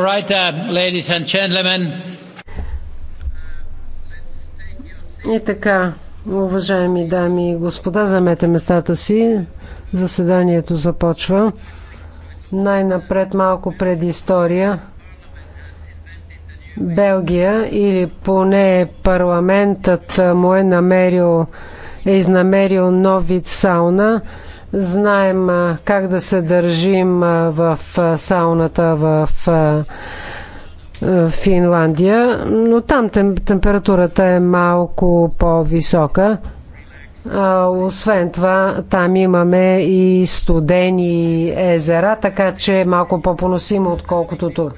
Right, uh, и така, уважаеми дами и господа, замете местата си. Заседанието започва. Най-напред малко предистория. Белгия или поне парламентът му е намерил е изнамерил нови сауна Знаем как да се държим в сауната в Финландия, но там температурата е малко по-висока. Освен това, там имаме и студени езера, така че е малко по-поносимо, отколкото тук.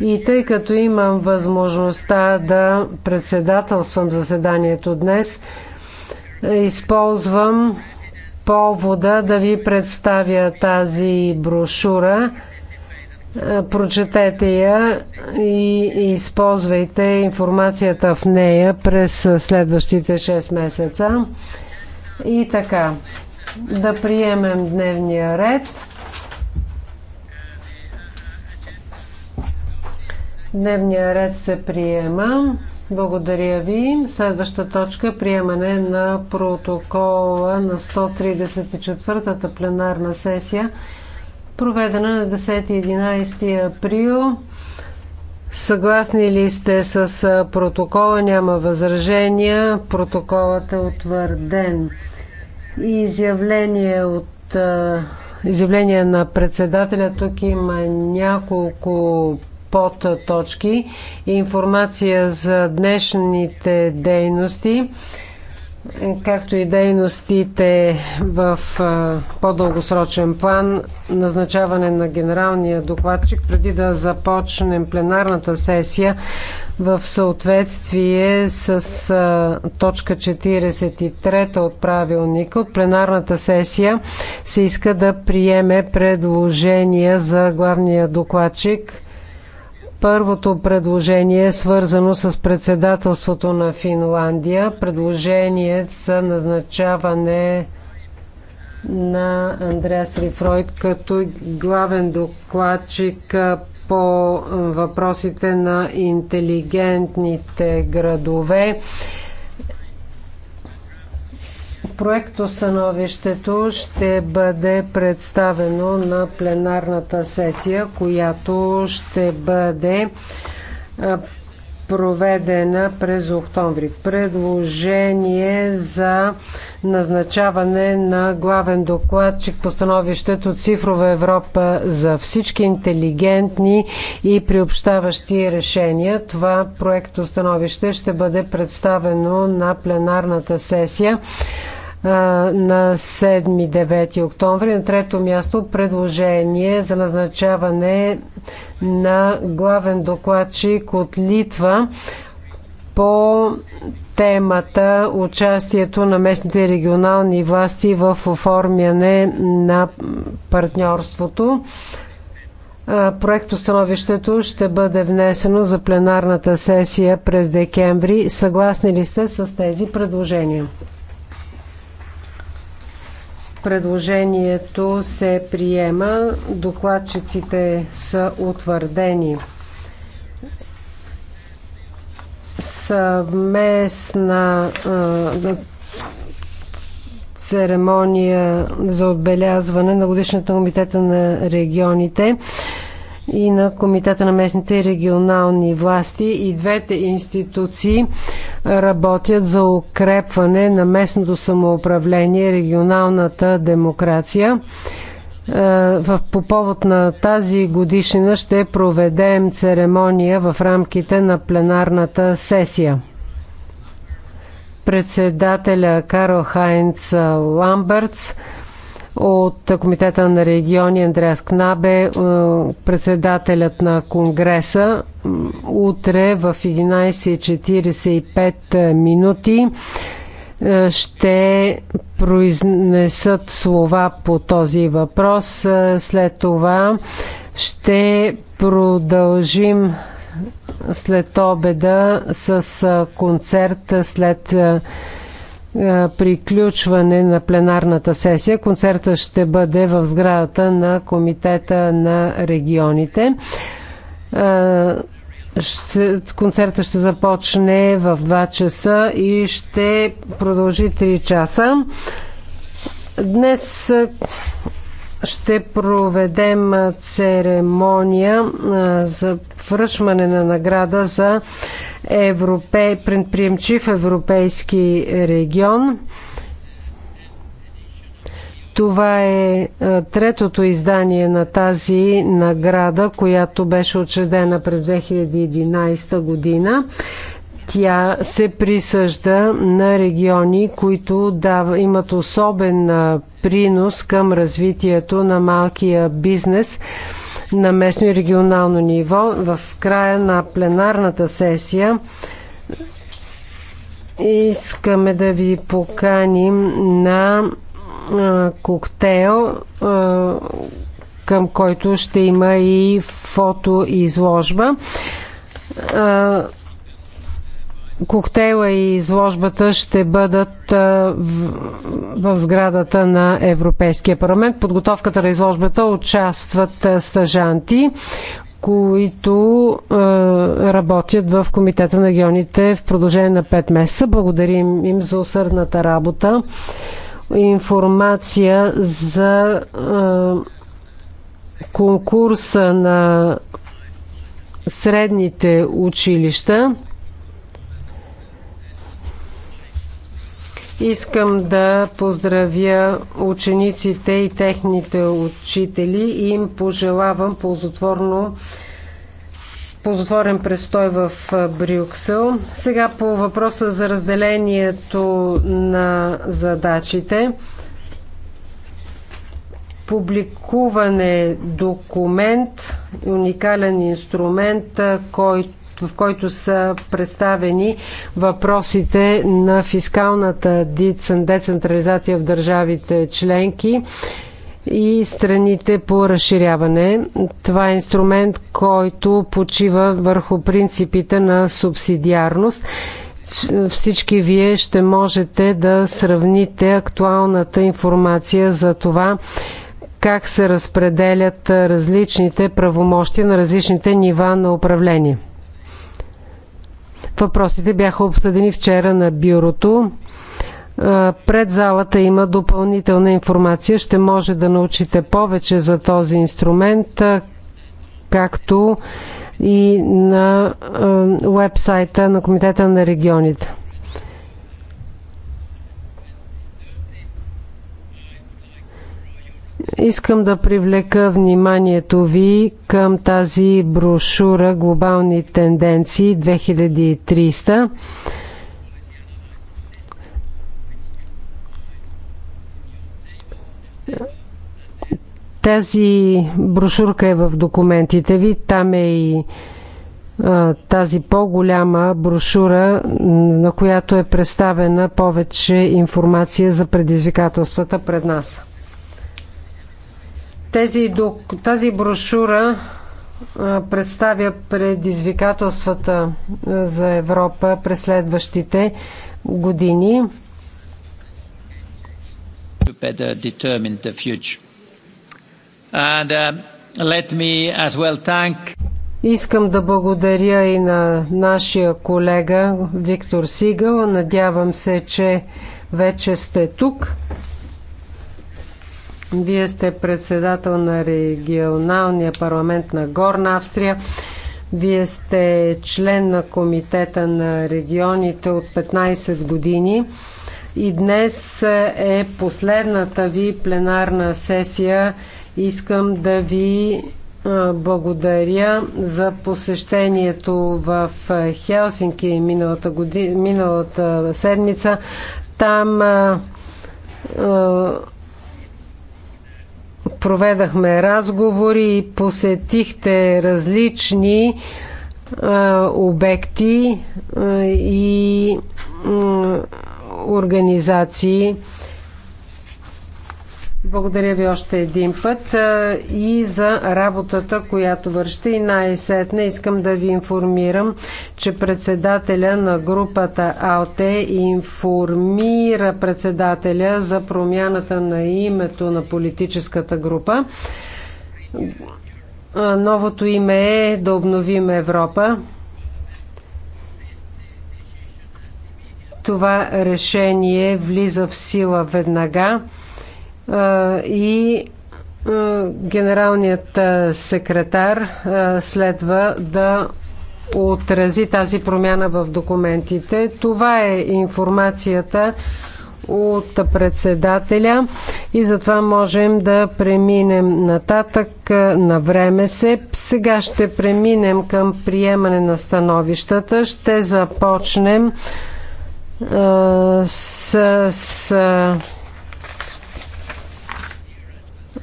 И тъй като имам възможността да председателствам заседанието днес, използвам повода да ви представя тази брошура. Е, прочетете я и използвайте информацията в нея през следващите 6 месеца. И така, да приемем дневния ред. Дневния ред се приема. Благодаря ви. Следваща точка е приемане на протокола на 134-та пленарна сесия, проведена на 10-11 април. Съгласни ли сте с протокола? Няма възражения. Протоколът е утвърден. Изявление от изявление на председателя. Тук има няколко под и Информация за днешните дейности, както и дейностите в по-дългосрочен план, назначаване на генералния докладчик, преди да започнем пленарната сесия в съответствие с точка 43 от правилника от пленарната сесия се иска да приеме предложения за главния докладчик Първото предложение е свързано с председателството на Финландия. Предложение за назначаване на Андреас Рифройд като главен докладчик по въпросите на интелигентните градове Проектостановището ще бъде представено на пленарната сесия, която ще бъде проведена през октомври. Предложение за назначаване на главен докладчик по становището Цифрова Европа за всички интелигентни и приобщаващи решения. Това проектостановище ще бъде представено на пленарната сесия на 7-9 октомври. На трето място предложение за назначаване на главен докладчик от Литва по темата участието на местните регионални власти в оформяне на партньорството. Проектостановището ще бъде внесено за пленарната сесия през декември. Съгласни ли сте с тези предложения? Предложението се приема. Докладчиците са утвърдени. Съвместна церемония за отбелязване на годишната комитета на регионите и на Комитета на местните и регионални власти. И двете институции работят за укрепване на местното самоуправление и регионалната демокрация. Е, по повод на тази годишнина ще проведем церемония в рамките на пленарната сесия председателя Карл Хайнц Ламбъртс от Комитета на региони Андреас Кнабе, е, председателят на Конгреса. Утре в 11.45 минути е, ще произнесат слова по този въпрос. Е, след това ще продължим след обеда с концерт след е, приключване на пленарната сесия. Концерта ще бъде в сградата на Комитета на регионите. Е, концерта ще започне в 2 часа и ще продължи 3 часа. Днес е, ще проведем церемония за връчване на награда за европе, предприемчив европейски регион. Това е, е третото издание на тази награда, която беше учредена през 2011 година. Тя се присъжда на региони, които дава, имат особен принос към развитието на малкия бизнес на местно и регионално ниво. В края на пленарната сесия искаме да ви поканим на коктейл, към който ще има и фотоизложба. изложба коктейла и изложбата ще бъдат в, в сградата на Европейския парламент. Подготовката на изложбата участват стажанти, които е, работят в Комитета на регионите в продължение на 5 месеца. Благодарим им за усърдната работа. Информация за е, конкурса на средните училища. Искам да поздравя учениците и техните учители и им пожелавам ползотворно ползотворен престой в Брюксел. Сега по въпроса за разделението на задачите. Публикуване документ, уникален инструмент, който в който са представени въпросите на фискалната децентрализация в държавите членки и страните по разширяване. Това е инструмент, който почива върху принципите на субсидиарност всички вие ще можете да сравните актуалната информация за това как се разпределят различните правомощи на различните нива на управление. Въпросите бяха обсъдени вчера на бюрото. Пред залата има допълнителна информация. Ще може да научите повече за този инструмент, както и на уебсайта на Комитета на регионите. Искам да привлека вниманието ви към тази брошура Глобални тенденции 2300. Тази брошурка е в документите ви. Там е и а, тази по-голяма брошура, на която е представена повече информация за предизвикателствата пред нас. Тези, тази брошура представя предизвикателствата за Европа през следващите години. And, uh, let me as well thank... Искам да благодаря и на нашия колега Виктор Сигъл. Надявам се, че вече сте тук. Вие сте председател на регионалния парламент на Горна Австрия. Вие сте член на комитета на регионите от 15 години. И днес е последната ви пленарна сесия. Искам да ви благодаря за посещението в Хелсинки миналата, година, миналата седмица. Там проведахме разговори и посетихте различни обекти и организации. Благодаря ви още един път и за работата, която вършите. И най-сетне искам да ви информирам, че председателя на групата АОТЕ информира председателя за промяната на името на политическата група. Новото име е да обновим Европа. Това решение влиза в сила веднага и генералният секретар следва да отрази тази промяна в документите. Това е информацията от председателя и затова можем да преминем нататък на време се. Сега ще преминем към приемане на становищата. Ще започнем с, с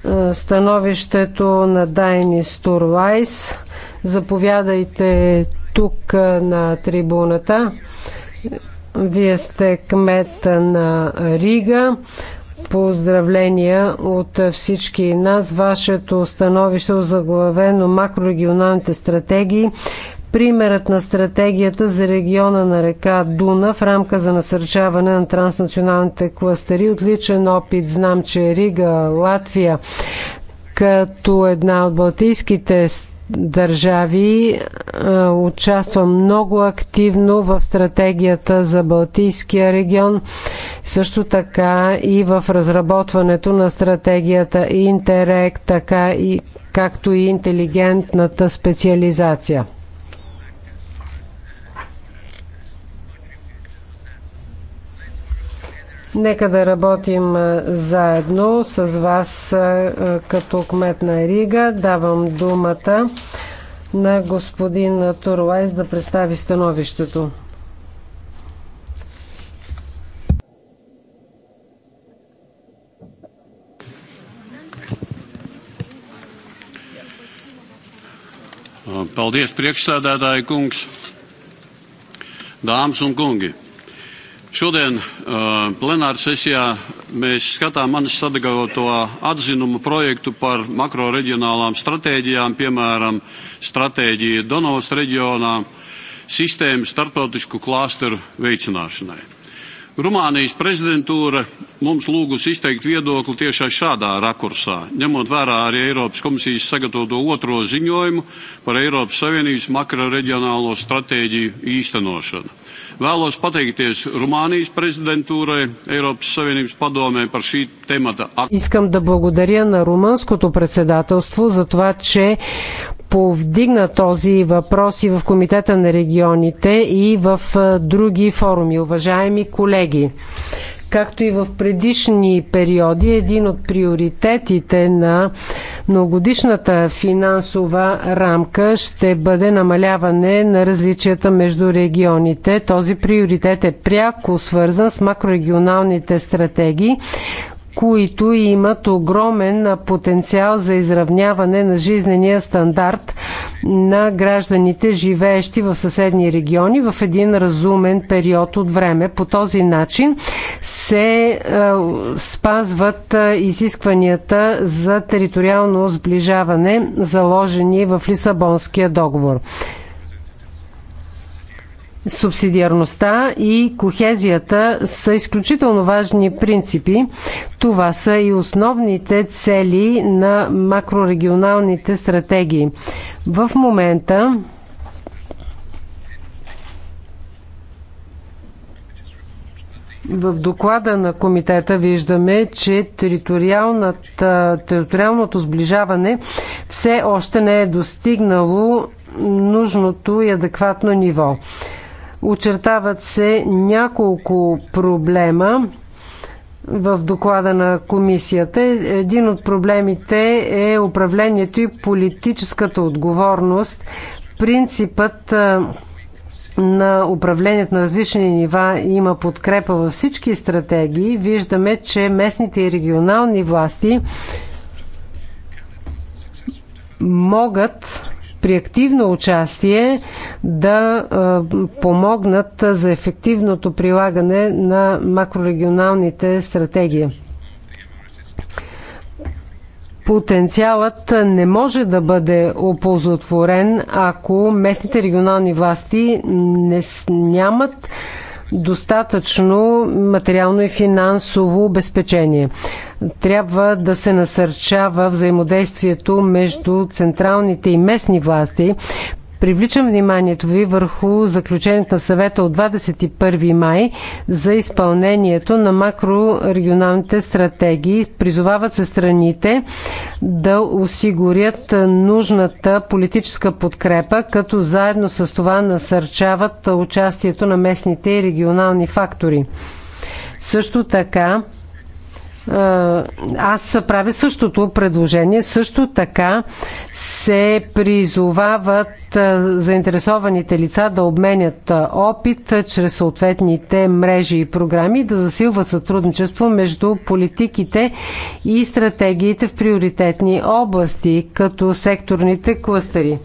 е, становището на Дайни Стурвайс. Заповядайте тук е, на трибуната. Вие сте кмет на Рига. Поздравления от всички нас. Вашето становище е заглавено макрорегионалните стратегии Примерът на стратегията за региона на река Дуна в рамка за насърчаване на транснационалните кластери. Отличен опит знам, че Рига, Латвия, като една от балтийските държави участва много активно в стратегията за Балтийския регион, също така и в разработването на стратегията Интерек, така и както и интелигентната специализация. Нека да работим заедно с вас като кмет на Рига. Давам думата на господин Турлайс да представи становището. Paldies, priekšsēdētāji kungs, dāmas un kungi! Šodien plenāra sesijā mēs skatām manis sagatavoto atzinumu projektu par makroreģionālām stratēģijām, piemēram, stratēģiju Donovas reģionā, sistēmu starptautisku klāsteru veicināšanai. Rumānijas prezidentūra mums lūgusi izteikt viedokli tiešai šādā rakursā, ņemot vērā arī Eiropas komisijas sagatavoto otro ziņojumu par Eiropas Savienības makroreģionālo stratēģiju īstenošanu. Vēlos pateikties Rumānijas президентуре, Eiropas Savienības padomē par šī темата. Искам да благодаря на румънското председателство за това, че повдигна този въпрос и в Комитета на регионите и в други форуми. Уважаеми колеги, Както и в предишни периоди, един от приоритетите на многодишната финансова рамка ще бъде намаляване на различията между регионите. Този приоритет е пряко свързан с макрорегионалните стратегии, които имат огромен потенциал за изравняване на жизнения стандарт на гражданите, живеещи в съседни региони в един разумен период от време. По този начин се спазват изискванията за териториално сближаване, заложени в Лисабонския договор. Субсидиарността и кохезията са изключително важни принципи. Това са и основните цели на макрорегионалните стратегии. В момента В доклада на комитета виждаме, че териториалното сближаване все още не е достигнало нужното и адекватно ниво. Очертават се няколко проблема в доклада на комисията. Един от проблемите е управлението и политическата отговорност. Принципът на управлението на различни нива има подкрепа във всички стратегии. Виждаме, че местните и регионални власти могат при активно участие да помогнат за ефективното прилагане на макрорегионалните стратегии. Потенциалът не може да бъде оползотворен, ако местните регионални власти не, нямат достатъчно материално и финансово обезпечение трябва да се насърчава взаимодействието между централните и местни власти. Привличам вниманието ви върху заключението на съвета от 21 май за изпълнението на макрорегионалните стратегии. Призовават се страните да осигурят нужната политическа подкрепа, като заедно с това насърчават участието на местните и регионални фактори. Също така е, аз правя същото предложение. Също така се призовават е, заинтересованите лица да обменят е, опит чрез съответните мрежи и програми, да засилват сътрудничество между политиките и стратегиите в приоритетни области, като секторните кластери.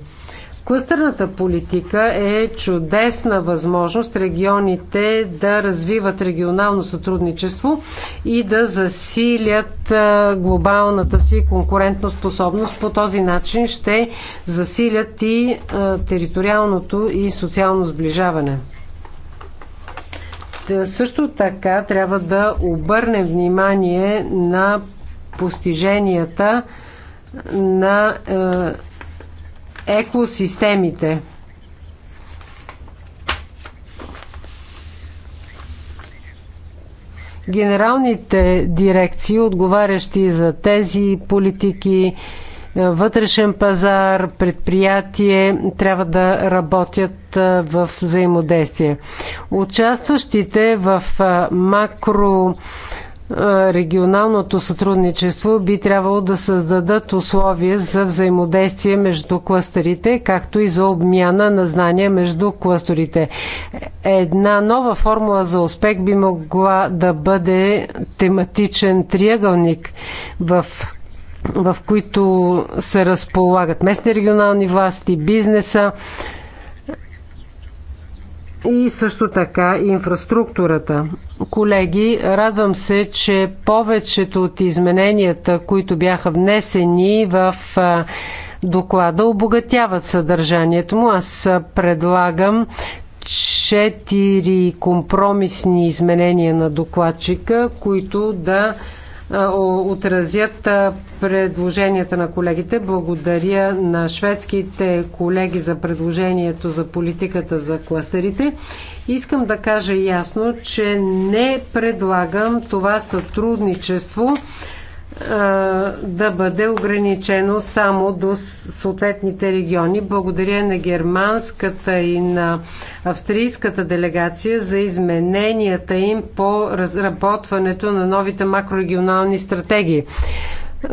Клъстърната политика е чудесна възможност регионите да развиват регионално сътрудничество и да засилят глобалната си конкурентно способност. По този начин ще засилят и териториалното и социално сближаване. Също така трябва да обърнем внимание на постиженията на екосистемите. Генералните дирекции, отговарящи за тези политики, е, вътрешен пазар, предприятие трябва да работят е, в взаимодействие. Участващите в е, макро регионалното сътрудничество би трябвало да създадат условия за взаимодействие между кластерите, както и за обмяна на знания между кластерите. Една нова формула за успех би могла да бъде тематичен триъгълник в в които се разполагат местни регионални власти, бизнеса, и също така инфраструктурата. Колеги, радвам се, че повечето от измененията, които бяха внесени в доклада, обогатяват съдържанието му. Аз предлагам четири компромисни изменения на докладчика, които да отразят предложенията на колегите. Благодаря на шведските колеги за предложението за политиката за кластерите. Искам да кажа ясно, че не предлагам това сътрудничество да бъде ограничено само до съответните региони. Благодаря на германската и на австрийската делегация за измененията им по разработването на новите макрорегионални стратегии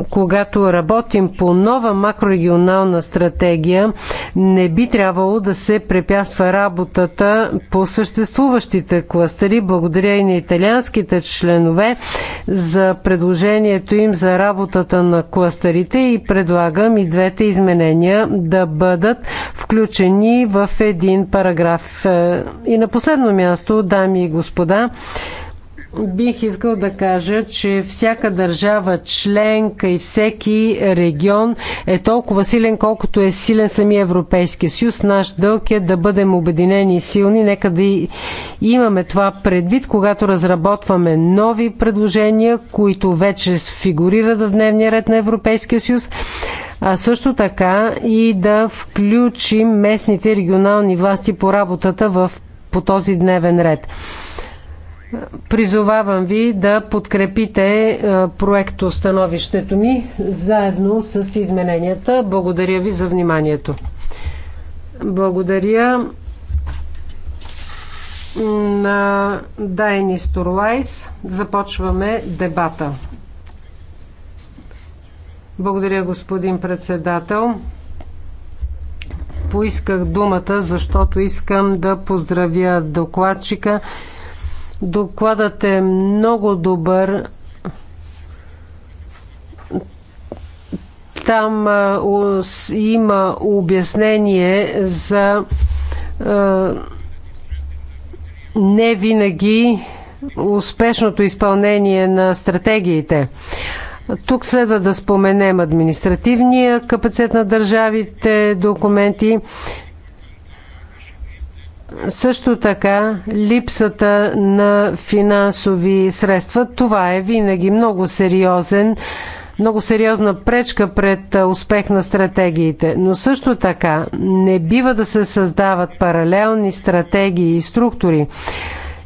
когато работим по нова макрорегионална стратегия, не би трябвало да се препятства работата по съществуващите кластери. Благодаря и на италианските членове за предложението им за работата на кластерите и предлагам и двете изменения да бъдат включени в един параграф. Е, и на последно място, дами и господа, Бих искал да кажа, че всяка държава членка и всеки регион е толкова силен, колкото е силен самия Европейския съюз. Наш дълг е да бъдем обединени и силни. Нека да имаме това предвид, когато разработваме нови предложения, които вече фигурират в дневния ред на Европейския съюз а също така и да включим местните регионални власти по работата в, по този дневен ред. Призовавам ви да подкрепите проекто становището ми заедно с измененията. Благодаря ви за вниманието. Благодаря на Дайни Сторлайс. Започваме дебата. Благодаря, господин председател. Поисках думата, защото искам да поздравя докладчика Докладът е много добър. Там има обяснение за не винаги успешното изпълнение на стратегиите. Тук следва да споменем административния капацитет на държавите, документи, също така, липсата на финансови средства, това е винаги много сериозен много сериозна пречка пред успех на стратегиите. Но също така не бива да се създават паралелни стратегии и структури.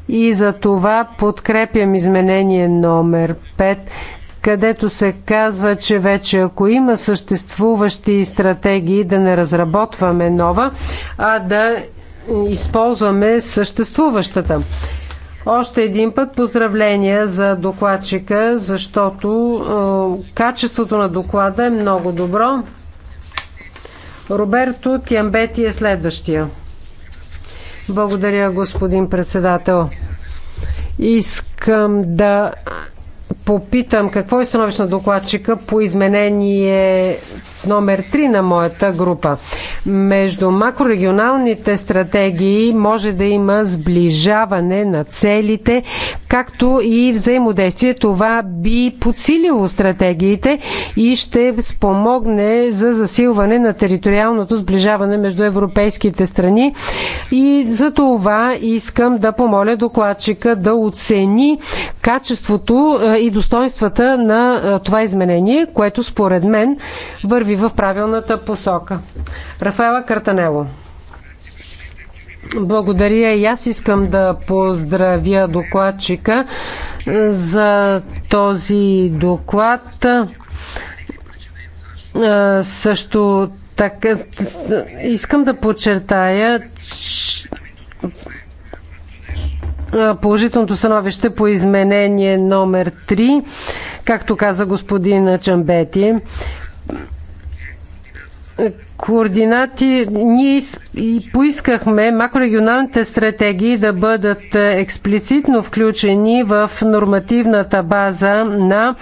И за това подкрепям изменение номер 5, където се казва, че вече ако има съществуващи стратегии, да не разработваме нова, а да използваме съществуващата. Още един път поздравления за докладчика, защото е, качеството на доклада е много добро. Роберто Тямбети е следващия. Благодаря, господин председател. Искам да попитам какво е становище на докладчика по изменение номер 3 на моята група. Между макрорегионалните стратегии може да има сближаване на целите, както и взаимодействие. Това би подсилило стратегиите и ще спомогне за засилване на териториалното сближаване между европейските страни. И за това искам да помоля докладчика да оцени качеството е, и достоинствата на е, това изменение, което според мен върви ви в правилната посока. Рафаела Картанело. Благодаря и аз искам да поздравя докладчика е, за този доклад. Е, също така искам да подчертая е, положителното становище по изменение номер 3, както каза господин Чамбети координати, ние и поискахме макрорегионалните стратегии да бъдат е, експлицитно включени в нормативната база на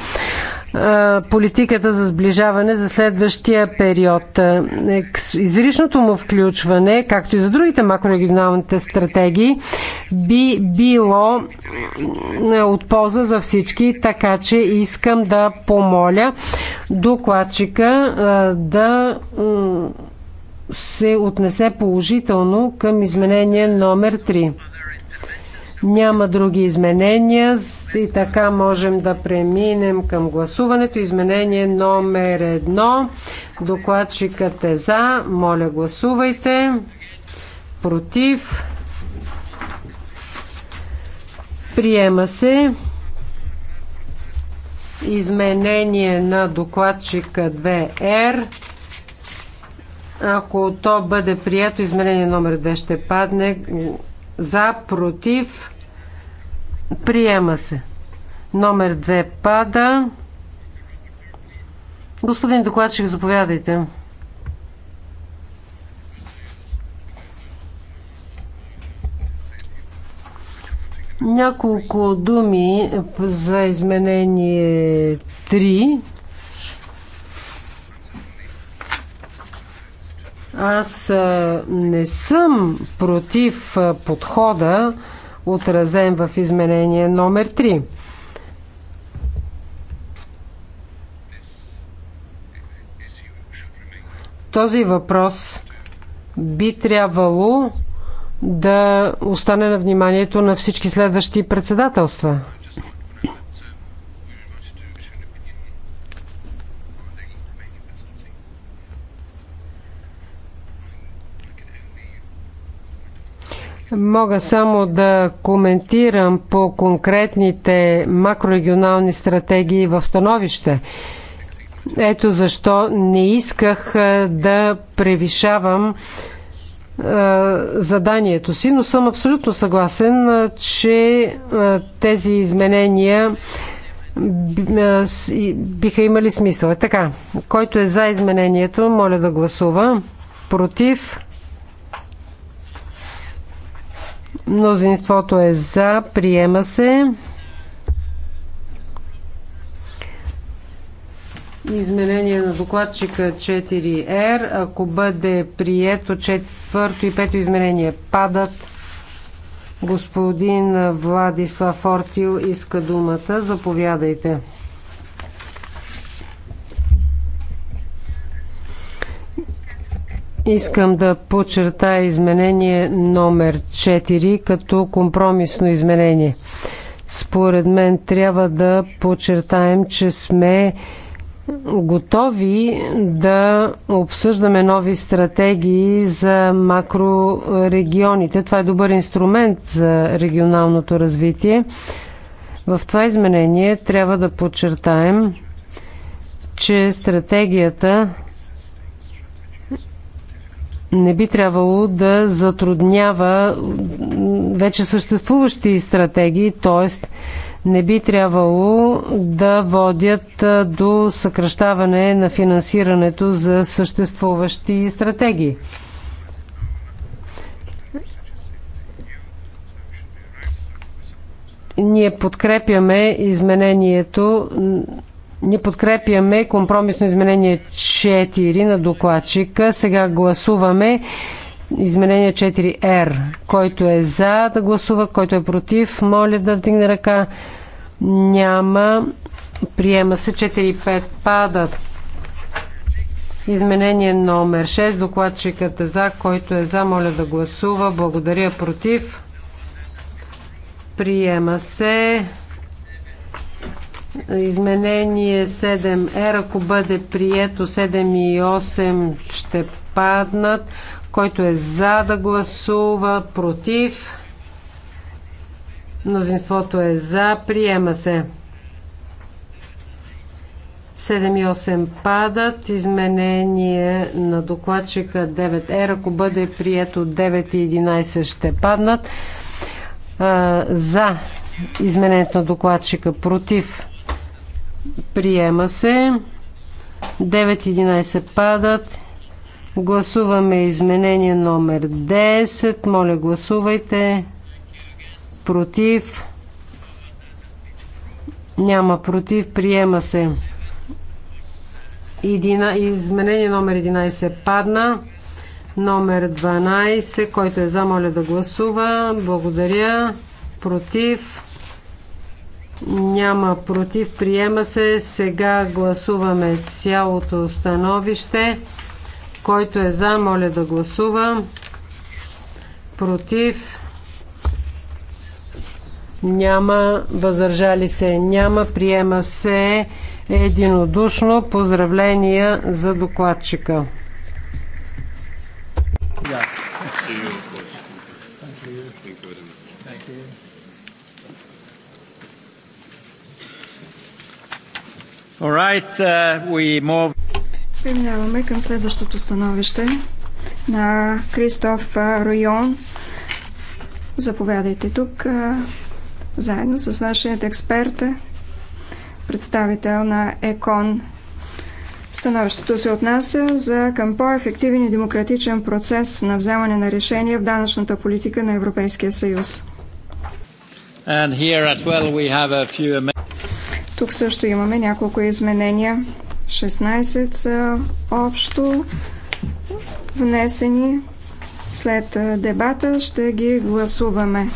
политиката за сближаване за следващия период. Изричното му включване, както и за другите макрорегионалните стратегии, би било е, от полза за всички, така че искам да помоля докладчика да се отнесе положително към изменение номер 3. Няма други изменения и така можем да преминем към гласуването. Изменение номер едно. Докладчикът е за. Моля гласувайте. Против. Приема се изменение на докладчика 2R. Ако то бъде прието, изменение номер 2 ще падне за, против, Приема се. Номер 2 пада. Господин докладчик, заповядайте. Няколко думи за изменение 3. Аз не съм против подхода, отразен в изменение номер 3. Този въпрос би трябвало да остане на вниманието на всички следващи председателства. Мога само да коментирам по конкретните макрорегионални стратегии в становище. Ето защо не исках да превишавам заданието си, но съм абсолютно съгласен, че тези изменения биха имали смисъл. Е, така, който е за изменението, моля да гласува. Против. Мнозинството е за. Приема се. Изменение на докладчика 4R. Ако бъде прието, четвърто и пето изменение падат. Господин Владислав Ортил иска думата. Заповядайте. Искам да подчертая изменение номер 4 като компромисно изменение. Според мен трябва да подчертаем, че сме готови да обсъждаме нови стратегии за макрорегионите. Това е добър инструмент за регионалното развитие. В това изменение трябва да подчертаем, че стратегията не би трябвало да затруднява вече съществуващи стратегии, т.е. не би трябвало да водят до съкръщаване на финансирането за съществуващи стратегии. Ние подкрепяме изменението ние подкрепяме компромисно изменение 4 на докладчика. Сега гласуваме изменение 4R. Който е за да гласува, който е против, моля да вдигне ръка. Няма. Приема се 4-5. Падат. Изменение номер 6. Докладчикът е за. Който е за, моля да гласува. Благодаря. Против. Приема се. Изменение 7R, ако бъде прието 7 и 8 ще паднат. Който е за да гласува, против. Мнозинството е за, приема се. 7 и 8 падат. Изменение на докладчика 9R, ако бъде прието 9 и 11 ще паднат. за изменението на докладчика против. Приема се. 9-11 падат. Гласуваме изменение номер 10. Моля, гласувайте. Против. Няма против. Приема се. Едина... Изменение номер 11 падна. Номер 12, който е за, моля да гласува. Благодаря. Против. Няма против. Приема се. Сега гласуваме цялото становище. Който е за, моля да гласува. Против. Няма. Възражали се. Няма. Приема се единодушно. Поздравления за докладчика. Yeah. Right, uh, move... Преминаваме към следващото становище на Кристоф Ройон. Заповядайте тук заедно с вашият експерт, представител на ЕКОН. Становището се отнася за към по-ефективен и демократичен процес на вземане на решения в данъчната политика на Европейския съюз. And here as well we have a few тук също имаме няколко изменения. 16 са общо внесени. След дебата ще ги гласуваме.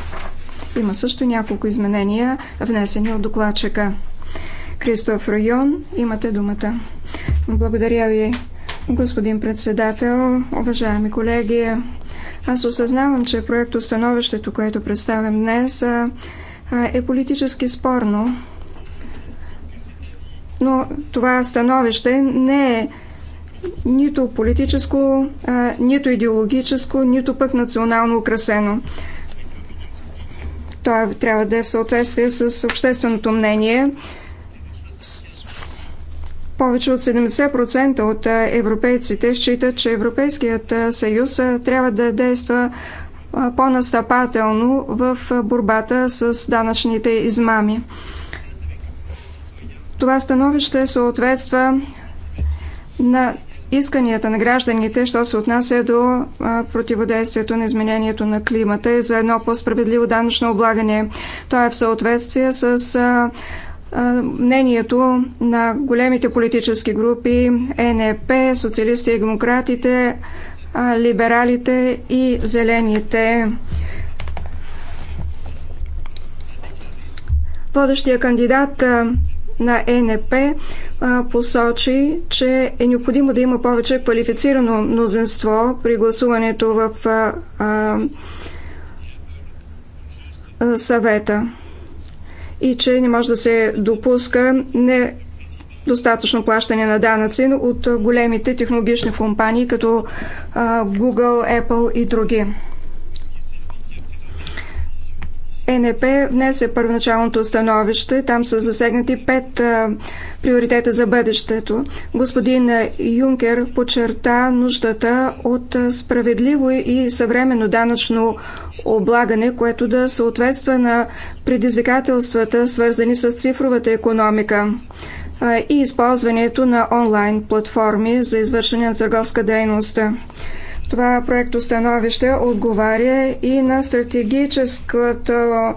Има също няколко изменения, внесени от докладчика. Кристоф Район, имате думата. Благодаря ви, господин председател, уважаеми колеги. Аз осъзнавам, че проектостановището, което представям днес, е политически спорно но това становище не е нито политическо, нито идеологическо, нито пък национално украсено. Това трябва да е в съответствие с общественото мнение. Повече от 70% от европейците считат, че Европейският съюз трябва да действа по-настъпателно в борбата с данъчните измами. Това становище съответства на исканията на гражданите, що се отнася до противодействието на изменението на климата и за едно по-справедливо данъчно облагане. То е в съответствие с мнението на големите политически групи ЕНЕП, социалисти и демократите, либералите и зелените. Водещия кандидат на ЕНП посочи, че е необходимо да има повече квалифицирано мнозинство при гласуването в съвета и че не може да се допуска не достатъчно плащане на данъци от големите технологични компании като Google, Apple и други. ЕНП внесе първоначалното становище. Там са засегнати пет а, приоритета за бъдещето. Господин Юнкер подчерта нуждата от справедливо и съвременно данъчно облагане, което да съответства на предизвикателствата, свързани с цифровата економика а, и използването на онлайн платформи за извършване на търговска дейност. Това проекто становище отговаря и на стратегическото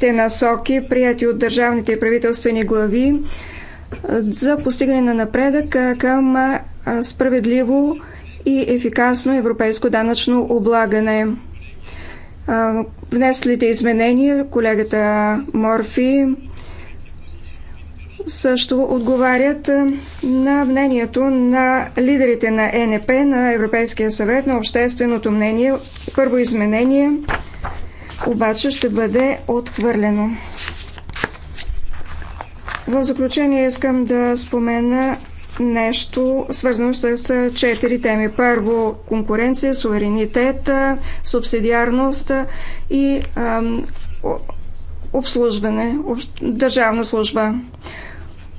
те насоки, прияти от държавните и правителствени глави за постигане на напредък към справедливо и ефикасно европейско данъчно облагане. Внеслите изменения колегата Морфи също отговарят е, на мнението на лидерите на ЕНП, на Европейския съвет, на общественото мнение. Първо изменение обаче ще бъде отхвърлено. В заключение искам да спомена нещо свързано с четири теми. Първо конкуренция, суверенитет, е, субсидиарност и ам, обслужване, държавна служба.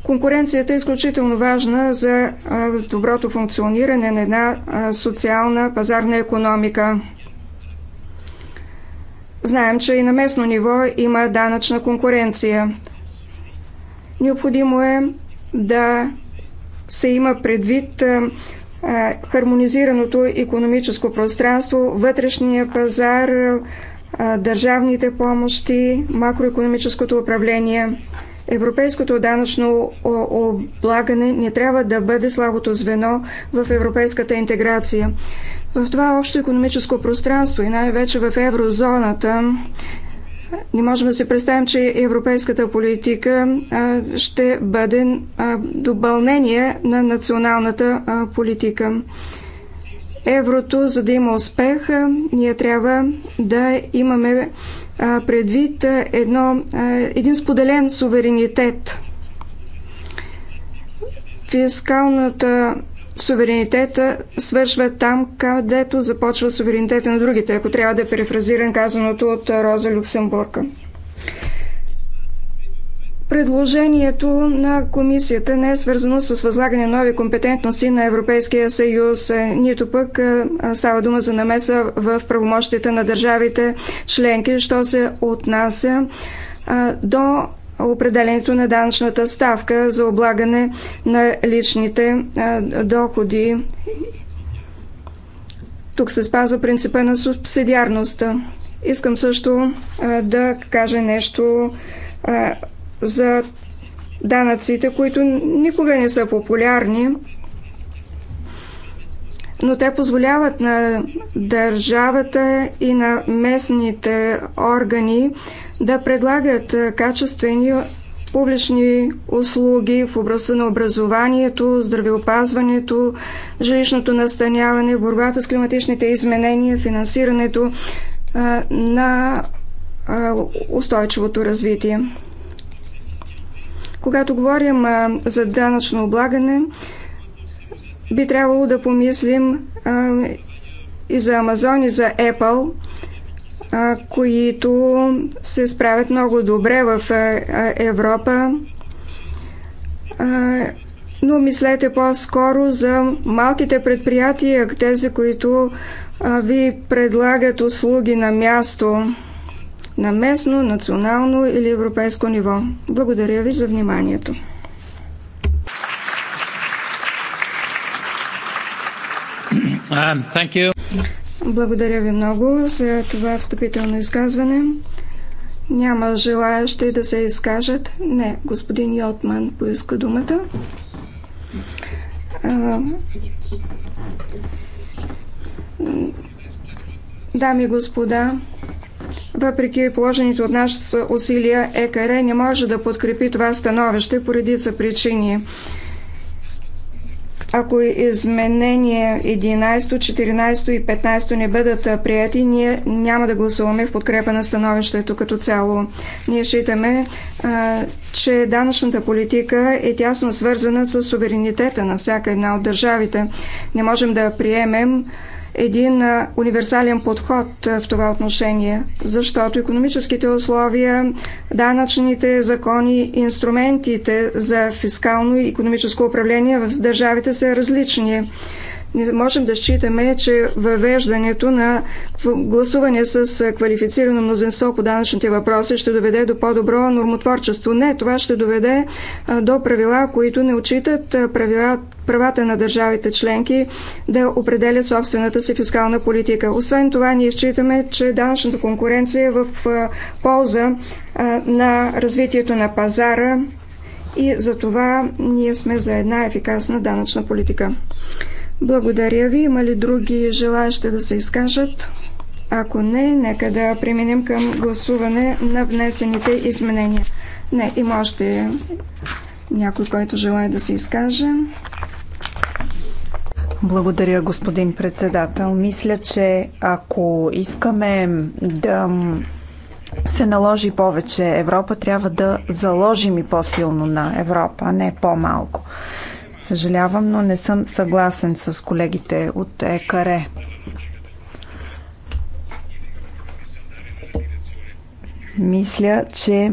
Конкуренцията е изключително важна за доброто функциониране на една социална пазарна економика. Знаем, че и на местно ниво има данъчна конкуренция. Необходимо е да се има предвид хармонизираното економическо пространство, вътрешния пазар, държавните помощи, макроекономическото управление. Европейското данъчно облагане не трябва да бъде слабото звено в европейската интеграция. В това общо економическо пространство и най-вече в еврозоната не можем да се представим, че европейската политика ще бъде допълнение на националната политика. Еврото, за да има успех, ние трябва да имаме предвид едно, един споделен суверенитет. Фискалната суверенитета свършва там, където започва суверенитета на другите, ако трябва да е перефразирам казаното от Роза Люксембурга. Предложението на комисията не е свързано с възлагане нови компетентности на Европейския съюз, е, нито пък е, става дума за намеса в правомощите на държавите членки, що се отнася до определенето на данъчната ставка за облагане на личните доходи. Тук се спазва принципа на субсидиарността. Искам също да кажа нещо за данъците, които никога не са популярни, но те позволяват на държавата и на местните органи да предлагат качествени публични услуги в областта на образованието, здравеопазването, жилищното настаняване, борбата с климатичните изменения, финансирането на устойчивото развитие. Когато говорим за данъчно облагане, би трябвало да помислим и за Амазон, и за Apple, които се справят много добре в Европа. Но мислете по-скоро за малките предприятия, тези, които ви предлагат услуги на място на местно, национално или европейско ниво. Благодаря ви за вниманието. Um, Благодаря ви много за това встъпително изказване. Няма желаящи да се изкажат. Не, господин Йотман поиска думата. А, дами и господа, въпреки положените от нас усилия, ЕКР не може да подкрепи това становище по редица причини. Ако изменение 11, 14 и 15 не бъдат прияти, ние няма да гласуваме в подкрепа на становището като цяло. Ние считаме, че данъчната политика е тясно свързана с суверенитета на всяка една от държавите. Не можем да приемем един универсален подход в това отношение, защото економическите условия, данъчните закони, инструментите за фискално и економическо управление в държавите са различни. Не можем да считаме, че въвеждането на гласуване с квалифицирано мнозинство по данъчните въпроси ще доведе до по-добро нормотворчество. Не, това ще доведе до правила, които не отчитат правила, правата на държавите членки да определят собствената си фискална политика. Освен това, ние считаме, че данъчната конкуренция е в полза на развитието на пазара и за това ние сме за една ефикасна данъчна политика. Благодаря ви. Има ли други желаящи да се изкажат? Ако не, нека да преминем към гласуване на внесените изменения. Не, има още някой, който желая да се изкаже. Благодаря, господин председател. Мисля, че ако искаме да се наложи повече Европа, трябва да заложим и по-силно на Европа, а не по-малко. Съжалявам, но не съм съгласен с колегите от ЕКАРЕ. Мисля, че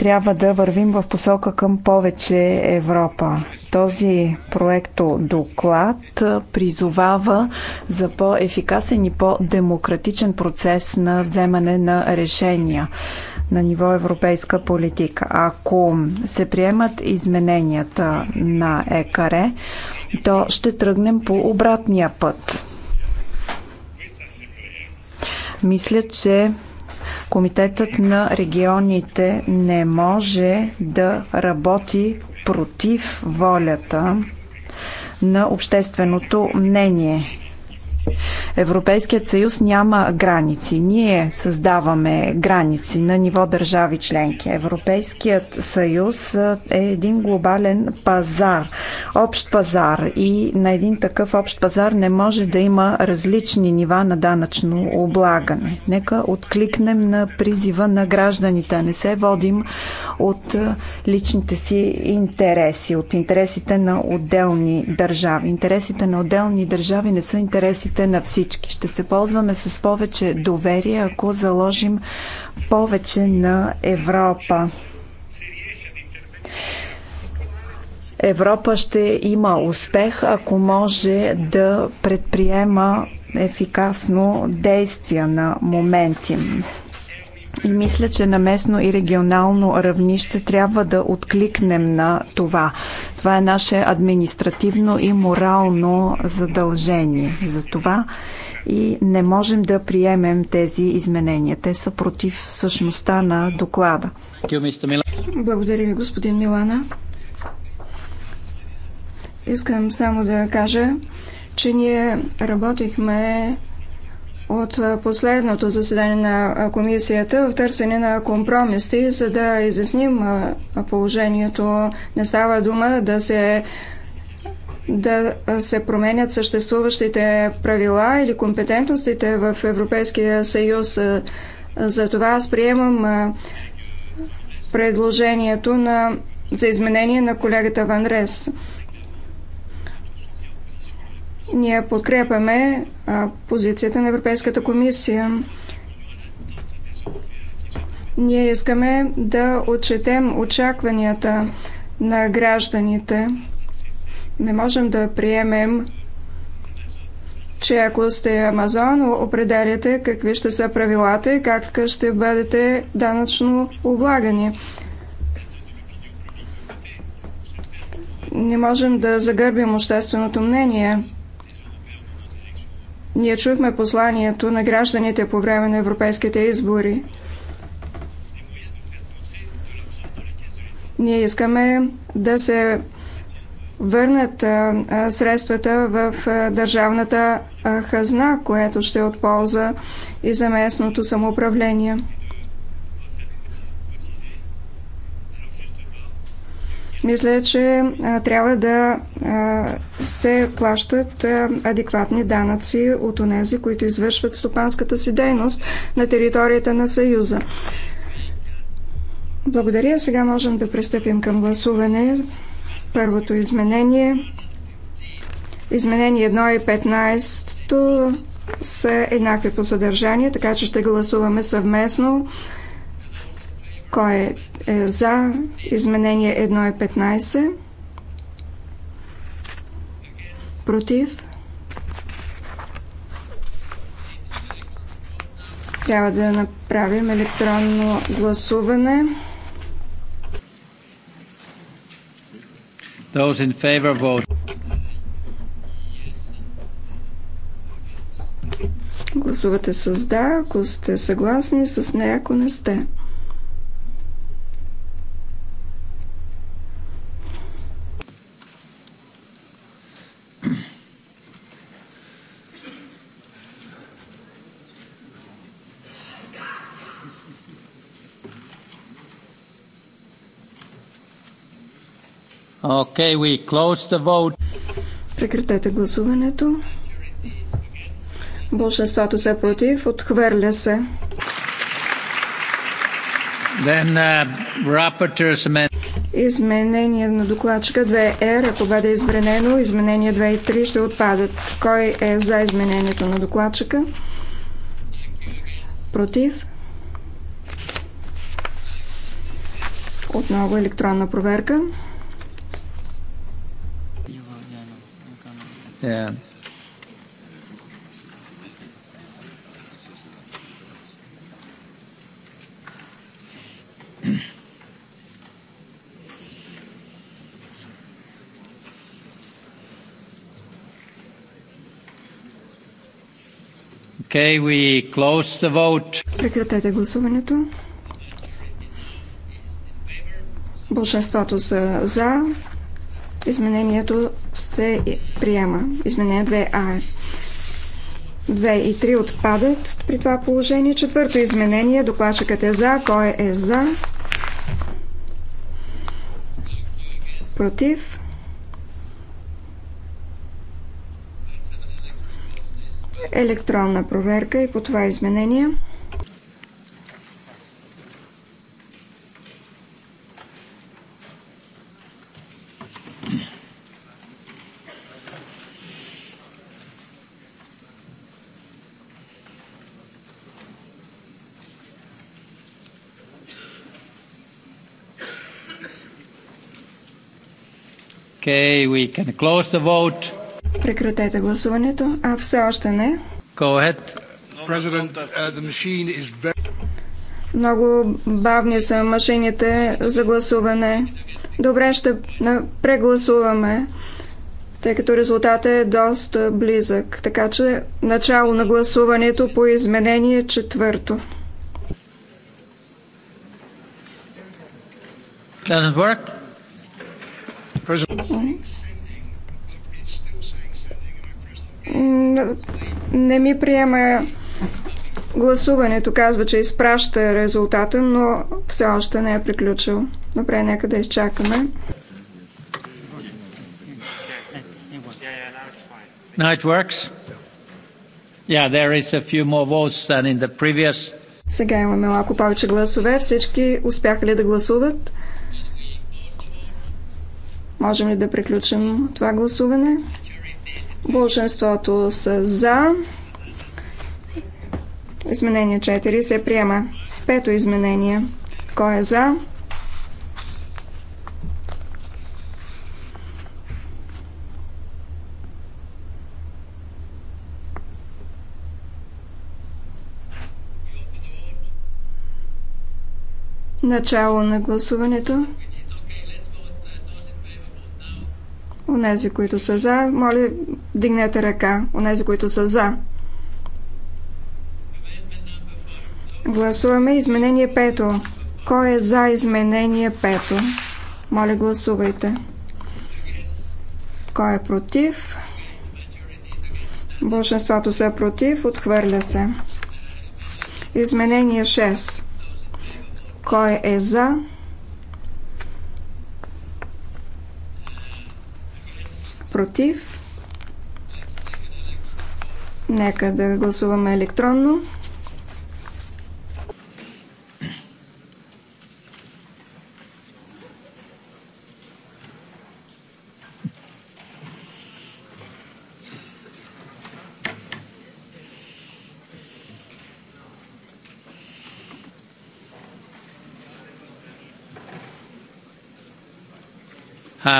трябва да вървим в посока към повече Европа. Този проекто доклад призовава за по-ефикасен и по-демократичен процес на вземане на решения на ниво европейска политика. Ако се приемат измененията на ЕКР, то ще тръгнем по обратния път. Мисля, че Комитетът на регионите не може да работи против волята на общественото мнение. Европейският съюз няма граници. Ние създаваме граници на ниво държави членки. Европейският съюз е един глобален пазар, общ пазар и на един такъв общ пазар не може да има различни нива на данъчно облагане. Нека откликнем на призива на гражданите, а не се водим от личните си интереси, от интересите на отделни държави. Интересите на отделни държави не са интересите нуждите на всички. Ще се ползваме с повече доверие, ако заложим повече на Европа. Европа ще има успех, ако може да предприема ефикасно действия на моменти. И мисля, че на местно и регионално равнище трябва да откликнем на това. Това е наше административно и морално задължение. За това и не можем да приемем тези изменения. Те са против същността на доклада. Благодаря ви, господин Милана. Искам само да кажа, че ние работихме от последното заседание на комисията в търсене на компромиси, за да изясним положението. Не става дума да се да се променят съществуващите правила или компетентностите в Европейския съюз. За това, аз приемам предложението на, за изменение на колегата Ван Рес. Ние подкрепяме позицията на Европейската комисия. Ние искаме да отчетем очакванията на гражданите. Не можем да приемем, че ако сте Амазон, определяте какви ще са правилата и как ще бъдете данъчно облагани. Не можем да загърбим общественото мнение. Ние чухме посланието на гражданите по време на европейските избори. Ние искаме да се върнат средствата в държавната хазна, което ще е от полза и за местното самоуправление. Мисля, че трябва да се плащат адекватни данъци от онези, които извършват стопанската си дейност на територията на Съюза. Благодаря. Сега можем да пристъпим към гласуване. Първото изменение. Изменение 1 и 15 са еднакви по съдържание, така че ще гласуваме съвместно. Кой е, е за изменение 1.15, 15? Е Против? Трябва да направим електронно гласуване. Those in favor vote. Гласувате с да, ако сте съгласни, с не, ако не сте. Okay, we close the vote. Прекратете гласуването. Болшинството са против. Отхвърля се. Then, uh, Изменение на докладчика 2R, ако бъде изменено, изменение 2 и 3 ще отпадат. Кой е за изменението на докладчика? Против? Отново електронна проверка. Okay, we close the vote. Прекратете гласуването. Большинството са за, Изменението се приема. Изменение 2А. 2 и 3 отпадат при това положение. Четвърто изменение. Докладчикът е за. Кой е за? Против. Електронна проверка и по това изменение. Okay, we can close the vote. Прекратете гласуването. А, все още не. Go ahead. President, uh, the machine is very... Много бавни са машините за гласуване. Добре, ще прегласуваме, тъй като резултатът е доста близък. Така че начало на гласуването по изменение четвърто. Doesn't work. Не ми приема гласуването. Казва, че изпраща резултата, но все още не е приключил. Добре, нека да изчакаме. Now it works. Yeah, there is a few more votes than in the previous. Сега имаме малко повече гласове. Всички успяха ли да гласуват? Можем ли да приключим това гласуване? Болшинството са за. Изменение 4 се приема. Пето изменение. Кой е за? Начало на гласуването. Онези, които са за, моля, дигнете ръка. Онези, които са за. Гласуваме изменение пето. Кой е за изменение пето? Моля, гласувайте. Кой е против? Большинството са против. Отхвърля се. Изменение 6. Кой е за? против. Нека да гласуваме електронно.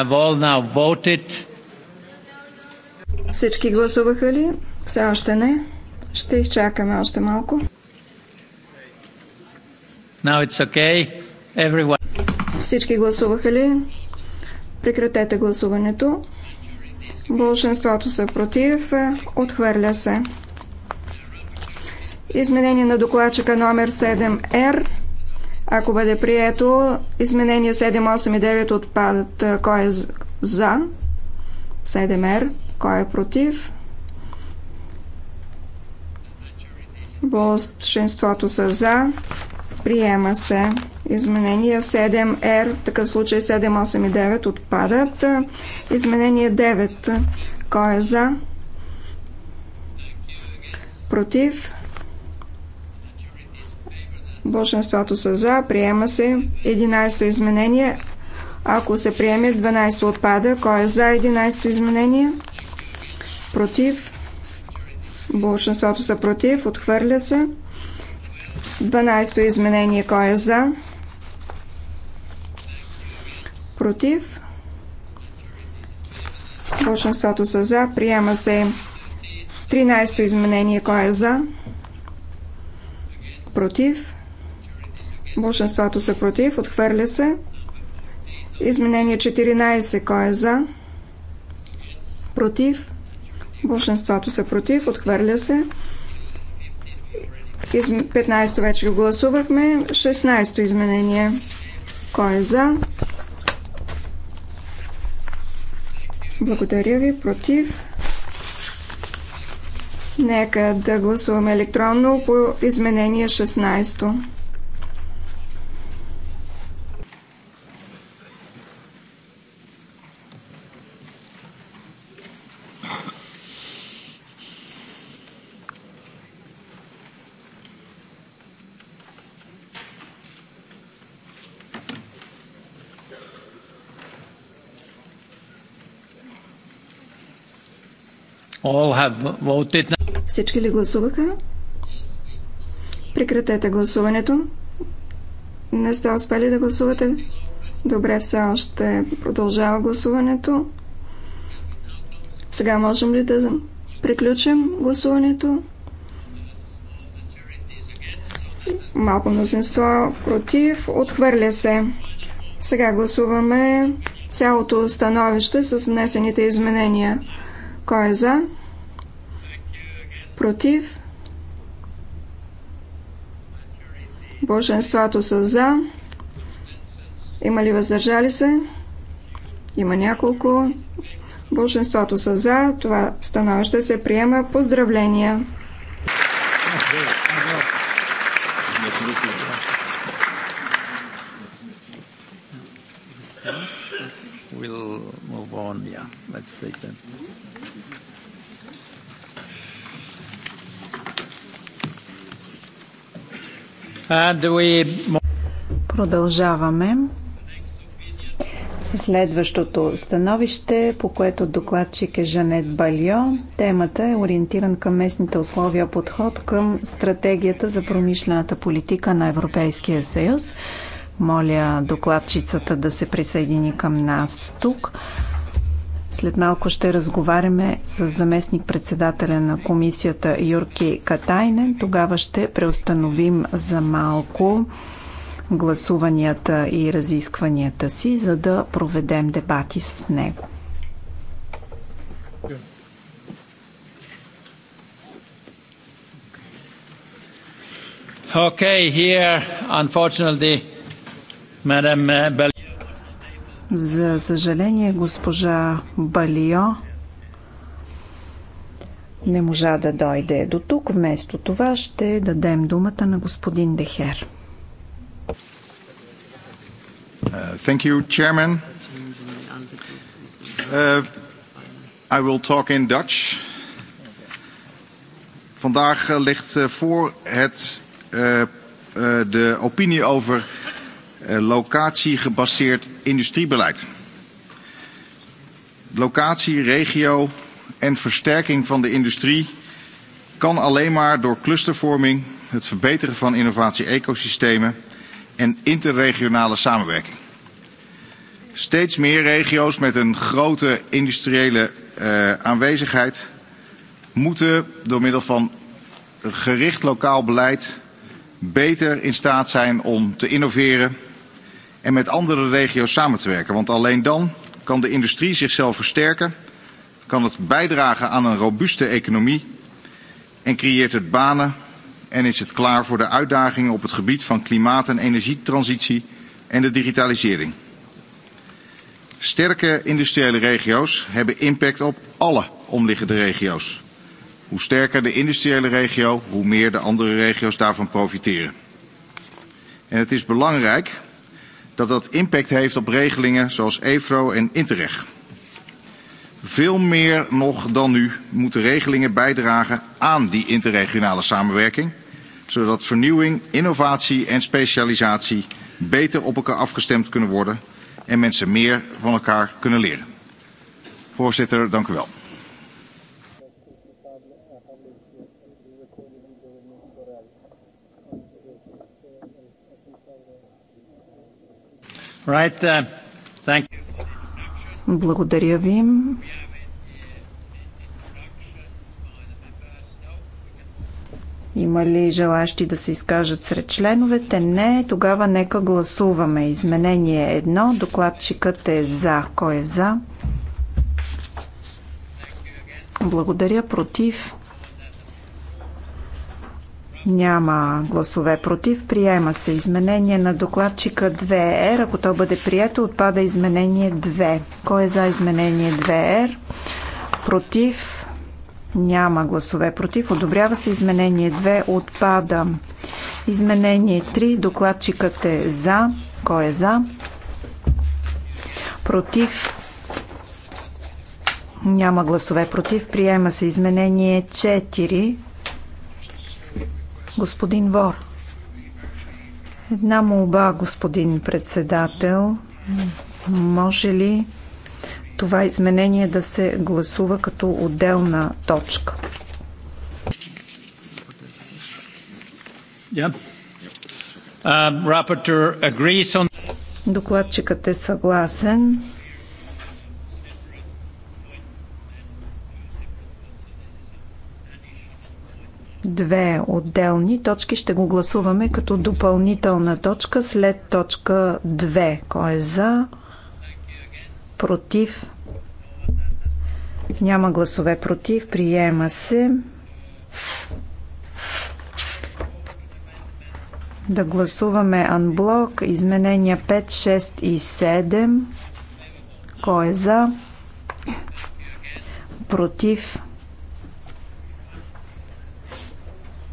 have all now voted. Всички гласуваха ли? Все още не. Ще изчакаме още малко. Now it's okay. Everyone. Всички гласуваха ли? Прекратете гласуването. Болшинството са против. Отхвърля се. Изменение на докладчика номер 7R. Ако бъде прието, изменение 7, 8 и 9 отпадат. Кой е за? 7 7R, Кой е против? Болшинството са за. Приема се. Изменение 7R. В такъв случай 7, 8 и 9 отпадат. Изменение 9. Кой е за? Против? Болшинството са за. Приема се. 11 изменение ако се приеме 12 отпада, кой е за 11-то изменение? Против. Большинството са против. Отхвърля се. 12-то изменение. Кой е за? Против. Большинството са за. Приема се 13-то изменение. Кой е за? Против. Большинството са против. Отхвърля се. Изменение 14. Кой е за? Против. Большинството са против. Отхвърля се. 15 вече го гласувахме. 16 изменение. Кой е за? Благодаря ви. Против. Нека да гласуваме електронно по изменение 16. Всички ли гласуваха? Прекратете гласуването. Не сте успели да гласувате? Добре, все още продължава гласуването. Сега можем ли да приключим гласуването? Малко мнозинство против. Отхвърля се. Сега гласуваме цялото становище с внесените изменения. Кой е за? Против? Боженството са за. Има ли въздържали се? Има няколко. Боженството са за. Това становище се приема. Поздравления! We'll move on, yeah. Let's take that. Uh, Продължаваме с следващото становище, по което докладчик е Жанет Бальо. Темата е ориентиран към местните условия подход към стратегията за промишлената политика на Европейския съюз. Моля докладчицата да се присъедини към нас тук. След малко ще разговаряме с заместник-председателя на комисията Юрки Катайнен. Тогава ще преустановим за малко гласуванията и разискванията си, за да проведем дебати с него. Okay, here, за съжаление, госпожа Балио не можа да дойде до тук. Вместо това ще дадем думата на господин Дехер. Uh, thank you, Chairman. Uh, I will talk in Dutch. Vandaag uh, ligt uh, voor het, uh, uh, de opinie over locatiegebaseerd industriebeleid. Locatie, regio en versterking van de industrie kan alleen maar door clustervorming, het verbeteren van innovatie-ecosystemen en interregionale samenwerking. Steeds meer regio's met een grote industriële aanwezigheid moeten door middel van gericht lokaal beleid beter in staat zijn om te innoveren en met andere regio's samen te werken want alleen dan kan de industrie zichzelf versterken kan het bijdragen aan een robuuste economie en creëert het banen en is het klaar voor de uitdagingen op het gebied van klimaat en energietransitie en de digitalisering. Sterke industriële regio's hebben impact op alle omliggende regio's. Hoe sterker de industriële regio, hoe meer de andere regio's daarvan profiteren. En het is belangrijk dat dat impact heeft op regelingen zoals efro en interreg. veel meer nog dan nu moeten regelingen bijdragen aan die interregionale samenwerking zodat vernieuwing innovatie en specialisatie beter op elkaar afgestemd kunnen worden en mensen meer van elkaar kunnen leren. voorzitter dank u wel. Uh, Благодаря ви. Има ли желащи да се изкажат сред членовете? Не. Тогава нека гласуваме. Изменение едно. Докладчикът е за. Кой е за? Благодаря. Против? Няма гласове против. Приема се изменение на докладчика 2R. Ако то бъде прието, отпада изменение 2. Кой е за изменение 2R? Против. Няма гласове против. Одобрява се изменение 2. Отпада. Изменение 3. Докладчикът е за. Кой е за? Против. Няма гласове против. Приема се изменение 4. Господин Вор, една молба, господин председател. Може ли това изменение да се гласува като отделна точка? Yeah. Uh, on... Докладчикът е съгласен. две отделни точки. Ще го гласуваме като допълнителна точка след точка 2. Кой е за? Против? Няма гласове против. Приема се. Да гласуваме анблок. Изменения 5, 6 и 7. Кой е за? Против? Против?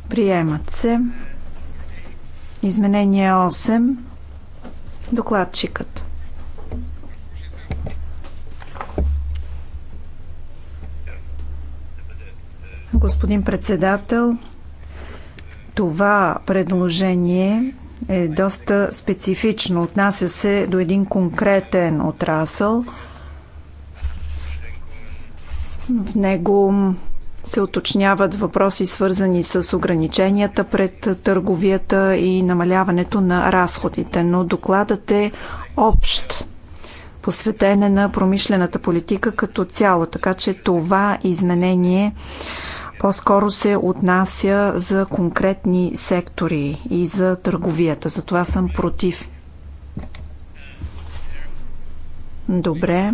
Приемат се. Изменение 8. Докладчикът. Господин председател, това предложение е доста специфично. Отнася се до един конкретен отрасъл. В него се уточняват въпроси, свързани с ограниченията пред търговията и намаляването на разходите, но докладът е общ посветене на промишлената политика като цяло. Така че това изменение по-скоро се отнася за конкретни сектори и за търговията. Затова съм против. Добре.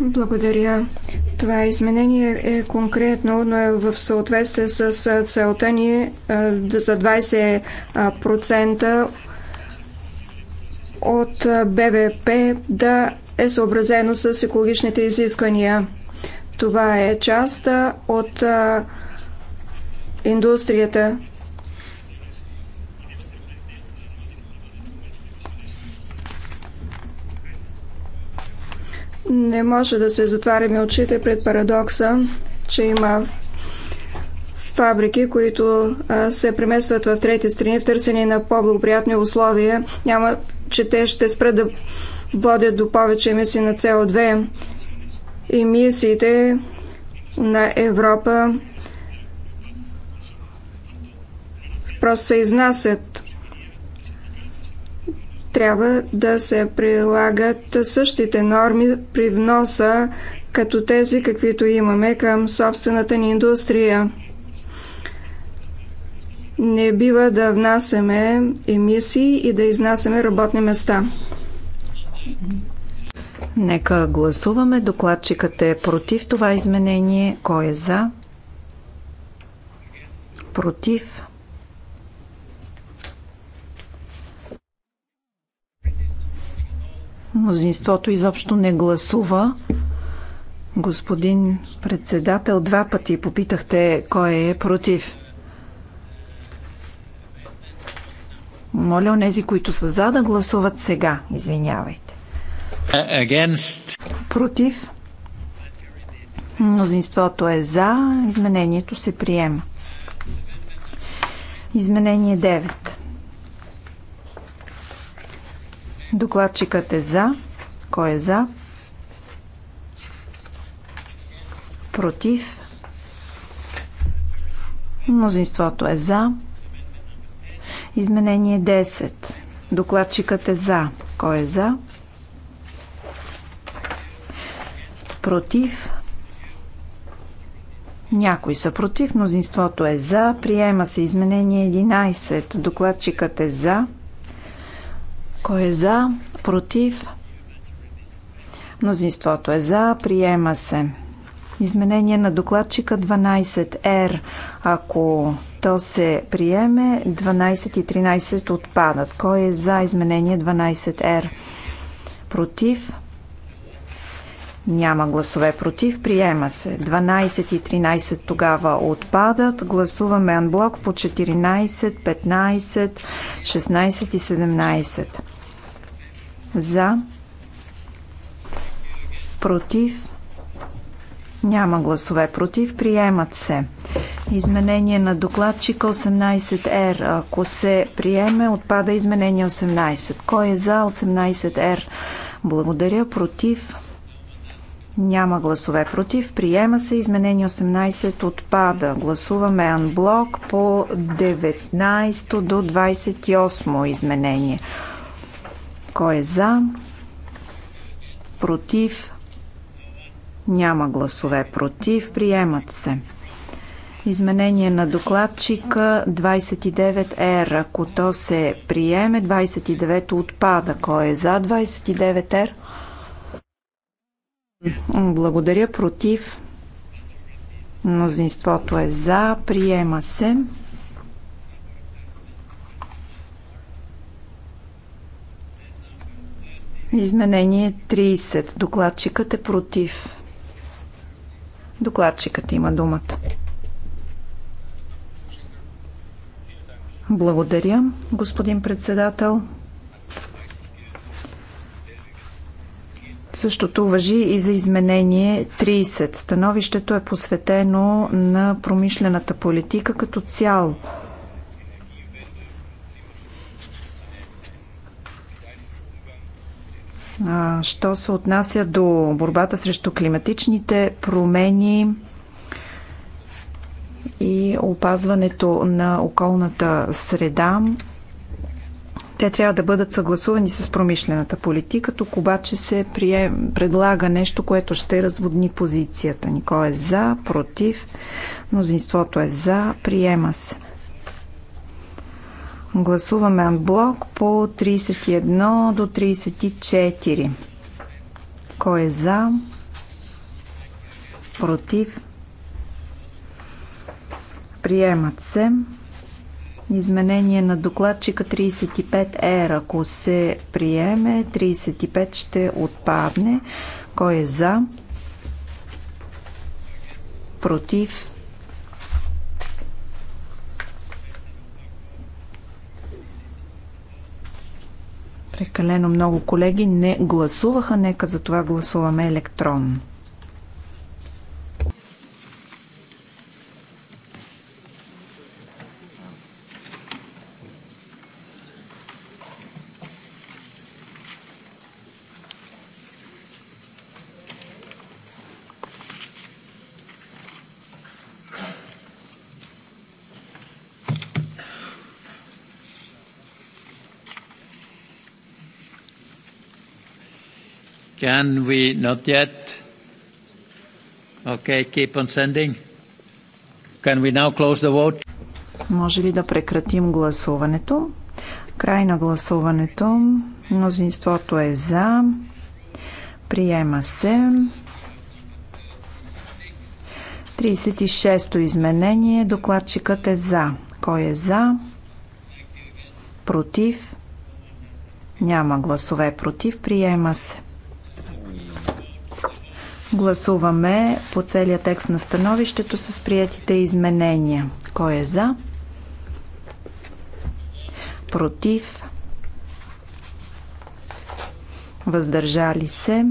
Благодаря. Това изменение е конкретно, но е в съответствие с целта ни за 20% от БВП да е съобразено с екологичните изисквания. Това е част от индустрията Не може да се затваряме очите пред парадокса, че има фабрики, които се преместват в трети страни в търсене на по-благоприятни условия. Няма, че те ще спрат да водят до повече емисии на CO2. Емисиите на Европа просто се изнасят трябва да се прилагат същите норми при вноса, като тези, каквито имаме към собствената ни индустрия. Не бива да внасяме емисии и да изнасяме работни места. Нека гласуваме. Докладчикът е против това изменение. Кой е за? Против? Мнозинството изобщо не гласува. Господин председател, два пъти попитахте кой е против. Моля онези, които са за да гласуват сега. Извинявайте. Против. Мнозинството е за. Изменението се приема. Изменение 9. Докладчикът е за. Кой е за? Против. Мнозинството е за. Изменение 10. Докладчикът е за. Кой е за? Против. Някои са против, мнозинството е за. Приема се изменение 11. Докладчикът е за. Кой е за? Против? Мнозинството е за. Приема се. Изменение на докладчика 12R. Ако то се приеме, 12 и 13 отпадат. Кой е за изменение 12R? Против? Няма гласове против. Приема се. 12 и 13 тогава отпадат. Гласуваме анблок по 14, 15, 16 и 17. За. Против. Няма гласове против. Приемат се. Изменение на докладчика 18R. Ако се приеме, отпада изменение 18. Кой е за 18R? Благодаря. Против. Няма гласове против. Приема се. Изменение 18 отпада. Гласуваме анблок по 19 до 28 изменение. Кой е за? Против? Няма гласове против. Приемат се. Изменение на докладчика 29R. Е, ако то се приеме, 29 отпада. Кой е за 29R? Е? Благодаря против. Мнозинството е за. Приема се. Изменение 30. Докладчикът е против. Докладчикът има думата. Благодаря, господин председател. Същото въжи и за изменение 30. Становището е посветено на промишлената политика като цяло. Що се отнася до борбата срещу климатичните промени и опазването на околната среда, те трябва да бъдат съгласувани с промишлената политика, тук обаче се прие, предлага нещо, което ще разводни позицията Никой е за, против, мнозинството е за, приема се. Гласуваме анблок по 31 до 34. Кой е за? Против? Приемат се. Изменение на докладчика 35 Е, Ако се приеме, 35 ще отпадне. Кой е за? Против? Прекалено много колеги не гласуваха. Нека за това гласуваме електронно. Can we not yet? Okay, keep on sending. Can we now close the vote? Може ли да прекратим гласуването? Край на гласуването. Мнозинството е за. Приема се. 36-то изменение. Докладчикът е за. Кой е за? Против? Няма гласове против. Приема се. Гласуваме по целия текст на становището с приятите изменения. Кой е за? Против? Въздържали се?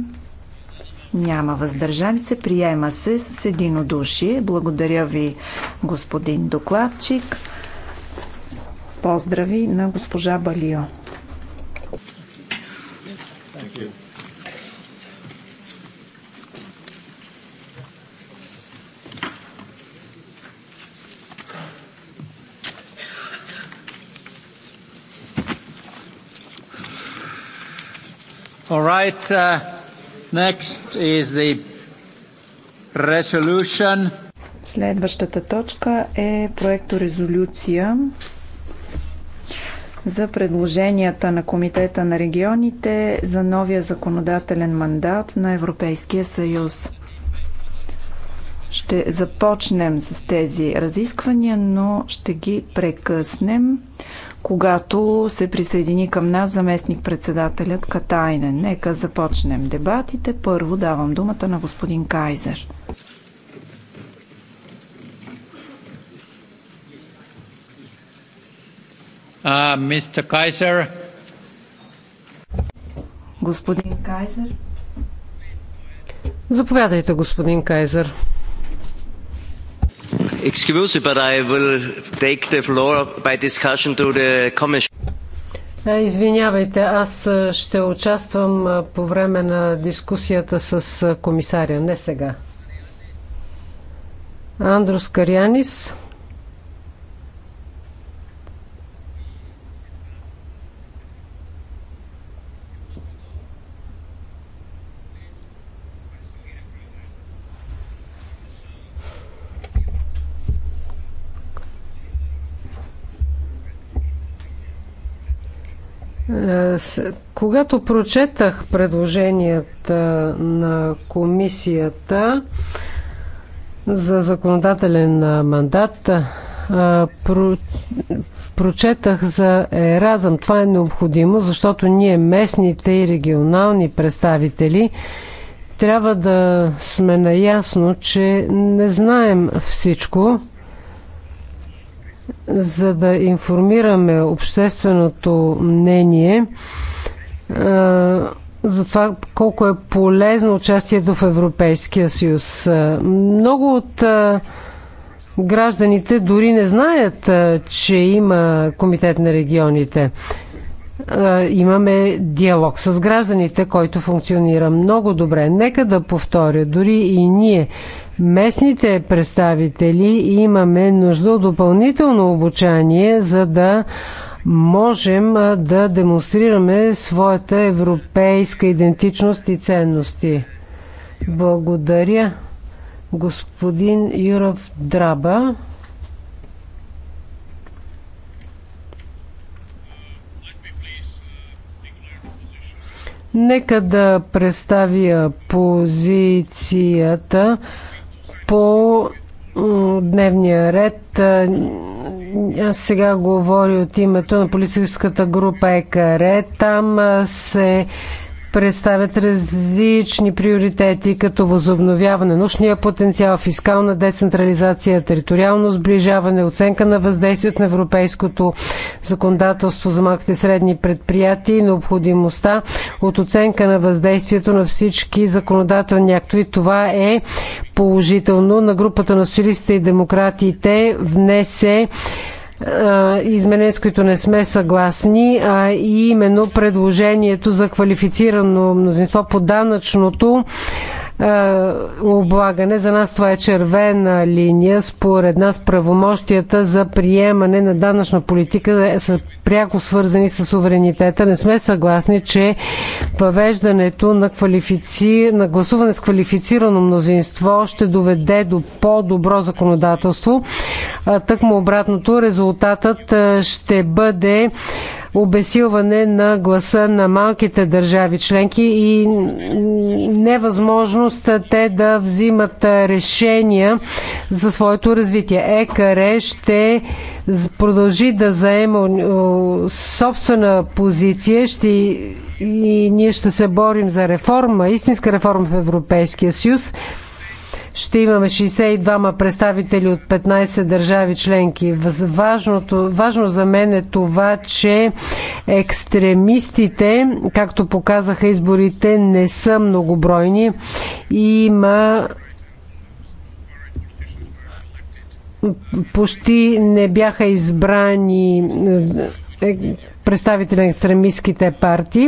Няма въздържали се. Приема се с единодушие. Благодаря ви, господин докладчик. Поздрави на госпожа Балио. All right. Uh, next is the resolution. Следващата точка е проекто резолюция за предложенията на Комитета на регионите за новия законодателен мандат на Европейския съюз. Ще започнем с тези разисквания, но ще ги прекъснем когато се присъедини към нас заместник-председателят Катайнен. Нека започнем дебатите. Първо давам думата на господин Кайзер. Мистер uh, Кайзер. Господин Кайзер. Заповядайте, господин Кайзер. Excuse, but I will take the floor by discussion to the commission. Извинявайте, аз ще участвам по време на дискусията с комисаря, не сега. Андрос Карианис. Е, когато прочетах предложенията на комисията за законодателен мандат, е, про... прочетах за Еразъм. Това е необходимо, защото ние местните и регионални представители трябва да сме наясно, че не знаем всичко за да информираме общественото мнение е, за това колко е полезно участието в Европейския съюз. Е, много от е, гражданите дори не знаят, че има комитет на регионите. Имаме диалог с гражданите, който функционира много добре. Нека да повторя, дори и ние местните представители имаме нужда от допълнително обучание, за да можем да демонстрираме своята европейска идентичност и ценности. Благодаря, господин Юров Драба. Нека да представя позицията по дневния ред. Аз сега говоря от името на полицейската група ЕКР. Там се представят различни приоритети, като възобновяване на научния потенциал, фискална децентрализация, териториално сближаване, оценка на въздействието на европейското законодателство за малките и средни предприятия и необходимостта от оценка на въздействието на всички законодателни актови. Това е положително. На групата на социалистите и демократите внесе е, изменения, с които не сме съгласни, а и именно предложението за квалифицирано мнозинство по данъчното е, облагане. За нас това е червена линия. Според нас правомощията за приемане на данъчна политика са пряко свързани с суверенитета. Не сме съгласни, че въвеждането на, квалифици... на гласуване с квалифицирано мнозинство ще доведе до по-добро законодателство. Тъкмо обратното, резултатът е, ще бъде обесилване на гласа на малките държави членки и невъзможност те да взимат решения за своето развитие. ЕКР ще продължи да заема собствена позиция ще и ние ще се борим за реформа, истинска реформа в Европейския съюз ще имаме 62 представители от 15 държави членки. Важното, важно за мен е това, че екстремистите, както показаха изборите, не са многобройни. Има почти не бяха избрани е, представители на екстремистските партии.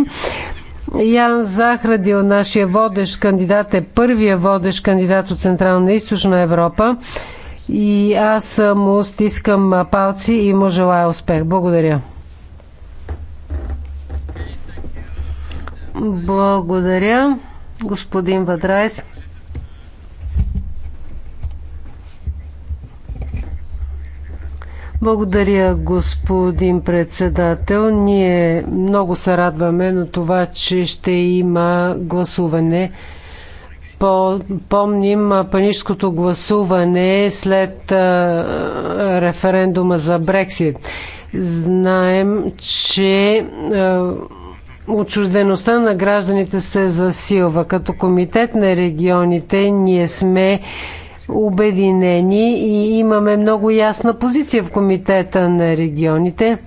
Ян Захрадил, нашия водещ кандидат, е първия водещ кандидат от Централна и Източна Европа. И аз му стискам палци и му желая успех. Благодаря. Благодаря, господин Вадрайс. Благодаря, господин председател. Ние много се радваме на това, че ще има гласуване. По, помним паническото гласуване след а, референдума за Брексит. Знаем, че а, отчуждеността на гражданите се засилва. Като комитет на регионите ние сме обединени и имаме много ясна позиция в Комитета на регионите.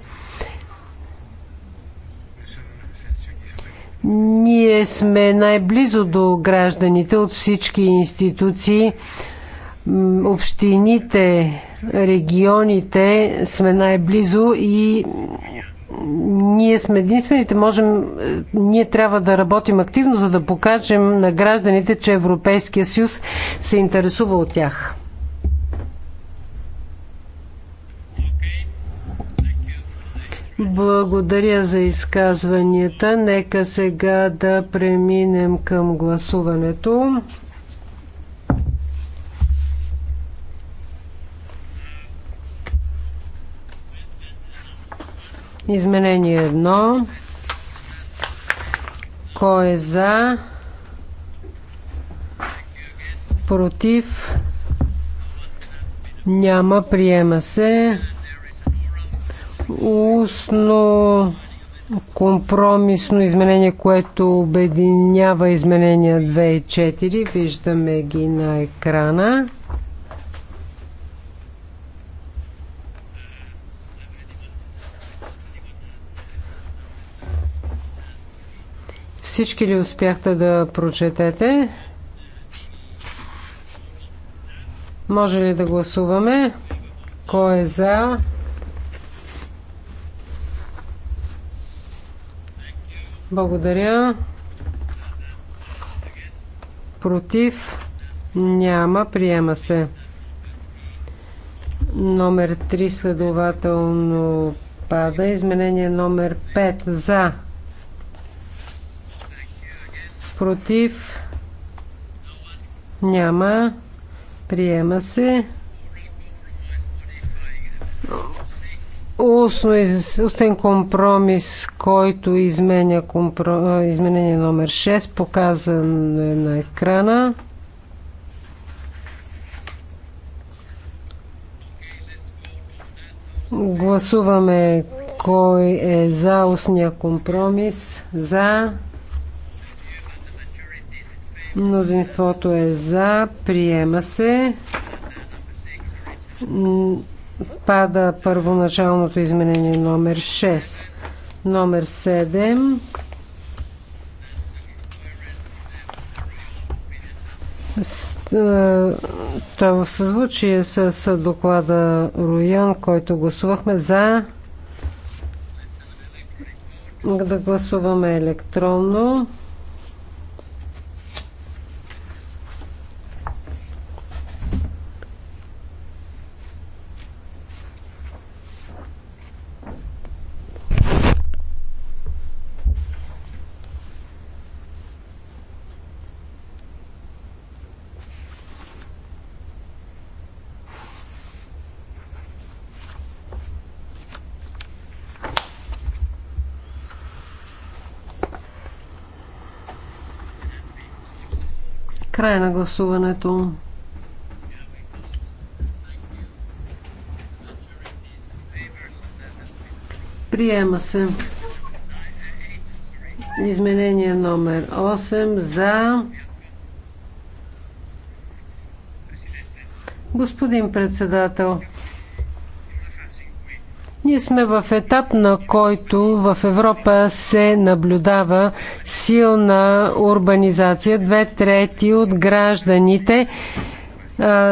Ние сме най-близо до гражданите от всички институции, общините, регионите сме най-близо и ние сме единствените, можем, е, ние трябва да работим активно, за да покажем на гражданите, че Европейския съюз се интересува от тях. Благодаря за изказванията. Нека сега да преминем към гласуването. Изменение едно. Кой е за? Против? Няма. Приема се. Устно компромисно изменение, което обединява изменения 2 и 4. Виждаме ги на екрана. Всички ли успяхте да прочетете? Може ли да гласуваме? Кой е за? Благодаря. Против? Няма. Приема се. Номер 3 следователно пада. Изменение номер 5 за Против? Няма. Приема се. Устно. Устен компромис, който изменя компро... изменение номер 6, показан е на екрана. Гласуваме кой е за устния компромис. За. Мнозинството е за. Приема се. Пада първоначалното изменение номер 6. Номер 7. Е, Това в съзвучие с доклада Руян, който гласувахме за да гласуваме електронно. Край на гласуването. Приема се. Изменение номер 8 за Господин председател, ние сме в етап, на който в Европа се наблюдава силна урбанизация. Две трети от гражданите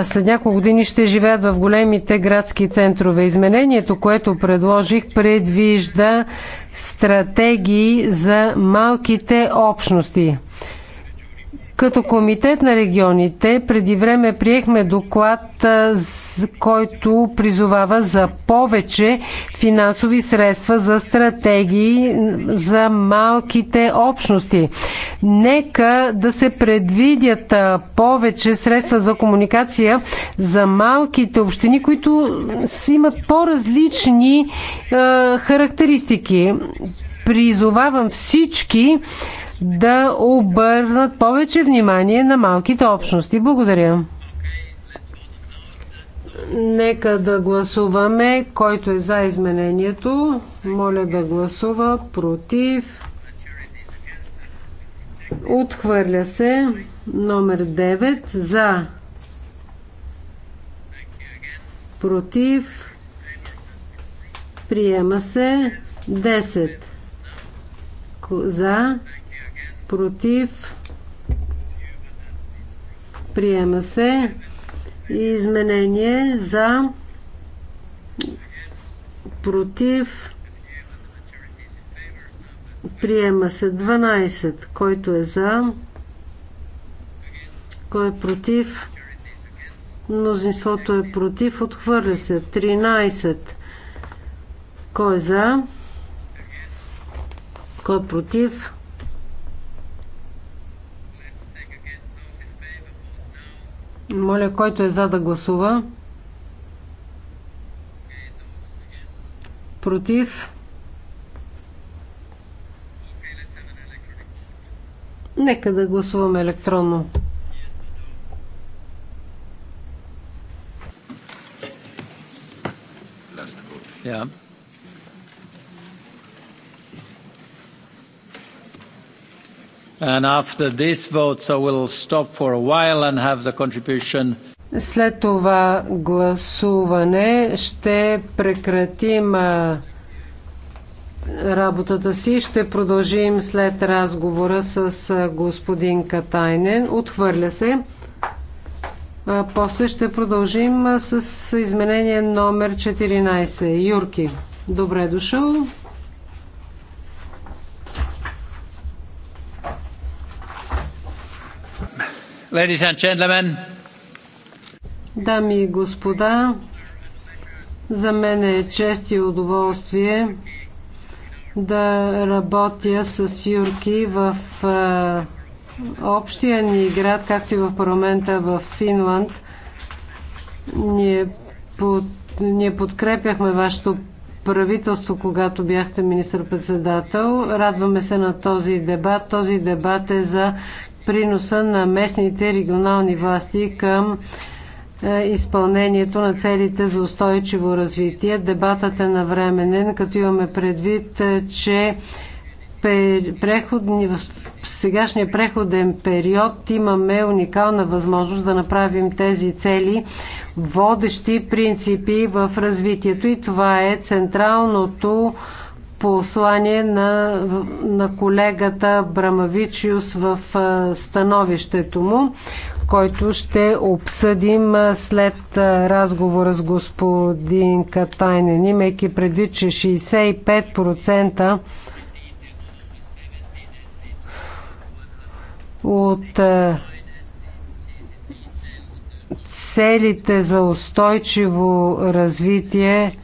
след няколко години ще живеят в големите градски центрове. Изменението, което предложих, предвижда стратегии за малките общности. Като комитет на регионите преди време приехме доклад, който призовава за повече финансови средства за стратегии за малките общности. Нека да се предвидят повече средства за комуникация за малките общини, които имат по-различни характеристики. Призовавам всички да обърнат повече внимание на малките общности. Благодаря. Нека да гласуваме. Който е за изменението, моля да гласува против. Отхвърля се номер 9 за против. Приема се 10 за против, приема се. И Изменение за, против, приема се. 12, който е за, кой е против, мнозинството е против, отхвърля се. 13, кой е за, кой е против, Моля, който е за да гласува. Против. Нека да гласуваме електронно. Yeah. After this vote, so we'll stop for a while and have the contribution след това гласуване ще прекратим работата си. Ще продължим след разговора с господин Катайнен. Отхвърля се. После ще продължим с изменение номер 14. Юрки, добре дошъл. Ladies and gentlemen. Дами и господа, за мен е чест и удоволствие да работя с Юрки в общия ни град, както и в парламента в Финланд. Ние, под, ние подкрепяхме вашето правителство, когато бяхте министър-председател. Радваме се на този дебат. Този дебат е за приноса на местните регионални власти към е, изпълнението на целите за устойчиво развитие. Дебатът е навременен, като имаме предвид, е, че преходни, в сегашния преходен период имаме уникална възможност да направим тези цели водещи принципи в развитието и това е централното послание на, на колегата Брамавичиус в становището му, който ще обсъдим след разговора с господин Катайнен, имайки предвид, че 65% от целите за устойчиво развитие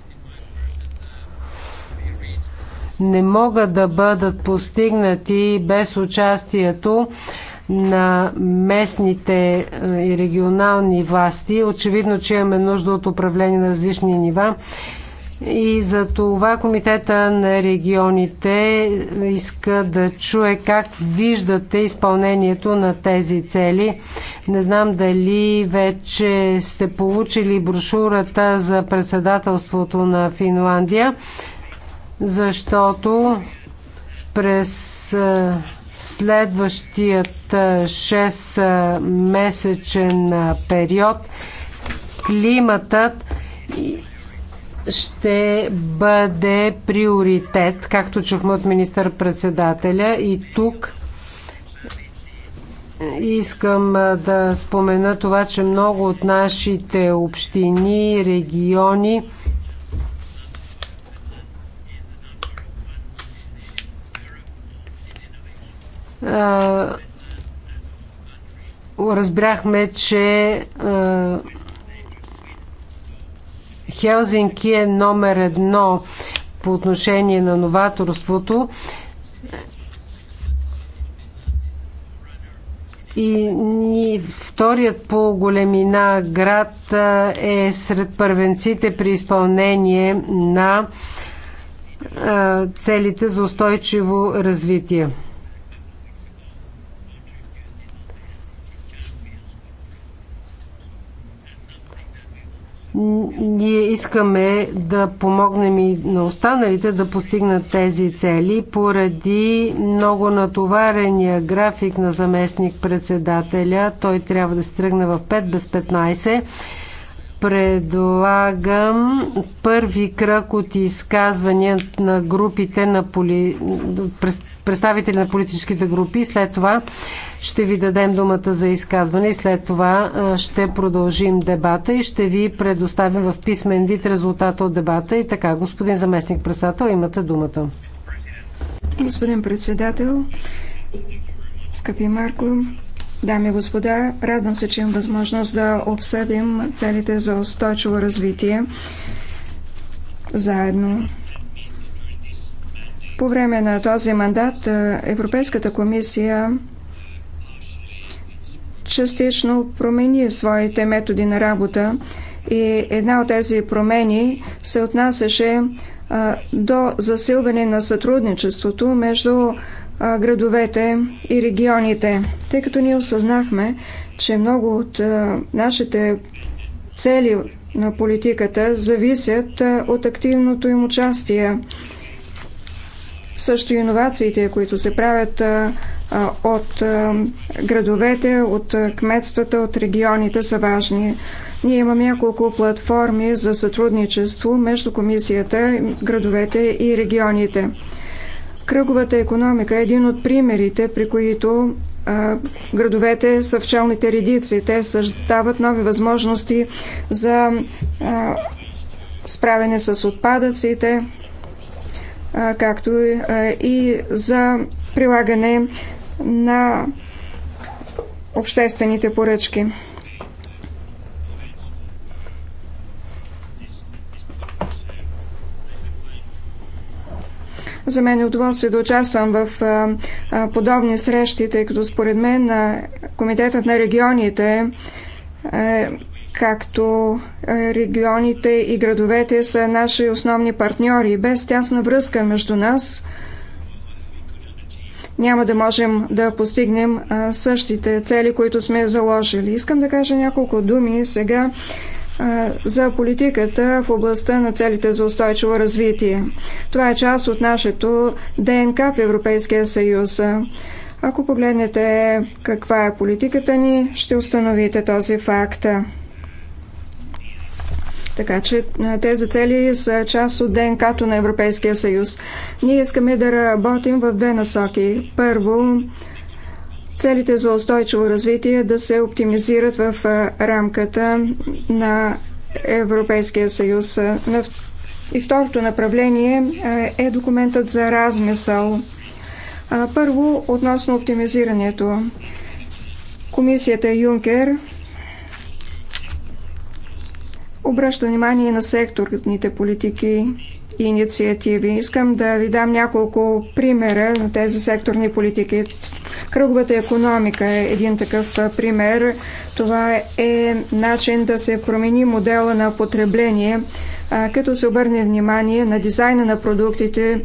не могат да бъдат постигнати без участието на местните е, и регионални власти. Очевидно, че имаме нужда от управление на различни нива. И за това Комитета на регионите е, иска да чуе как виждате изпълнението на тези цели. Не знам дали вече сте получили брошурата за председателството на Финландия защото през следващият 6-месечен период климатът ще бъде приоритет, както чухме от министър-председателя. И тук искам да спомена това, че много от нашите общини, региони, разбрахме, че Хелзинки е номер едно по отношение на новаторството. И ни, вторият по големина град е сред първенците при изпълнение на целите за устойчиво развитие. Ние искаме да помогнем и на останалите да постигнат тези цели поради много натоварения график на заместник председателя. Той трябва да тръгне в 5 без 15 предлагам първи кръг от изказвания на групите на поли... представители на политическите групи. След това ще ви дадем думата за изказване и след това ще продължим дебата и ще ви предоставим в писмен вид резултата от дебата. И така, господин заместник председател, имате думата. Господин председател, скъпи Марко, Дами и господа, радвам се, че имам възможност да обсъдим целите за устойчиво развитие заедно. По време на този мандат е, Европейската комисия частично промени своите методи на работа и една от тези промени се отнасяше до засилване на сътрудничеството между градовете и регионите, тъй като ние осъзнахме, че много от нашите цели на политиката зависят от активното им участие. Също иновациите, които се правят от градовете, от кметствата, от регионите са важни. Ние имаме няколко платформи за сътрудничество между комисията, градовете и регионите. Кръговата економика е един от примерите, при които а, градовете са в челните редици. Те създават нови възможности за а, справяне с отпадъците, а, както а, и за прилагане на обществените поръчки. За мен е удоволствие да участвам в подобни срещи, тъй като според мен Комитетът на регионите е, както регионите и градовете са наши основни партньори. Без тясна връзка между нас няма да можем да постигнем същите цели, които сме заложили. Искам да кажа няколко думи сега за политиката в областта на целите за устойчиво развитие. Това е част от нашето ДНК в Европейския съюз. Ако погледнете каква е политиката ни, ще установите този факт. Така че тези цели са част от ДНК-то на Европейския съюз. Ние искаме да работим в две насоки. Първо, целите за устойчиво развитие да се оптимизират в рамката на Европейския съюз. И второто направление е документът за размисъл. Първо, относно оптимизирането. Комисията Юнкер обръща внимание на секторните политики инициативи. Искам да ви дам няколко примера на тези секторни политики. Кръговата економика е един такъв пример. Това е начин да се промени модела на потребление, като се обърне внимание на дизайна на продуктите,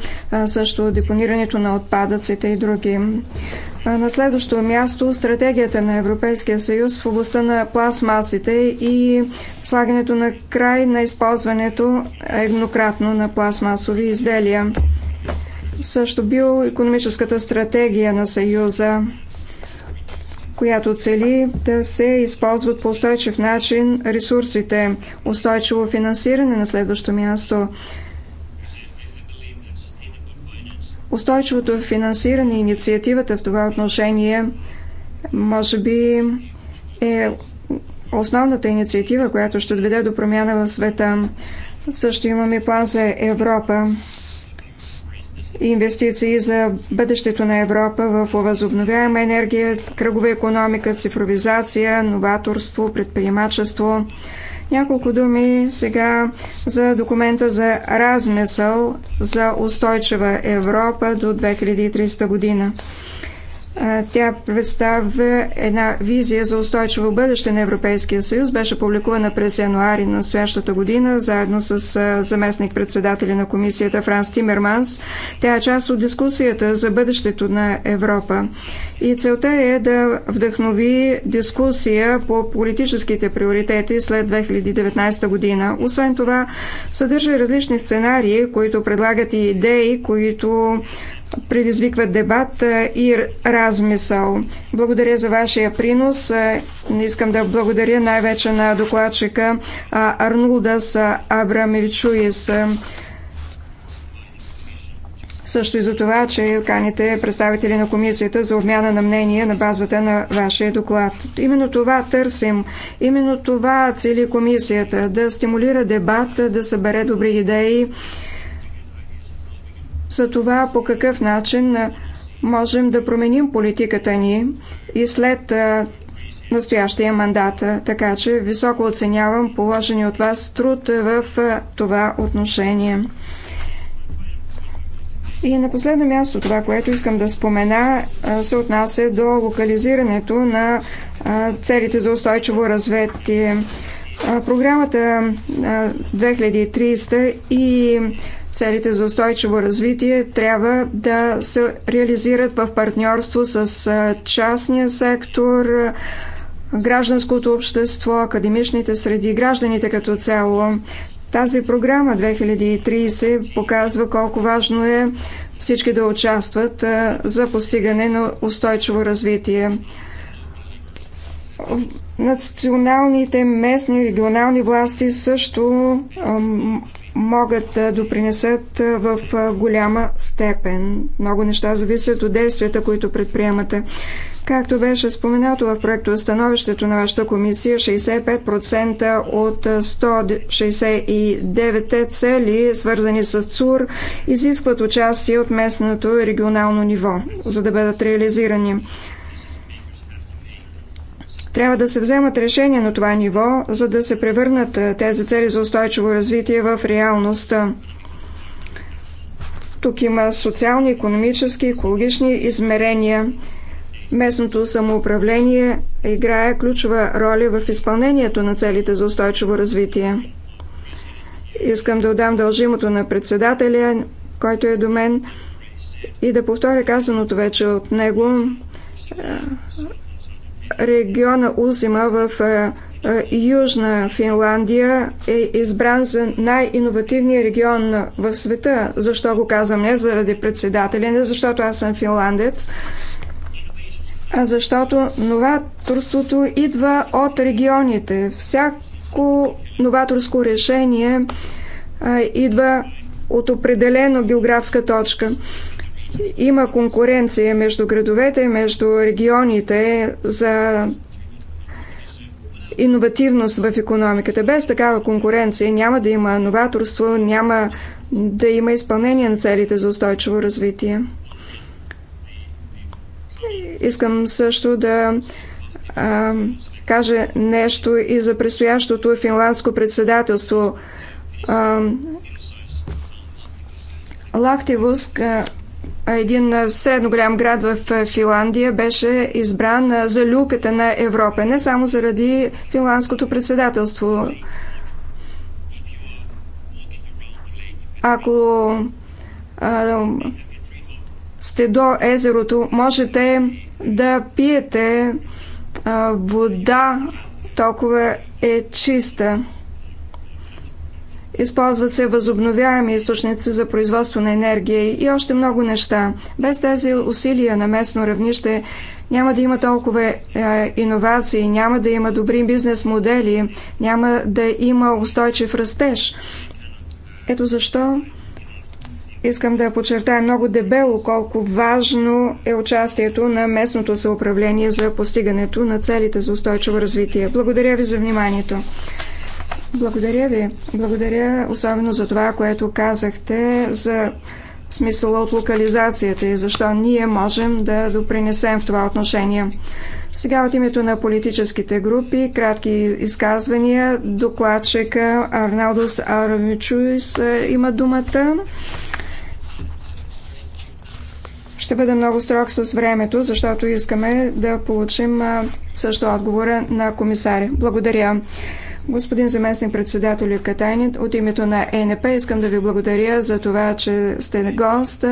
също депонирането на отпадъците и други. На следващо място стратегията на Европейския съюз в областта на пластмасите и слагането на край на използването еднократно на пластмасови изделия. Също биоекономическата стратегия на Съюза, която цели да се използват по устойчив начин ресурсите, устойчиво финансиране на следващо място – устойчивото финансиране и инициативата в това отношение може би е основната инициатива, която ще доведе до промяна в света. Също имаме план за Европа инвестиции за бъдещето на Европа в възобновяема енергия, кръгова економика, цифровизация, новаторство, предприемачество. Няколко думи сега за документа за размисъл за устойчива Европа до 2300 година. Тя представя една визия за устойчиво бъдеще на Европейския съюз. Беше публикувана през януари на настоящата година, заедно с заместник председателя на комисията Франс Тимерманс. Тя е част от дискусията за бъдещето на Европа. И целта е да вдъхнови дискусия по политическите приоритети след 2019 година. Освен това, съдържа различни сценарии, които предлагат и идеи, които предизвикват дебат и размисъл. Благодаря за вашия принос. Искам да благодаря най-вече на докладчика Арнулдас Абрамевичуис. Също и за това, че каните представители на комисията за обмяна на мнение на базата на вашия доклад. Именно това търсим. Именно това цели комисията да стимулира дебат, да събере добри идеи за това по какъв начин можем да променим политиката ни и след настоящия мандат. Така че високо оценявам положени от вас труд в това отношение. И на последно място това, което искам да спомена, се отнася до локализирането на целите за устойчиво развитие. Програмата 2030 и Целите за устойчиво развитие трябва да се реализират в партньорство с частния сектор, гражданското общество, академичните среди, гражданите като цяло. Тази програма 2030 показва колко важно е всички да участват за постигане на устойчиво развитие. Националните, местни, регионални власти също могат да допринесат в голяма степен. Много неща зависят от действията, които предприемате. Както беше споменато в проекта становището на вашата комисия, 65% от 169 цели, свързани с ЦУР, изискват участие от местното и регионално ниво, за да бъдат реализирани. Трябва да се вземат решения на това ниво, за да се превърнат тези цели за устойчиво развитие в реалността. Тук има социални, економически, екологични измерения. Местното самоуправление играе ключова роля в изпълнението на целите за устойчиво развитие. Искам да отдам дължимото на председателя, който е до мен, и да повторя казаното вече от него региона Узима в е, е, Южна Финландия е избран за най-инновативния регион в света. Защо го казвам? Не заради председателя, не защото аз съм финландец, а защото новаторството идва от регионите. Всяко новаторско решение е, идва от определено географска точка. Има конкуренция между градовете, между регионите за иновативност в економиката. Без такава конкуренция няма да има новаторство, няма да има изпълнение на целите за устойчиво развитие. Искам също да а, кажа нещо и за предстоящото финландско председателство. А, Лахтивуск един средно голям град в Финландия беше избран за люлката на Европа, не само заради финландското председателство. Ако а, сте до езерото, можете да пиете а, вода, толкова е чиста. Използват се възобновяеми източници за производство на енергия и още много неща. Без тези усилия на местно равнище няма да има толкова е, иновации, няма да има добри бизнес модели, няма да има устойчив растеж. Ето защо искам да подчертая много дебело колко важно е участието на местното съуправление за постигането на целите за устойчиво развитие. Благодаря ви за вниманието. Благодаря ви. Благодаря особено за това, което казахте за смисъла от локализацията и защо ние можем да допринесем в това отношение. Сега от името на политическите групи, кратки изказвания. Докладчика Арналдос Арамичуис е, има думата. Ще бъда много строг с времето, защото искаме да получим е, също отговора на комисаря. Благодаря. Господин заместник председател Катайнин, от името на ЕНП искам да ви благодаря за това, че сте гост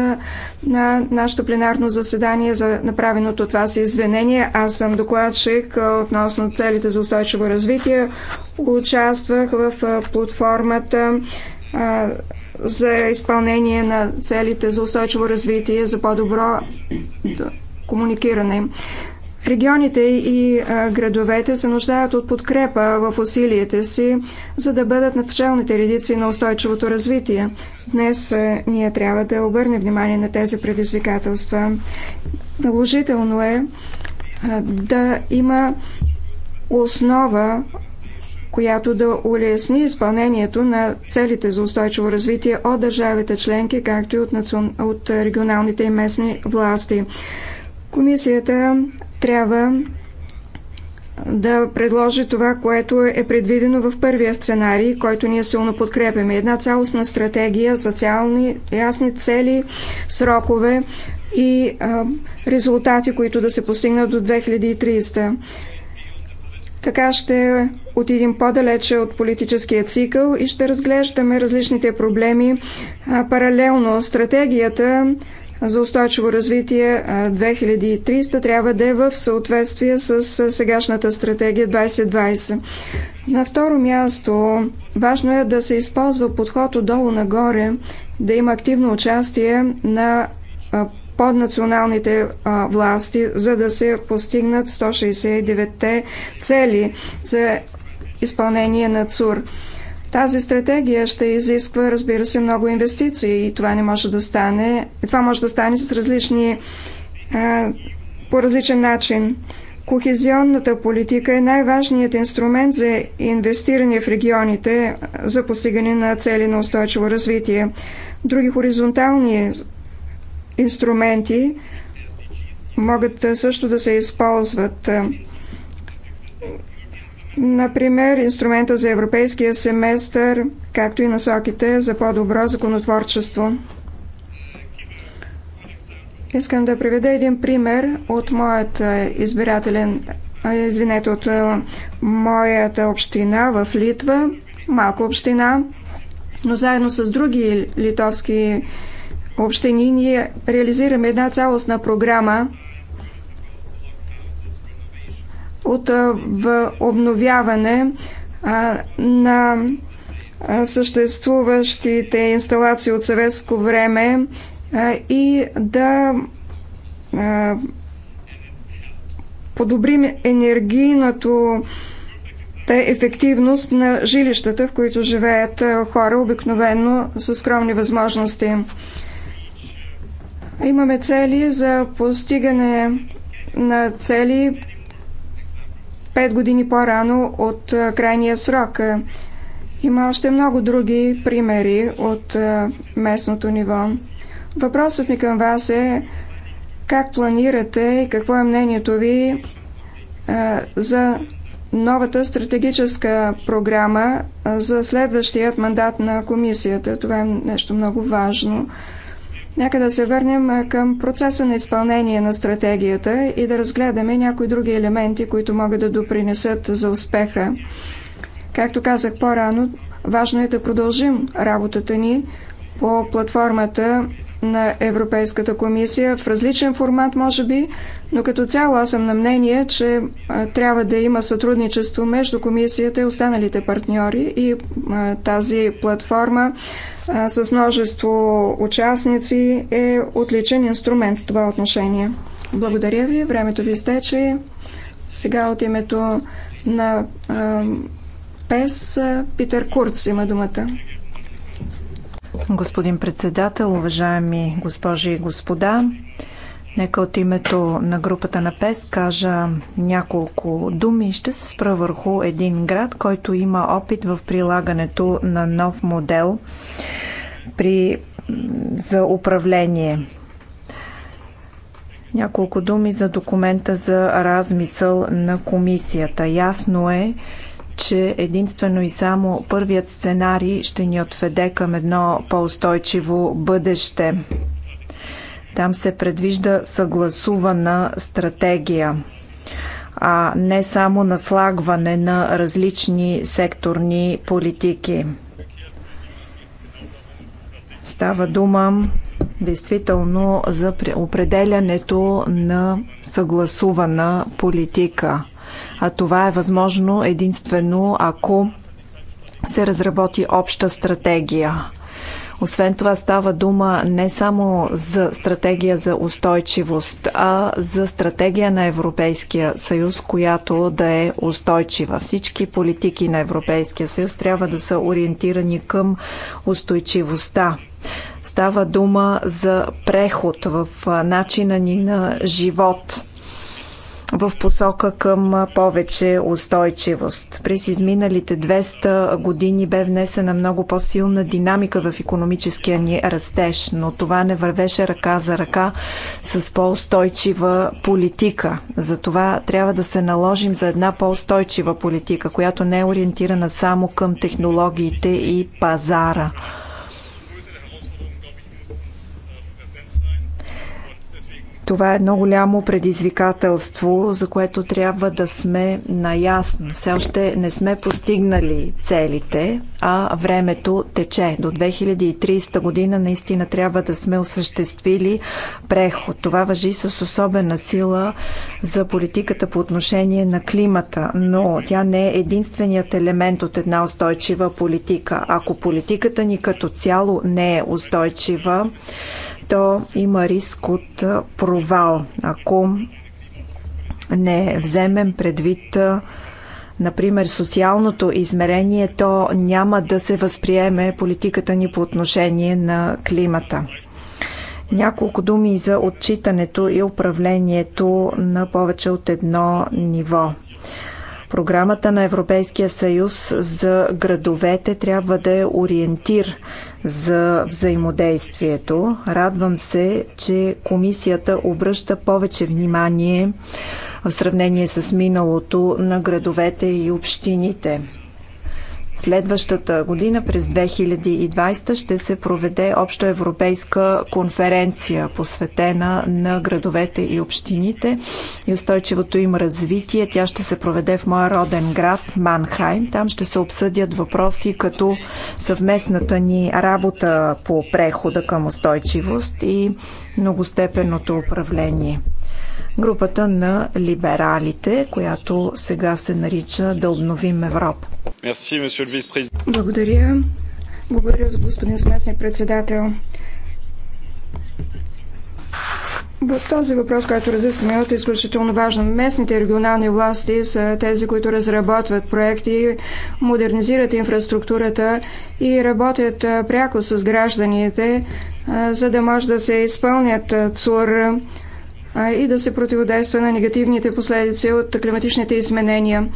на нашето пленарно заседание за направеното от вас извинение. Аз съм докладчик относно целите за устойчиво развитие. Участвах в платформата за изпълнение на целите за устойчиво развитие, за по-добро комуникиране. Регионите и градовете се нуждаят от подкрепа в усилията си, за да бъдат на началните редици на устойчивото развитие. Днес ние трябва да обърнем внимание на тези предизвикателства. Наложително е да има основа, която да улесни изпълнението на целите за устойчиво развитие от държавите членки, както и от, национ... от регионалните и местни власти. Комисията трябва да предложи това, което е предвидено в първия сценарий, който ние силно подкрепяме. Една цялостна стратегия за цялни, ясни цели, срокове и а, резултати, които да се постигнат до 2300. Така ще отидем по-далече от политическия цикъл и ще разглеждаме различните проблеми а, паралелно. Стратегията за устойчиво развитие 2300 трябва да е в съответствие с сегашната стратегия 2020. На второ място, важно е да се използва подход отдолу нагоре, да има активно участие на поднационалните власти, за да се постигнат 169-те цели за изпълнение на ЦУР. Тази стратегия ще изисква, разбира се, много инвестиции и това не може да стане. Това може да стане с различни по различен начин. Кохезионната политика е най-важният инструмент за инвестиране в регионите за постигане на цели на устойчиво развитие. Други хоризонтални инструменти могат също да се използват. Например, инструмента за европейския семестър, както и насоките за по-добро законотворчество. Искам да приведа един пример от моят е, избирателен, извинете, от е, моята община в Литва, малка община, но заедно с други литовски общини ние реализираме една цялостна програма от обновяване на съществуващите инсталации от съветско време и да подобрим енергийната ефективност на жилищата, в които живеят хора обикновено с скромни възможности. Имаме цели за постигане на цели 5 години по-рано от крайния срок. Има още много други примери от местното ниво. Въпросът ми към вас е как планирате и какво е мнението ви за новата стратегическа програма за следващият мандат на комисията. Това е нещо много важно. Нека да се върнем към процеса на изпълнение на стратегията и да разгледаме някои други елементи, които могат да допринесат за успеха. Както казах по-рано, важно е да продължим работата ни по платформата на Европейската комисия в различен формат, може би, но като цяло аз съм на мнение, че а, трябва да има сътрудничество между комисията и останалите партньори и а, тази платформа с множество участници е отличен инструмент в това отношение. Благодаря ви, времето ви изтече. Сега от името на а, ПЕС Питер Курц има думата. Господин председател, уважаеми госпожи и господа, Нека от името на групата на ПЕС кажа няколко думи. Ще се спра върху един град, който има опит в прилагането на нов модел при, за управление. Няколко думи за документа за размисъл на комисията. Ясно е, че единствено и само първият сценарий ще ни отведе към едно по-устойчиво бъдеще. Там се предвижда съгласувана стратегия а не само наслагване на различни секторни политики. Става дума действително за определянето на съгласувана политика. А това е възможно единствено ако се разработи обща стратегия. Освен това става дума не само за стратегия за устойчивост, а за стратегия на Европейския съюз, която да е устойчива. Всички политики на Европейския съюз трябва да са ориентирани към устойчивостта. Става дума за преход в начина ни на живот – в посока към повече устойчивост. През изминалите 200 години бе внесена много по-силна динамика в економическия ни растеж, но това не вървеше ръка за ръка с по-устойчива политика. Затова трябва да се наложим за една по-устойчива политика, която не е ориентирана само към технологиите и пазара. Това е едно голямо предизвикателство, за което трябва да сме наясно. Все още не сме постигнали целите, а времето тече. До 2030 година наистина трябва да сме осъществили преход. Това въжи с особена сила за политиката по отношение на климата, но тя не е единственият елемент от една устойчива политика. Ако политиката ни като цяло не е устойчива, то има риск от провал, ако не вземем предвид например, социалното измерение, то няма да се възприеме политиката ни по отношение на климата. Няколко думи за отчитането и управлението на повече от едно ниво. Програмата на Европейския съюз за градовете трябва да е ориентир за взаимодействието. Радвам се, че комисията обръща повече внимание в сравнение с миналото на градовете и общините. Следващата година, през 2020, ще се проведе общо европейска конференция, посветена на градовете и общините и устойчивото им развитие. Тя ще се проведе в моя роден град Манхайм. Там ще се обсъдят въпроси като съвместната ни работа по прехода към устойчивост и многостепенното управление групата на либералите, която сега се нарича Да обновим Европа. Благодаря. Благодаря за господин сместник председател. В този въпрос, който разискваме, е изключително важно. Местните регионални власти са тези, които разработват проекти, модернизират инфраструктурата и работят пряко с гражданите, за да може да се изпълнят ЦУР, и да се противодейства на негативните последици от климатичните изменения.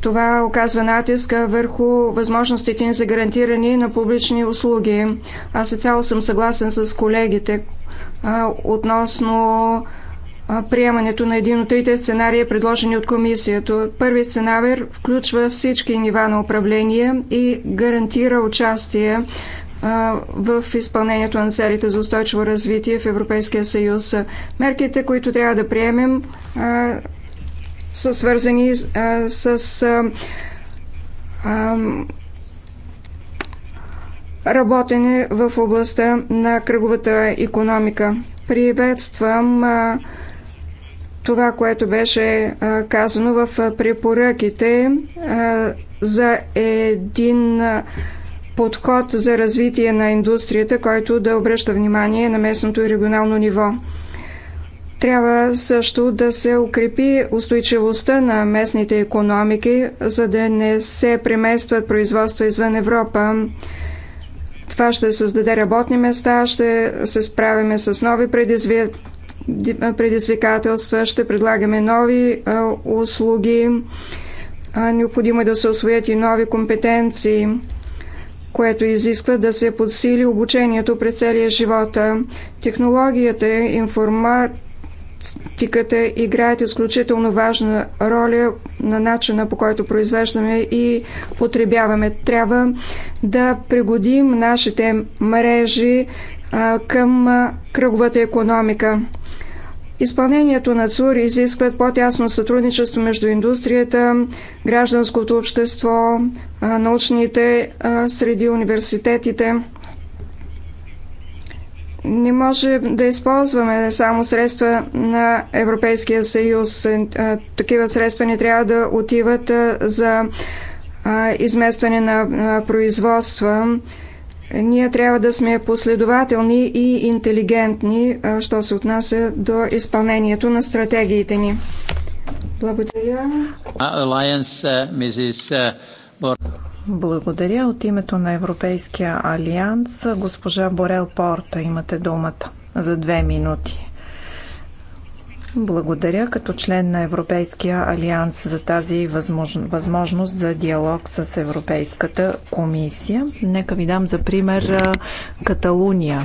Това оказва натиска върху възможностите ни за гарантиране на публични услуги. Аз цяло съм съгласен с колегите а, относно а, приемането на един от трите сценария, предложени от комисията. Първият сценарий включва всички нива на управление и гарантира участие в изпълнението на целите за устойчиво развитие в Европейския съюз. Мерките, които трябва да приемем, са свързани с работене в областта на кръговата економика. Приветствам това, което беше казано в препоръките за един подход за развитие на индустрията, който да обръща внимание на местното и регионално ниво. Трябва също да се укрепи устойчивостта на местните економики, за да не се преместват производства извън Европа. Това ще създаде работни места, ще се справиме с нови предизвикателства, ще предлагаме нови услуги. необходимо е да се освоят и нови компетенции което изисква да се подсили обучението през целия живота. Технологията, информатиката играят изключително важна роля на начина по който произвеждаме и потребяваме. Трябва да пригодим нашите мрежи към кръговата економика. Изпълнението на ЦУР изискват по-тясно сътрудничество между индустрията, гражданското общество, научните среди, университетите. Не може да използваме само средства на Европейския съюз. Е, такива средства не трябва да отиват за изместване на производства. Ние трябва да сме последователни и интелигентни, що се отнася до изпълнението на стратегиите ни. Благодаря. Uh, uh, Благодаря от името на Европейския алианс. Госпожа Борел Порта, имате думата за две минути. Благодаря като член на Европейския алианс за тази възможно, възможност за диалог с Европейската комисия. Нека ви дам за пример Каталуния.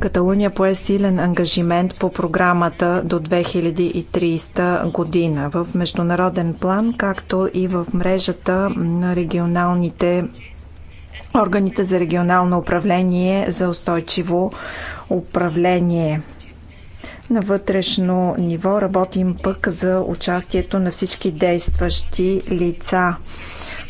Каталуния пое силен ангажимент по програмата до 2030 година в международен план, както и в мрежата на регионалните органите за регионално управление за устойчиво управление. На вътрешно ниво работим пък за участието на всички действащи лица.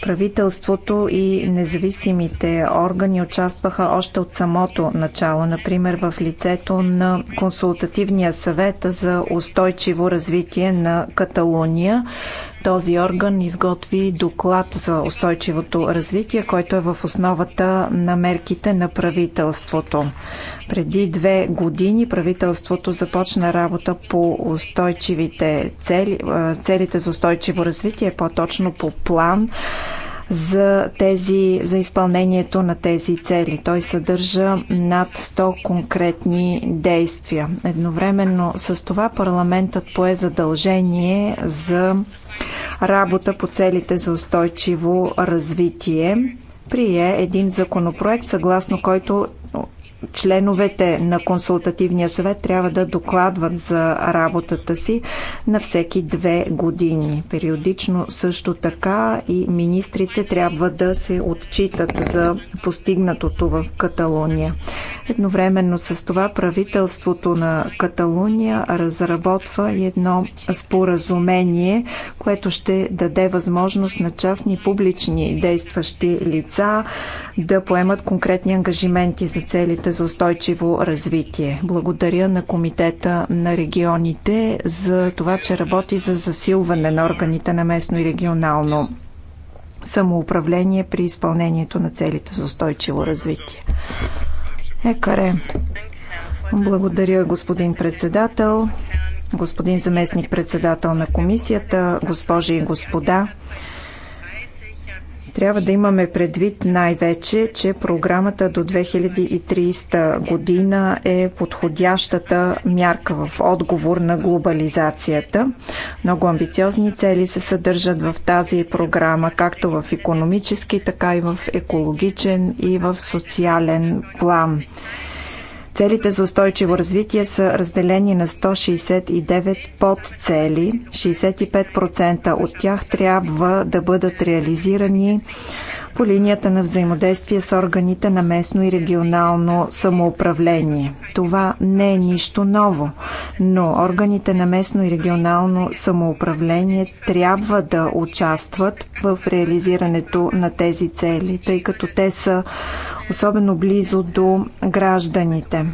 Правителството и независимите органи участваха още от самото начало, например в лицето на Консултативния съвет за устойчиво развитие на Каталуния. Този орган изготви доклад за устойчивото развитие, който е в основата на мерките на правителството. Преди две години правителството започна работа по устойчивите цели, целите за устойчиво развитие, по-точно по план за, тези, за изпълнението на тези цели. Той съдържа над 100 конкретни действия. Едновременно с това парламентът пое задължение за работа по целите за устойчиво развитие прие един законопроект, съгласно който членовете на консултативния съвет трябва да докладват за работата си на всеки две години. Периодично също така и министрите трябва да се отчитат за постигнатото в Каталуния. Едновременно с това правителството на Каталуния разработва едно споразумение, което ще даде възможност на частни публични действащи лица да поемат конкретни ангажименти за целите за устойчиво развитие. Благодаря на Комитета на регионите за това, че работи за засилване на органите на местно и регионално самоуправление при изпълнението на целите за устойчиво развитие. Екаре. Благодаря, господин председател, господин заместник председател на комисията, госпожи и господа. Трябва да имаме предвид най-вече, че програмата до 2030 година е подходящата мярка в отговор на глобализацията. Много амбициозни цели се съдържат в тази програма, както в економически, така и в екологичен и в социален план. Целите за устойчиво развитие са разделени на 169 подцели. 65% от тях трябва да бъдат реализирани по линията на взаимодействие с органите на местно и регионално самоуправление. Това не е нищо ново, но органите на местно и регионално самоуправление трябва да участват в реализирането на тези цели, тъй като те са особено близо до гражданите.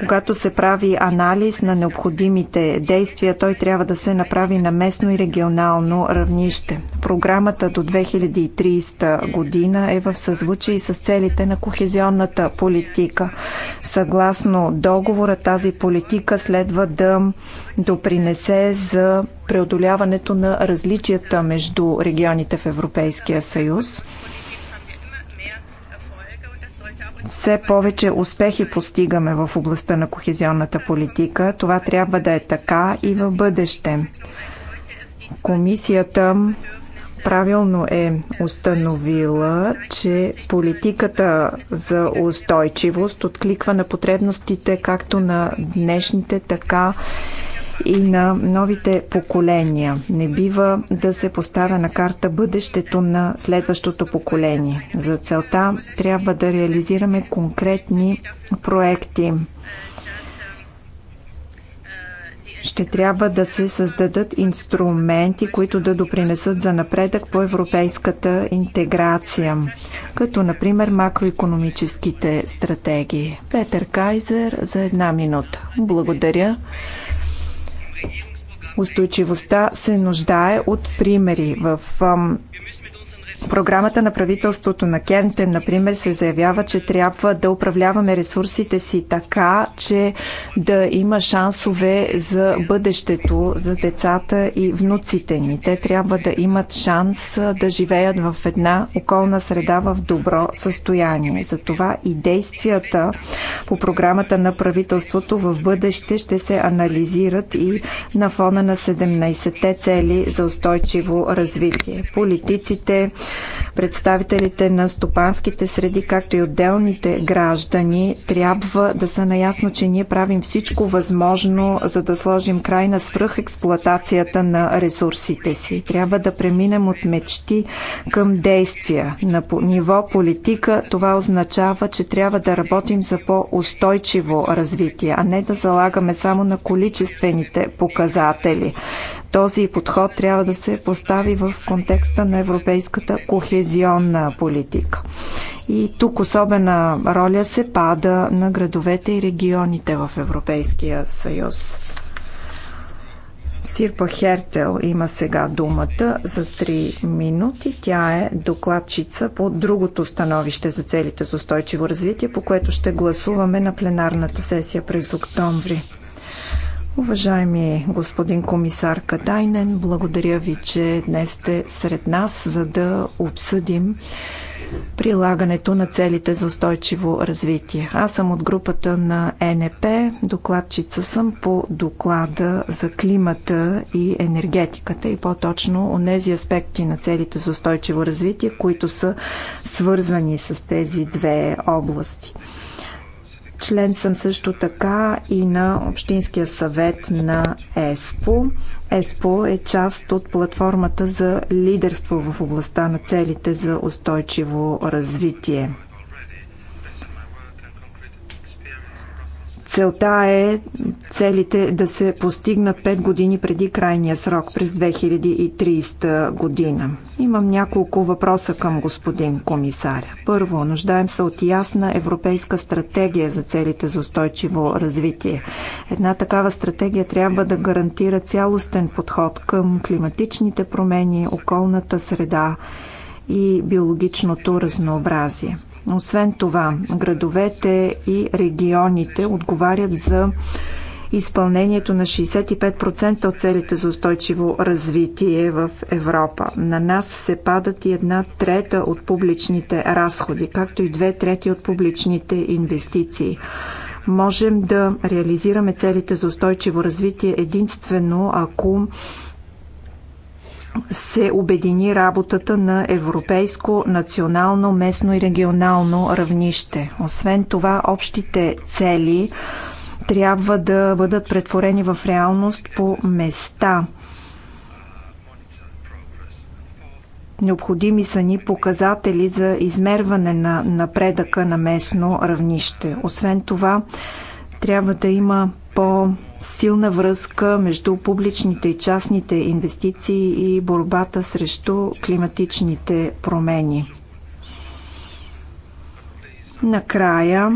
Когато се прави анализ на необходимите действия, той трябва да се направи на местно и регионално равнище. Програмата до 2030 година е в съзвучие с целите на кохезионната политика. Съгласно договора, тази политика следва да допринесе за преодоляването на различията между регионите в Европейския съюз все повече успехи постигаме в областта на кохезионната политика. Това трябва да е така и в бъдеще. Комисията правилно е установила, че политиката за устойчивост откликва на потребностите както на днешните, така и на новите поколения. Не бива да се поставя на карта бъдещето на следващото поколение. За целта трябва да реализираме конкретни проекти ще трябва да се създадат инструменти, които да допринесат за напредък по европейската интеграция, като например макроекономическите стратегии. Петър Кайзер за една минута. Благодаря. Устойчивостта се нуждае от примери. В в програмата на правителството на Кентен, например, се заявява, че трябва да управляваме ресурсите си така, че да има шансове за бъдещето, за децата и внуците ни. Те трябва да имат шанс да живеят в една околна среда в добро състояние. Затова и действията по програмата на правителството в бъдеще ще се анализират и на фона на 17-те цели за устойчиво развитие. Политиците, представителите на стопанските среди, както и отделните граждани, трябва да са наясно, че ние правим всичко възможно, за да сложим край на свръхексплуатацията на ресурсите си. Трябва да преминем от мечти към действия. На ниво политика това означава, че трябва да работим за по-устойчиво развитие, а не да залагаме само на количествените показатели. Този подход трябва да се постави в контекста на европейската кохезионна политика. И тук особена роля се пада на градовете и регионите в Европейския съюз. Сирпа Хертел има сега думата за 3 минути. Тя е докладчица по другото становище за целите за устойчиво развитие, по което ще гласуваме на пленарната сесия през октомври. Уважаеми господин комисар Катайнен, благодаря ви, че днес сте сред нас, за да обсъдим прилагането на целите за устойчиво развитие. Аз съм от групата на е НП, докладчица съм по доклада за климата и енергетиката и по-точно от тези аспекти на целите за устойчиво развитие, които са свързани с тези две области. Член съм също така и на Общинския съвет на ЕСПО. ЕСПО е част от платформата за лидерство в областта на целите за устойчиво развитие. Целта е целите да се постигнат 5 години преди крайния срок през 2030 година. Имам няколко въпроса към господин комисаря. Първо, нуждаем се от ясна европейска стратегия за целите за устойчиво развитие. Една такава стратегия трябва да гарантира цялостен подход към климатичните промени, околната среда и биологичното разнообразие. Освен това, градовете и регионите отговарят за изпълнението на 65% от целите за устойчиво развитие в Европа. На нас се падат и една трета от публичните разходи, както и две трети от публичните инвестиции. Можем да реализираме целите за устойчиво развитие единствено ако се обедини работата на европейско, национално, местно и регионално равнище. Освен това, общите цели трябва да бъдат претворени в реалност по места. Необходими са ни показатели за измерване на напредъка на местно равнище. Освен това, трябва да има по- силна връзка между публичните и частните инвестиции и борбата срещу климатичните промени. Накрая,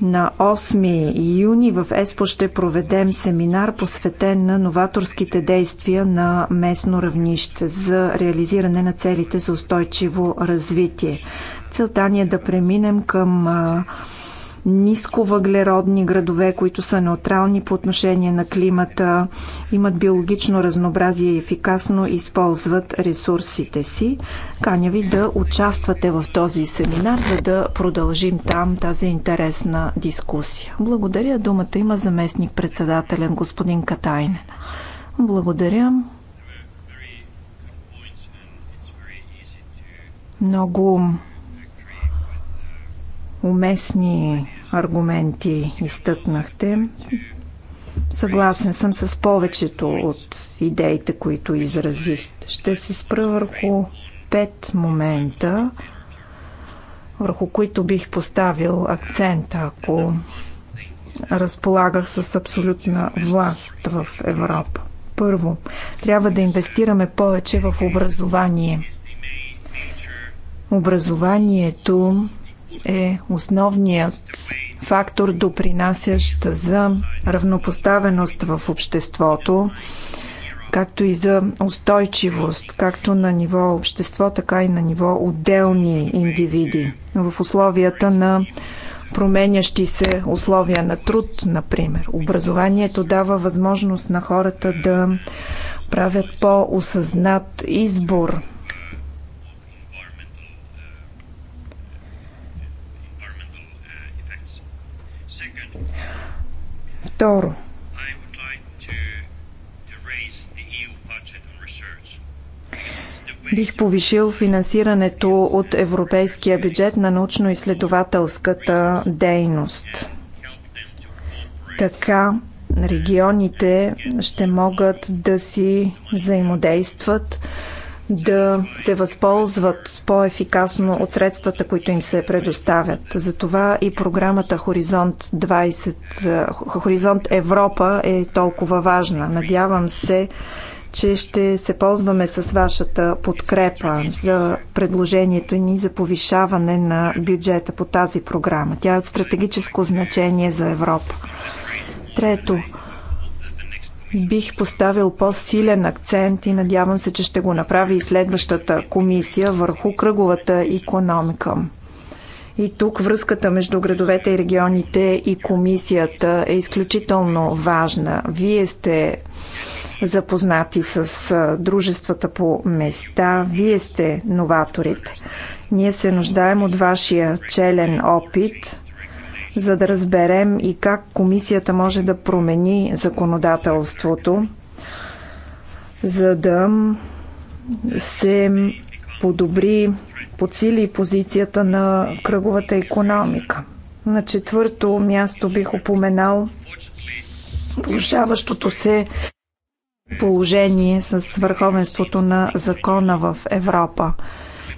на 8 юни в ЕСПО ще проведем семинар, посветен на новаторските действия на местно равнище за реализиране на целите за устойчиво развитие. Целта ни е да преминем към нисковъглеродни градове, които са неутрални по отношение на климата, имат биологично разнообразие и ефикасно използват ресурсите си. Каня ви да участвате в този семинар, за да продължим там тази интересна дискусия. Благодаря. Думата има заместник председателен господин Катайнен. Благодаря. Много уместни аргументи изтъкнахте. Съгласен съм с повечето от идеите, които изразихте. Ще се спра върху пет момента, върху които бих поставил акцента, ако разполагах с абсолютна власт в Европа. Първо, трябва да инвестираме повече в образование. Образованието е основният фактор, допринасящ за равнопоставеност в обществото, както и за устойчивост, както на ниво общество, така и на ниво отделни индивиди. В условията на променящи се условия на труд, например. Образованието дава възможност на хората да правят по-осъзнат избор Второ, e бих повишил финансирането от европейския бюджет на научно-изследователската дейност. Така регионите ще могат да си взаимодействат, да се възползват по-ефикасно от средствата, които им се предоставят. Затова и програмата Хоризонт, 20, Хоризонт Европа е толкова важна. Надявам се, че ще се ползваме с вашата подкрепа за предложението ни за повишаване на бюджета по тази програма. Тя е от стратегическо значение за Европа. Трето, бих поставил по-силен акцент и надявам се, че ще го направи и следващата комисия върху кръговата економика. И тук връзката между градовете и регионите и комисията е изключително важна. Вие сте запознати с дружествата по места, вие сте новаторите. Ние се нуждаем от вашия челен опит, за да разберем и как комисията може да промени законодателството, за да се подобри, подсили позицията на кръговата економика. На четвърто място бих упоменал влушаващото се положение с върховенството на закона в Европа.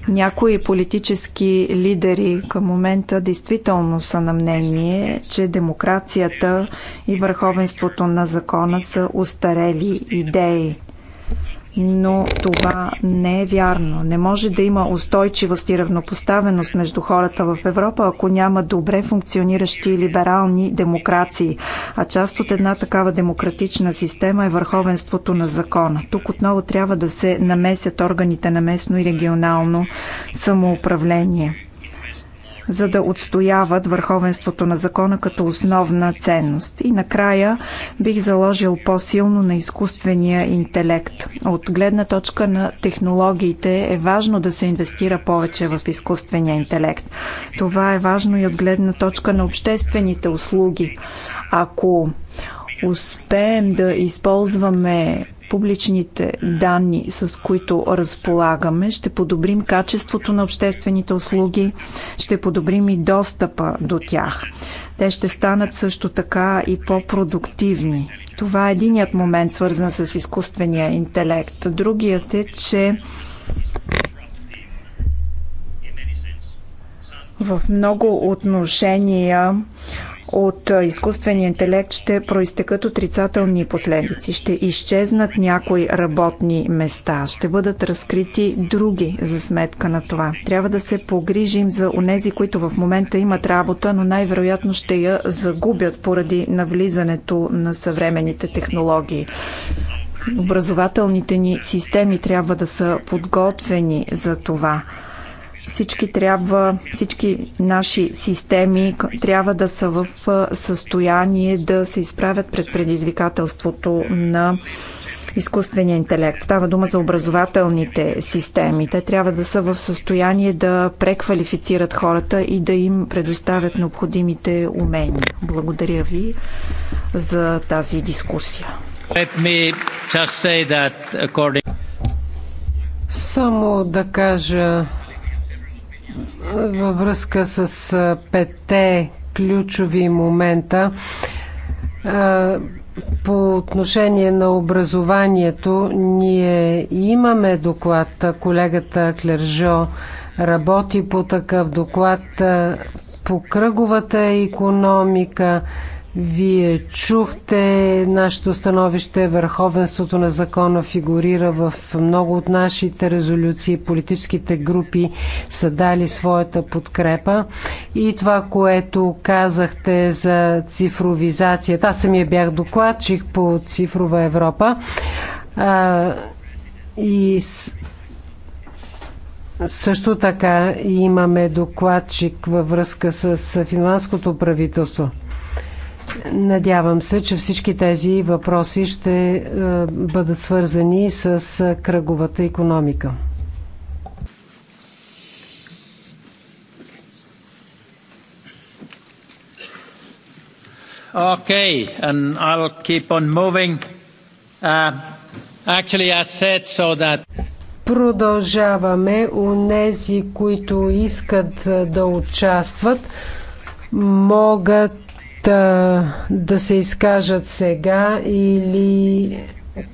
Някои политически лидери към момента действително са на мнение, че демокрацията и върховенството на закона са устарели идеи но това не е вярно. Не може да има устойчивост и равнопоставеност между хората в Европа, ако няма добре функциониращи либерални демокрации. А част от една такава демократична система е върховенството на закона. Тук отново трябва да се намесят органите на местно и регионално самоуправление за да отстояват върховенството на закона като основна ценност. И накрая бих заложил по-силно на изкуствения интелект. От гледна точка на технологиите е важно да се инвестира повече в изкуствения интелект. Това е важно и от гледна точка на обществените услуги. Ако успеем да използваме публичните данни, с които разполагаме, ще подобрим качеството на обществените услуги, ще подобрим и достъпа до тях. Те ще станат също така и по-продуктивни. Това е единият момент, свързан с изкуствения интелект. Другият е, че в много отношения от изкуствения интелект ще проистекат отрицателни последици. Ще изчезнат някои работни места, ще бъдат разкрити други за сметка на това. Трябва да се погрижим за онези, които в момента имат работа, но най-вероятно ще я загубят поради навлизането на съвременните технологии образователните ни системи трябва да са подготвени за това. Всички трябва, всички наши системи трябва да са в състояние да се изправят пред предизвикателството на изкуствения интелект. Става дума за образователните системи. Те трябва да са в състояние да преквалифицират хората и да им предоставят необходимите умения. Благодаря ви за тази дискусия. According... Само да кажа във връзка с пете ключови момента по отношение на образованието, ние имаме доклад. Колегата Клержо работи по такъв доклад по кръговата економика вие чухте нашето становище. Върховенството на закона фигурира в много от нашите резолюции. Политическите групи са дали своята подкрепа. И това, което казахте за цифровизацията. Аз самия бях докладчик по цифрова Европа. А, и също така имаме докладчик във връзка с финландското правителство. Надявам се, че всички тези въпроси ще е, бъдат свързани с е, кръговата економика. Okay, and I'll keep on moving. Uh, actually, I said so that. Продължаваме. нези, които искат е, да участват, могат да, да се изкажат сега или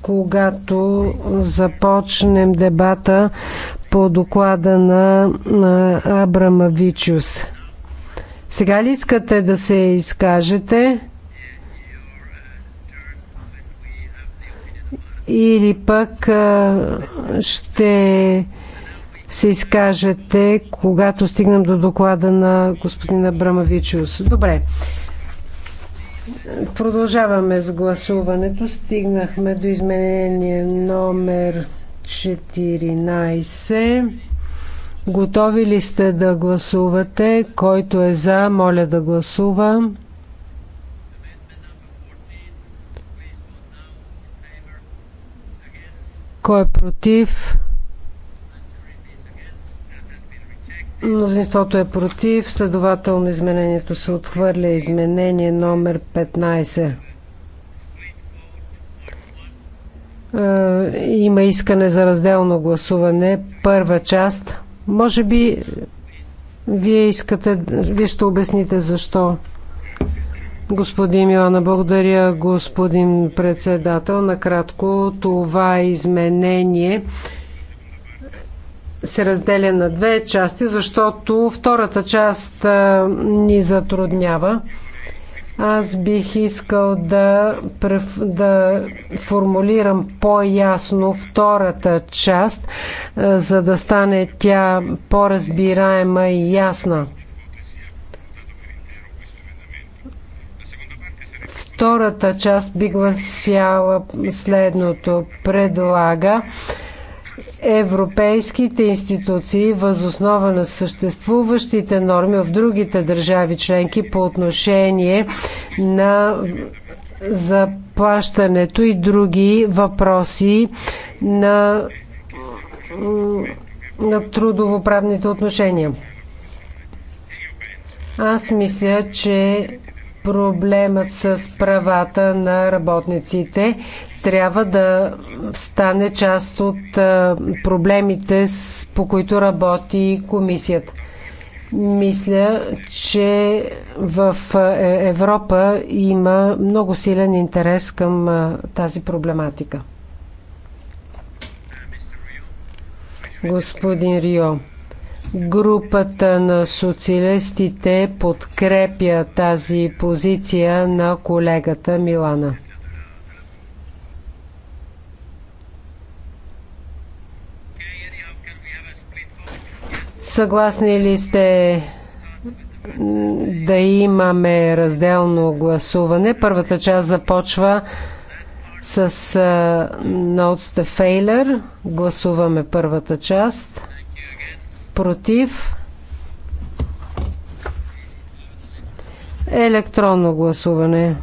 когато започнем дебата по доклада на, на Вичус. Сега ли искате да се изкажете? Или пък ще се изкажете, когато стигнем до доклада на господина Брамавичиус. Добре. Продължаваме с гласуването. Стигнахме до изменение номер 14. Готови ли сте да гласувате? Който е за, моля да гласува. Кой е против? Мнозинството е против, следователно изменението се отхвърля. Изменение номер 15. Е, има искане за разделно гласуване. Първа част. Може би вие искате, вие ще обясните защо. Господин Милана, благодаря, господин председател. Накратко, това изменение се разделя на две части, защото втората част ни затруднява. Аз бих искал да, да формулирам по-ясно втората част, за да стане тя по-разбираема и ясна. Втората част би гласяла следното. Предлага европейските институции възоснова на съществуващите норми в другите държави членки по отношение на заплащането и други въпроси на, на трудовоправните отношения. Аз мисля, че проблемът с правата на работниците трябва да стане част от проблемите, по които работи комисията. Мисля, че в е, Европа има много силен интерес към тази проблематика. Господин Рио. Групата на социалистите подкрепя тази позиция на колегата Милана. Съгласни ли сте да имаме разделно гласуване? Първата част започва с Notes the Failure. Гласуваме първата част против, електронно гласуване.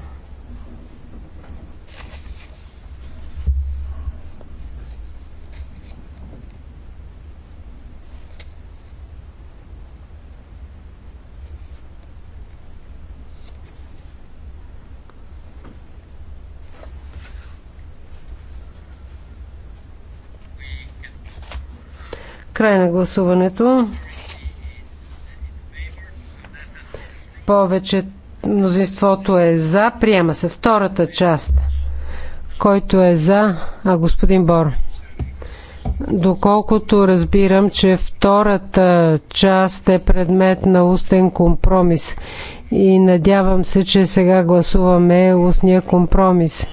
Край на гласуването. Повече мнозинството е за. Приема се втората част. Който е за? А, господин Бор. Доколкото разбирам, че втората част е предмет на устен компромис и надявам се, че сега гласуваме устния компромис.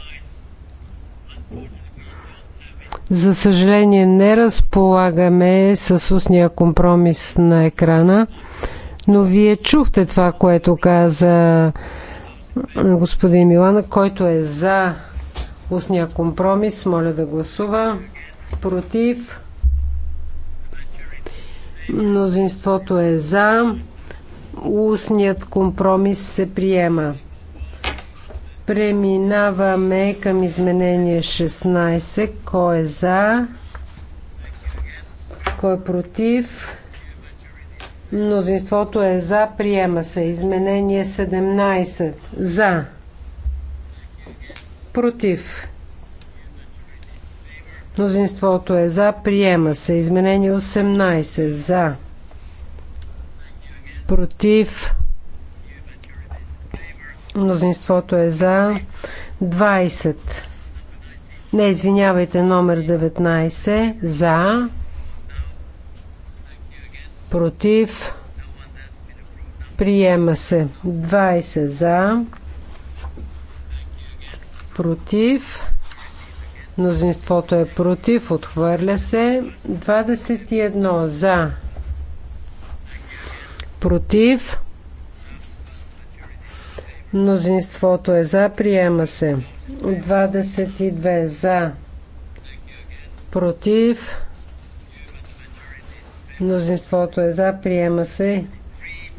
За съжаление не разполагаме с устния компромис на екрана, но вие чухте това, което каза господин Милана, който е за устния компромис. Моля да гласува. Против. Мнозинството е за. Устният компромис се приема. Преминаваме към изменение 16. Кой е за? Кой е против? Мнозинството е за. Приема се. Изменение 17. За. Против. Мнозинството е за. Приема се. Изменение 18. За. Против. Мнозинството е за. 20. Не, извинявайте, номер 19. За. Против. Приема се. 20 за. Против. Мнозинството е против. Отхвърля се. 21 за. Против. Мнозинството е за, приема се. 22 за, против. Мнозинството е за, приема се.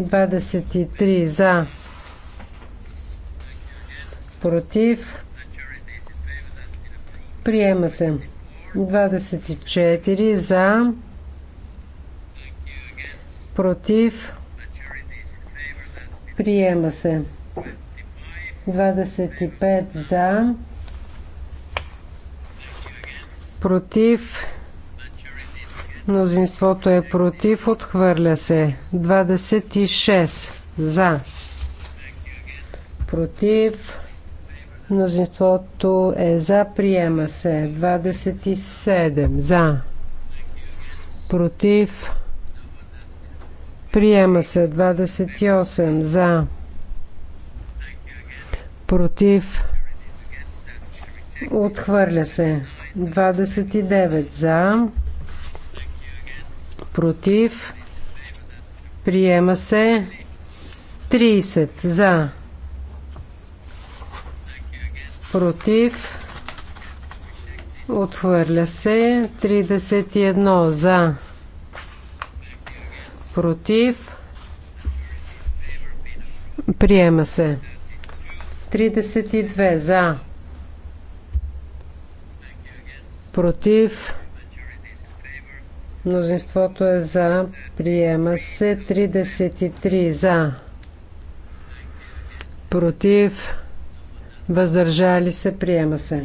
23 за, против. Приема се. 24 за, против. Приема се. 25 за, против, мнозинството е против, отхвърля се. 26 за, против, мнозинството е за, приема се. 27 за, против, приема се. 28 за, против, отхвърля се. 29 за, против, приема се. 30 за, против, отхвърля се. 31 за, против, приема се. 32 за. Против. Мнозинството е за. Приема се. 33 за. Против. Въздържали се. Приема се.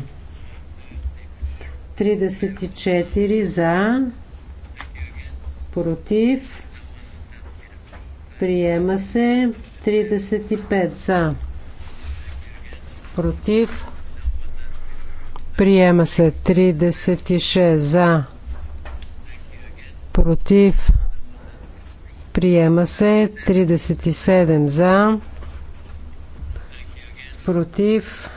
34 за. Против. Приема се. 35 за против. Приема се 36 за, против. Приема се 37 за, против.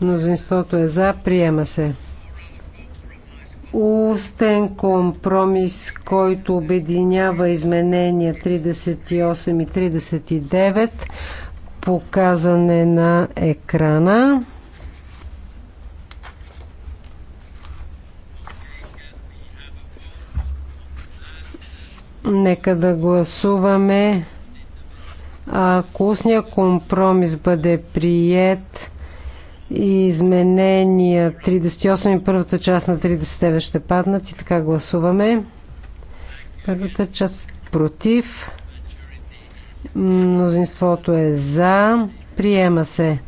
Мнозинството е за, приема се. Устен компромис, който обединява изменения 38 и 39 показане на екрана. Нека да гласуваме. Ако устния компромис бъде прият и изменения 38 и първата част на 39 ще паднат и така гласуваме. Първата част против. Мнозинството е за. Приема се.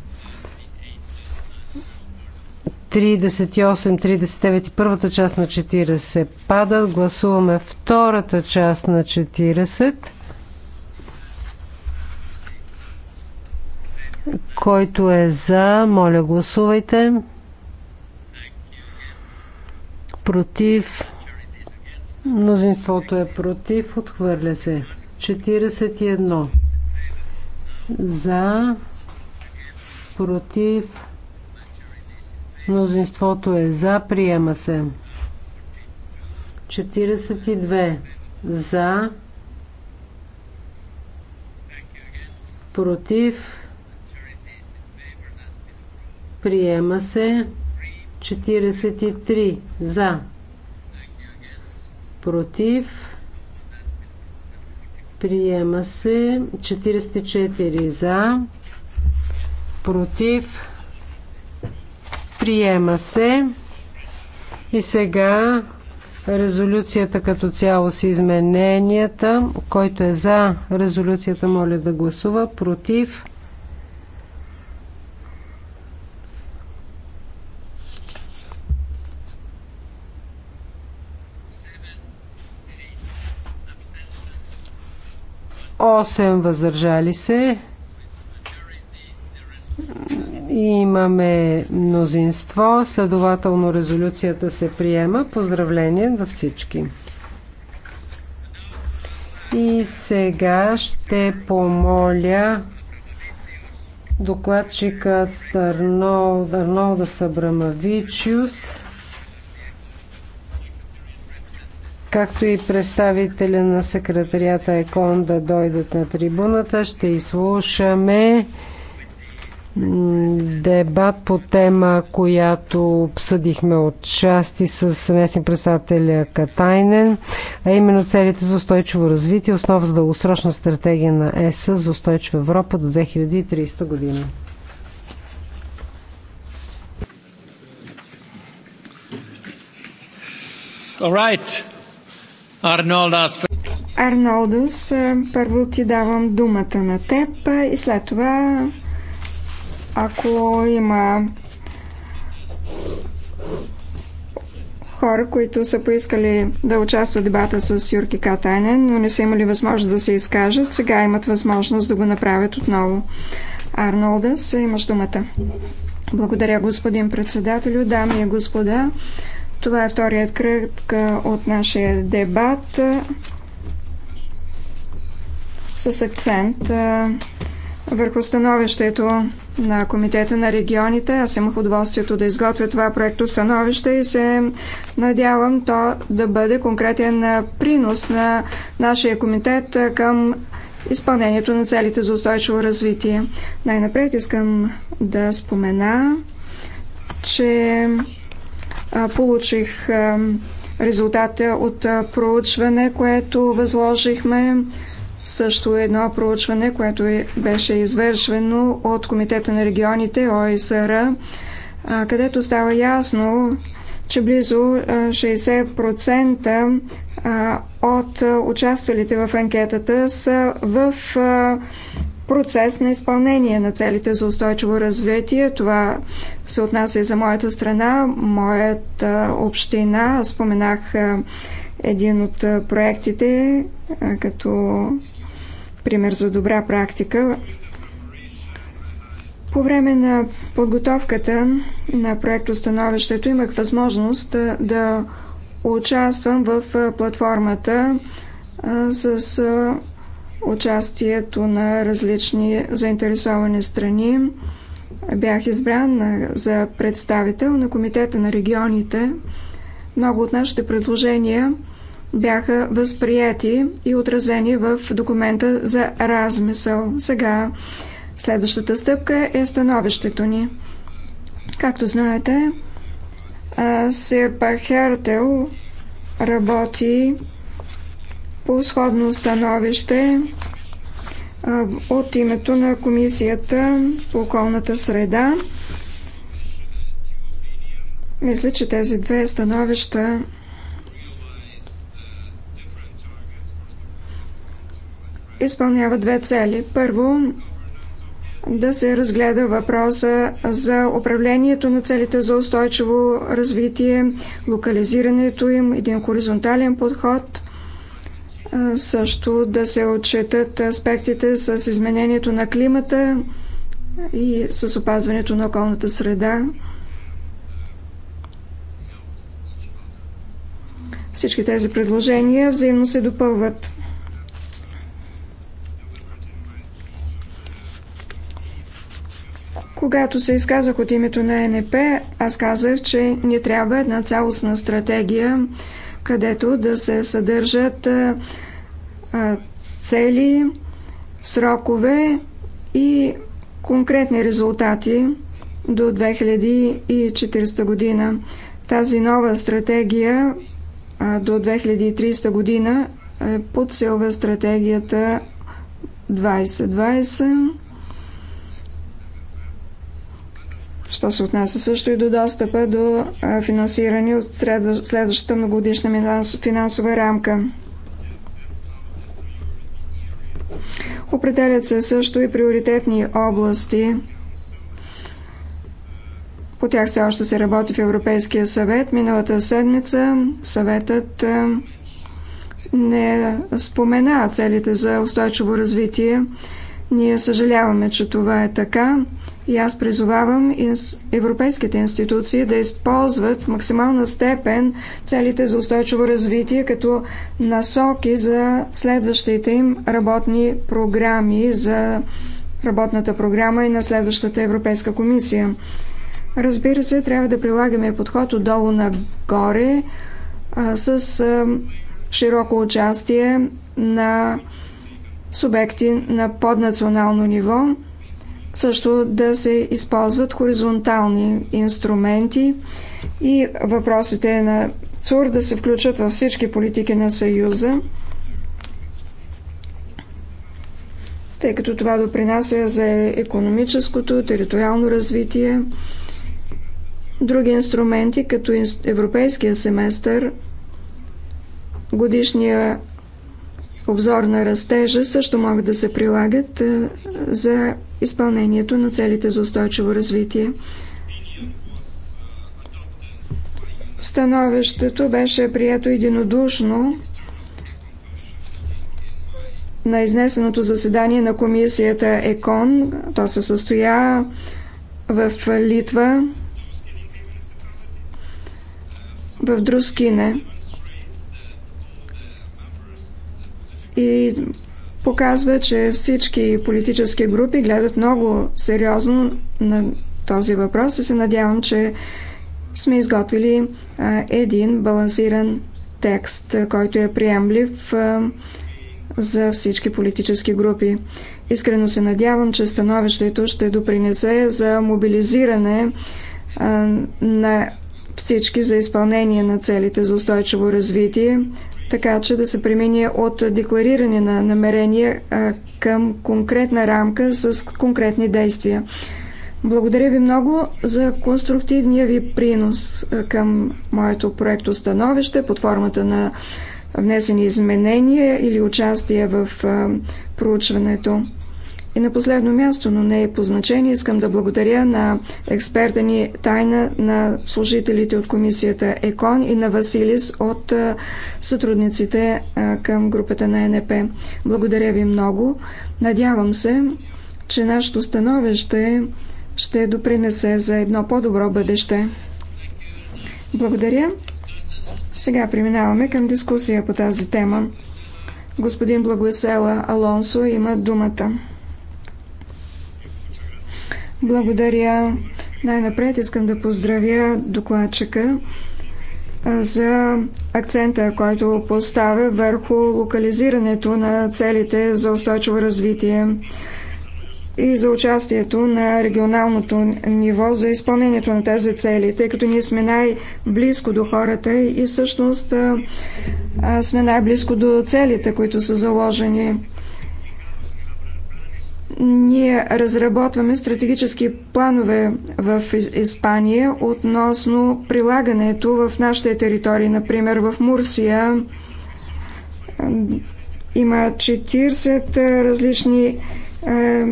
38, 39 и първата част на 40 падат. Гласуваме втората част на 40. Който е за, моля гласувайте. Против. Мнозинството е против. Отхвърля се. 41 за, против, мнозинството е за, приема се. 42 за, против, приема се. 43 за, против, Приема се 44 за. Против. Приема се. И сега резолюцията като цяло с измененията. Който е за резолюцията, моля да гласува. Против. 8 въздържали се. Имаме мнозинство, следователно резолюцията се приема. Поздравление за всички! И сега ще помоля докладчикът Арнолда Събрама Сабрамавичиус както и представителя на секретарията ЕКОН да дойдат на трибуната. Ще изслушаме дебат по тема, която обсъдихме от части с местни председателя Катайнен, а именно целите за устойчиво развитие, основа за дългосрочна стратегия на ЕС за устойчива Европа до 2030 година. All right. Арнолдас. Арнолдас, е, първо ти давам думата на теб е, и след това, ако има хора, които са поискали да участват в дебата с Юрки Катайнен, но не са имали възможност да се изкажат, сега имат възможност да го направят отново. Арнолдас, имаш думата. Благодаря, господин председателю, дами и господа. Това е вторият кръг от нашия дебат с акцент върху становището на Комитета на регионите. Аз имах удоволствието да изготвя това проекто становище и се надявам то да бъде конкретен принос на нашия комитет към изпълнението на целите за устойчиво развитие. Най-напред искам да спомена, че Получих резултата от проучване, което възложихме. Също едно проучване, което е, беше извършено от Комитета на регионите ОСР, където става ясно, че близо 60% от участвалите в анкетата са в процес на изпълнение на целите за устойчиво развитие. Това се отнася и за моята страна, моята община. Аз споменах един от проектите като пример за добра практика. По време на подготовката на проектостановището имах възможност да участвам в платформата с участието на различни заинтересовани страни. Бях избран за представител на Комитета на регионите. Много от нашите предложения бяха възприяти и отразени в документа за размисъл. Сега следващата стъпка е становището ни. Както знаете, Серпа Хертел работи по сходно становище от името на Комисията по околната среда. Мисля, че тези две становища изпълнява две цели. Първо, да се разгледа въпроса за управлението на целите за устойчиво развитие, локализирането им, един хоризонтален подход също да се отчетат аспектите с изменението на климата и с опазването на околната среда. Всички тези предложения взаимно се допълват. Когато се изказах от името на НП, аз казах, че ни трябва една цялостна стратегия – където да се съдържат цели, срокове и конкретни резултати до 2040 година. Тази нова стратегия до 2030 година е подсилва стратегията 2020 що се отнася също и до достъпа до финансиране от следващата многогодишна финансова рамка. Определят се също и приоритетни области. По тях все още се работи в Европейския съвет. Миналата седмица съветът не спомена целите за устойчиво развитие. Ние съжаляваме, че това е така. И аз призовавам европейските институции да използват в максимална степен целите за устойчиво развитие като насоки за следващите им работни програми, за работната програма и на следващата Европейска комисия. Разбира се, трябва да прилагаме подход отдолу нагоре а, с а, широко участие на субекти на поднационално ниво – също да се използват хоризонтални инструменти и въпросите е на ЦУР да се включат във всички политики на Съюза, тъй като това допринася за економическото, териториално развитие. Други инструменти, като Европейския семестър, годишния обзор на растежа също могат да се прилагат е, за изпълнението на целите за устойчиво развитие. Становището беше прието единодушно на изнесеното заседание на комисията ЕКОН. То се състоя в Литва, в Друскине. и показва, че всички политически групи гледат много сериозно на този въпрос и се надявам, че сме изготвили един балансиран текст, който е приемлив за всички политически групи. Искрено се надявам, че становището ще допринесе за мобилизиране на всички за изпълнение на целите за устойчиво развитие, така че да се премине от деклариране на намерения към конкретна рамка с конкретни действия. Благодаря ви много за конструктивния ви принос към моето проекто становище под формата на внесени изменения или участие в проучването. И на последно място, но не е по значение, искам да благодаря на експерта ни тайна на служителите от комисията ЕКОН и на Василис от сътрудниците към групата на НП. Благодаря ви много. Надявам се, че нашето становище ще допринесе за едно по-добро бъдеще. Благодаря. Сега преминаваме към дискусия по тази тема. Господин Благосела Алонсо има думата. Благодаря. Най-напред искам да поздравя докладчика за акцента, който поставя върху локализирането на целите за устойчиво развитие и за участието на регионалното ниво за изпълнението на тези цели, тъй като ние сме най-близко до хората и всъщност сме най-близко до целите, които са заложени. Ние разработваме стратегически планове в Испания относно прилагането в нашите територии. Например, в Мурсия има 40 е, различни е,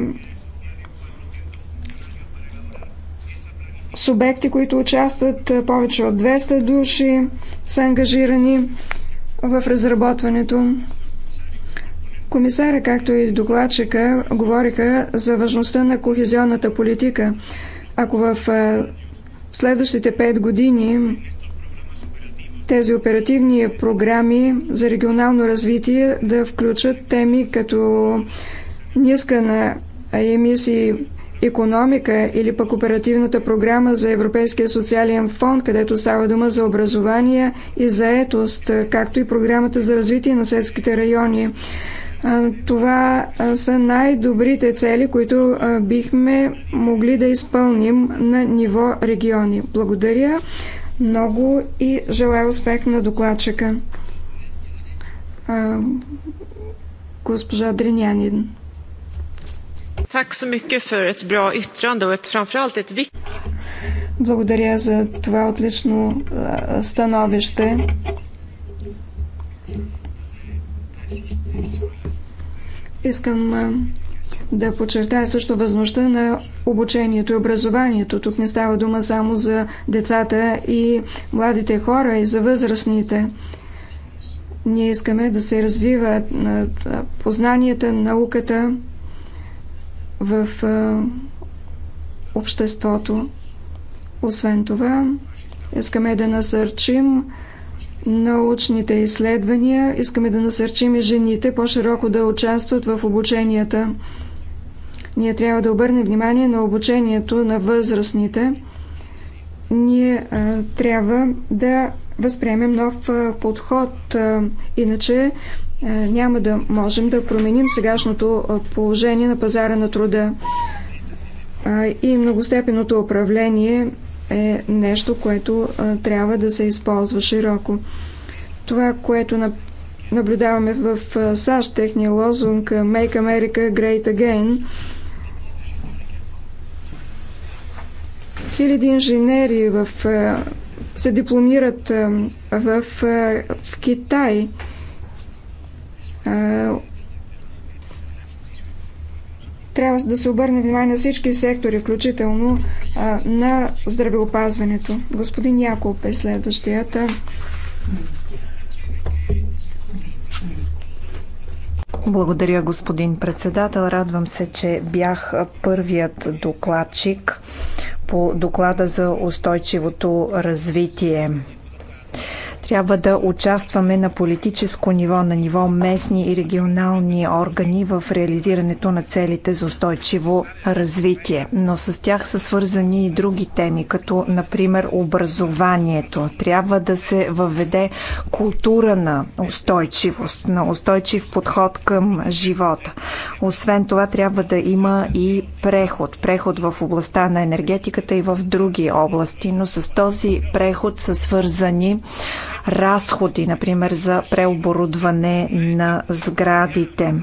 субекти, които участват. Е, повече от 200 души са ангажирани в разработването. Комисаря, както и докладчика, говориха за важността на кохезионната политика. Ако в следващите пет години тези оперативни програми за регионално развитие да включат теми като ниска на емисии економика или пък оперативната програма за Европейския социален фонд, където става дума за образование и заетост, както и програмата за развитие на сетските райони. Това са най-добрите цели, които бихме могли да изпълним на ниво региони. Благодаря много и желая успех на докладчика. Госпожа Дринянин. Благодаря за това отлично становище. Искам да подчертая също възможността на обучението и образованието. Тук не става дума само за децата и младите хора, и за възрастните. Ние искаме да се развива познанията, науката в обществото. Освен това, искаме да насърчим научните изследвания. Искаме да насърчим и жените по-широко да участват в обученията. Ние трябва да обърнем внимание на обучението на възрастните. Ние а, трябва да възприемем нов а, подход, а, иначе а, няма да можем да променим сегашното а, положение на пазара на труда. А, и многостепенното управление е нещо, което трябва да се използва широко. Това, което наблюдаваме в САЩ, техния лозунг Make America Great Again, хиляди инженери в, се дипломират в, в Китай трябва да се обърне внимание на всички сектори, включително а, на здравеопазването. Господин Якоб е следващият. Благодаря, господин председател. Радвам се, че бях първият докладчик по доклада за устойчивото развитие. Трябва да участваме на политическо ниво, на ниво местни и регионални органи в реализирането на целите за устойчиво развитие. Но с тях са свързани и други теми, като например образованието. Трябва да се въведе култура на устойчивост, на устойчив подход към живота. Освен това, трябва да има и преход. Преход в областта на енергетиката и в други области, но с този преход са свързани разходи, например за преоборудване на сградите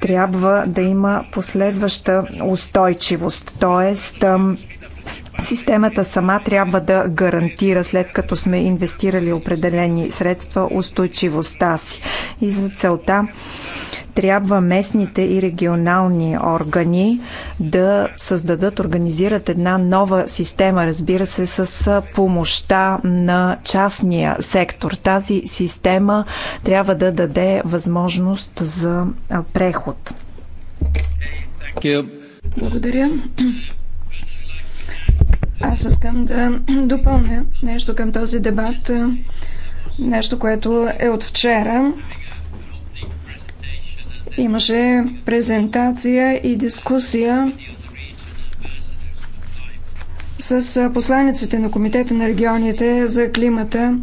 трябва да има последваща устойчивост, т.е. Системата сама трябва да гарантира, след като сме инвестирали определени средства, устойчивостта си. И за целта трябва местните и регионални органи да създадат, организират една нова система, разбира се, с помощта на частния сектор. Тази система трябва да даде възможност за преход. Благодаря. Аз искам да допълня нещо към този дебат, нещо, което е от вчера. Имаше презентация и дискусия с посланиците на Комитета на регионите за климата.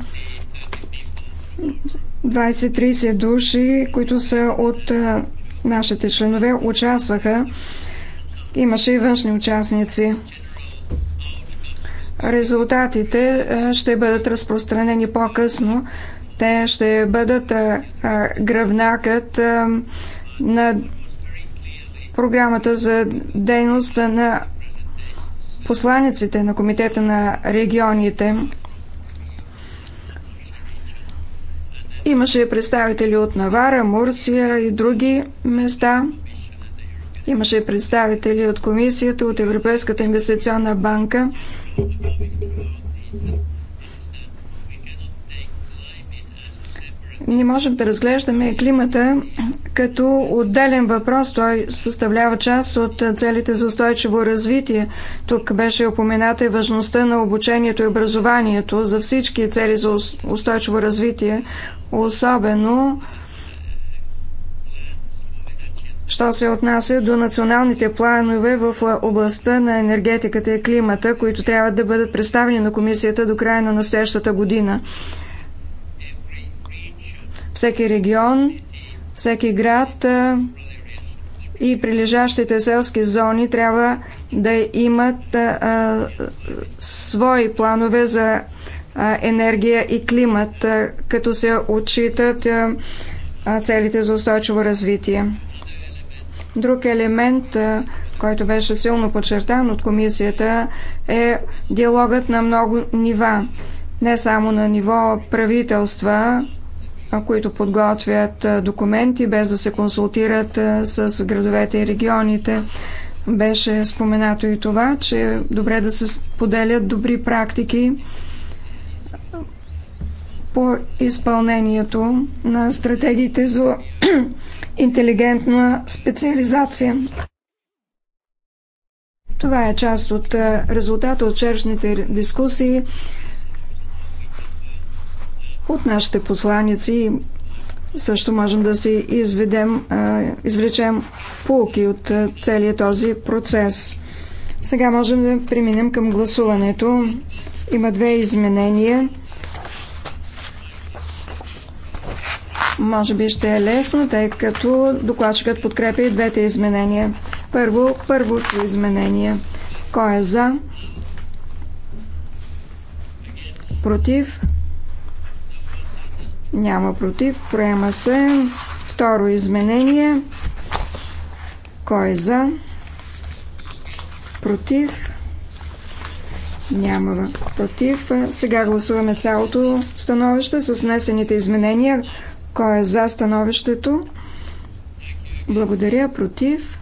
20-30 души, които са от нашите членове, участваха. Имаше и външни участници. Резултатите е, ще бъдат разпространени по-късно. Те ще бъдат е, е, гръбнакът на програмата за дейност на посланиците на Комитета на регионите. Имаше представители от Навара, Мурсия и други места. Имаше представители от Комисията, от Европейската инвестиционна банка. Не можем да разглеждаме климата като отделен въпрос. Той съставлява част от целите за устойчиво развитие. Тук беше опомената и важността на обучението и образованието за всички цели за устойчиво развитие, особено Що се отнася до националните планове в областта на енергетиката и климата, които трябва да бъдат представени на комисията до края на настоящата година. Всеки регион, всеки град и прилежащите селски зони трябва да имат а, свои планове за а, енергия и климат, а, като се отчитат а, целите за устойчиво развитие. Друг елемент, който беше силно подчертан от комисията, е диалогът на много нива. Не само на ниво правителства, които подготвят документи, без да се консултират с градовете и регионите. Беше споменато и това, че добре да се споделят добри практики по изпълнението на стратегиите за интелигентна специализация. Това е част от е, резултата от вчерашните дискусии от нашите посланици. Също можем да си изведем, е, извлечем полки от е, целият този процес. Сега можем да преминем към гласуването. Има две изменения – Може би ще е лесно, тъй като докладчикът подкрепя и двете изменения. Първо, първото изменение. Кой е за? Против? Няма против. Проема се. Второ изменение. Кой е за? Против? Няма против. Сега гласуваме цялото становище с внесените изменения. Кой е за становището? Благодаря. Против?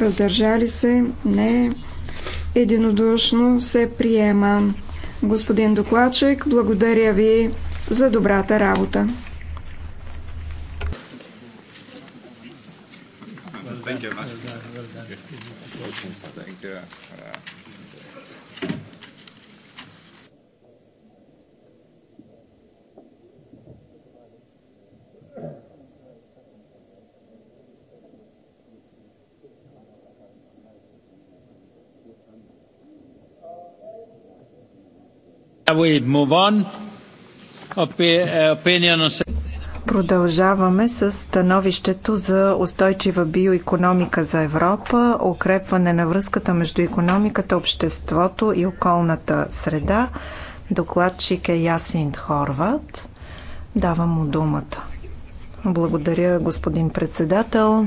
Въздържали се? Не. Единодушно се приема. Господин докладчик, благодаря ви за добрата работа. Eh, Продължаваме с становището за устойчива биоекономика за Европа, укрепване на връзката между економиката, обществото и околната среда. Докладчик е Ясин Хорват. Давам му думата. Благодаря, господин председател.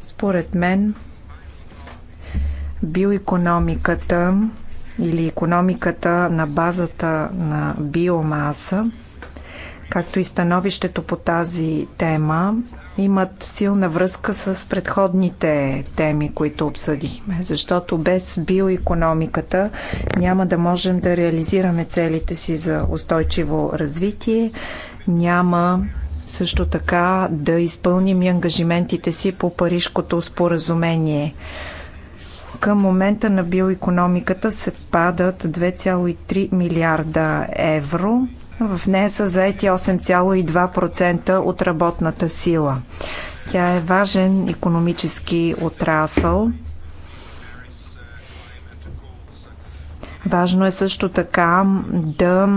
Според мен, биоекономиката или економиката на базата на биомаса, както и становището по тази тема, имат силна връзка с предходните теми, които обсъдихме, защото без биоекономиката няма да можем да реализираме целите си за устойчиво развитие, няма също така да изпълним и ангажиментите си по Парижкото споразумение – към момента на биоекономиката се падат 2,3 милиарда евро. В нея са заети 8,2% от работната сила. Тя е важен економически отрасъл. Важно е също така да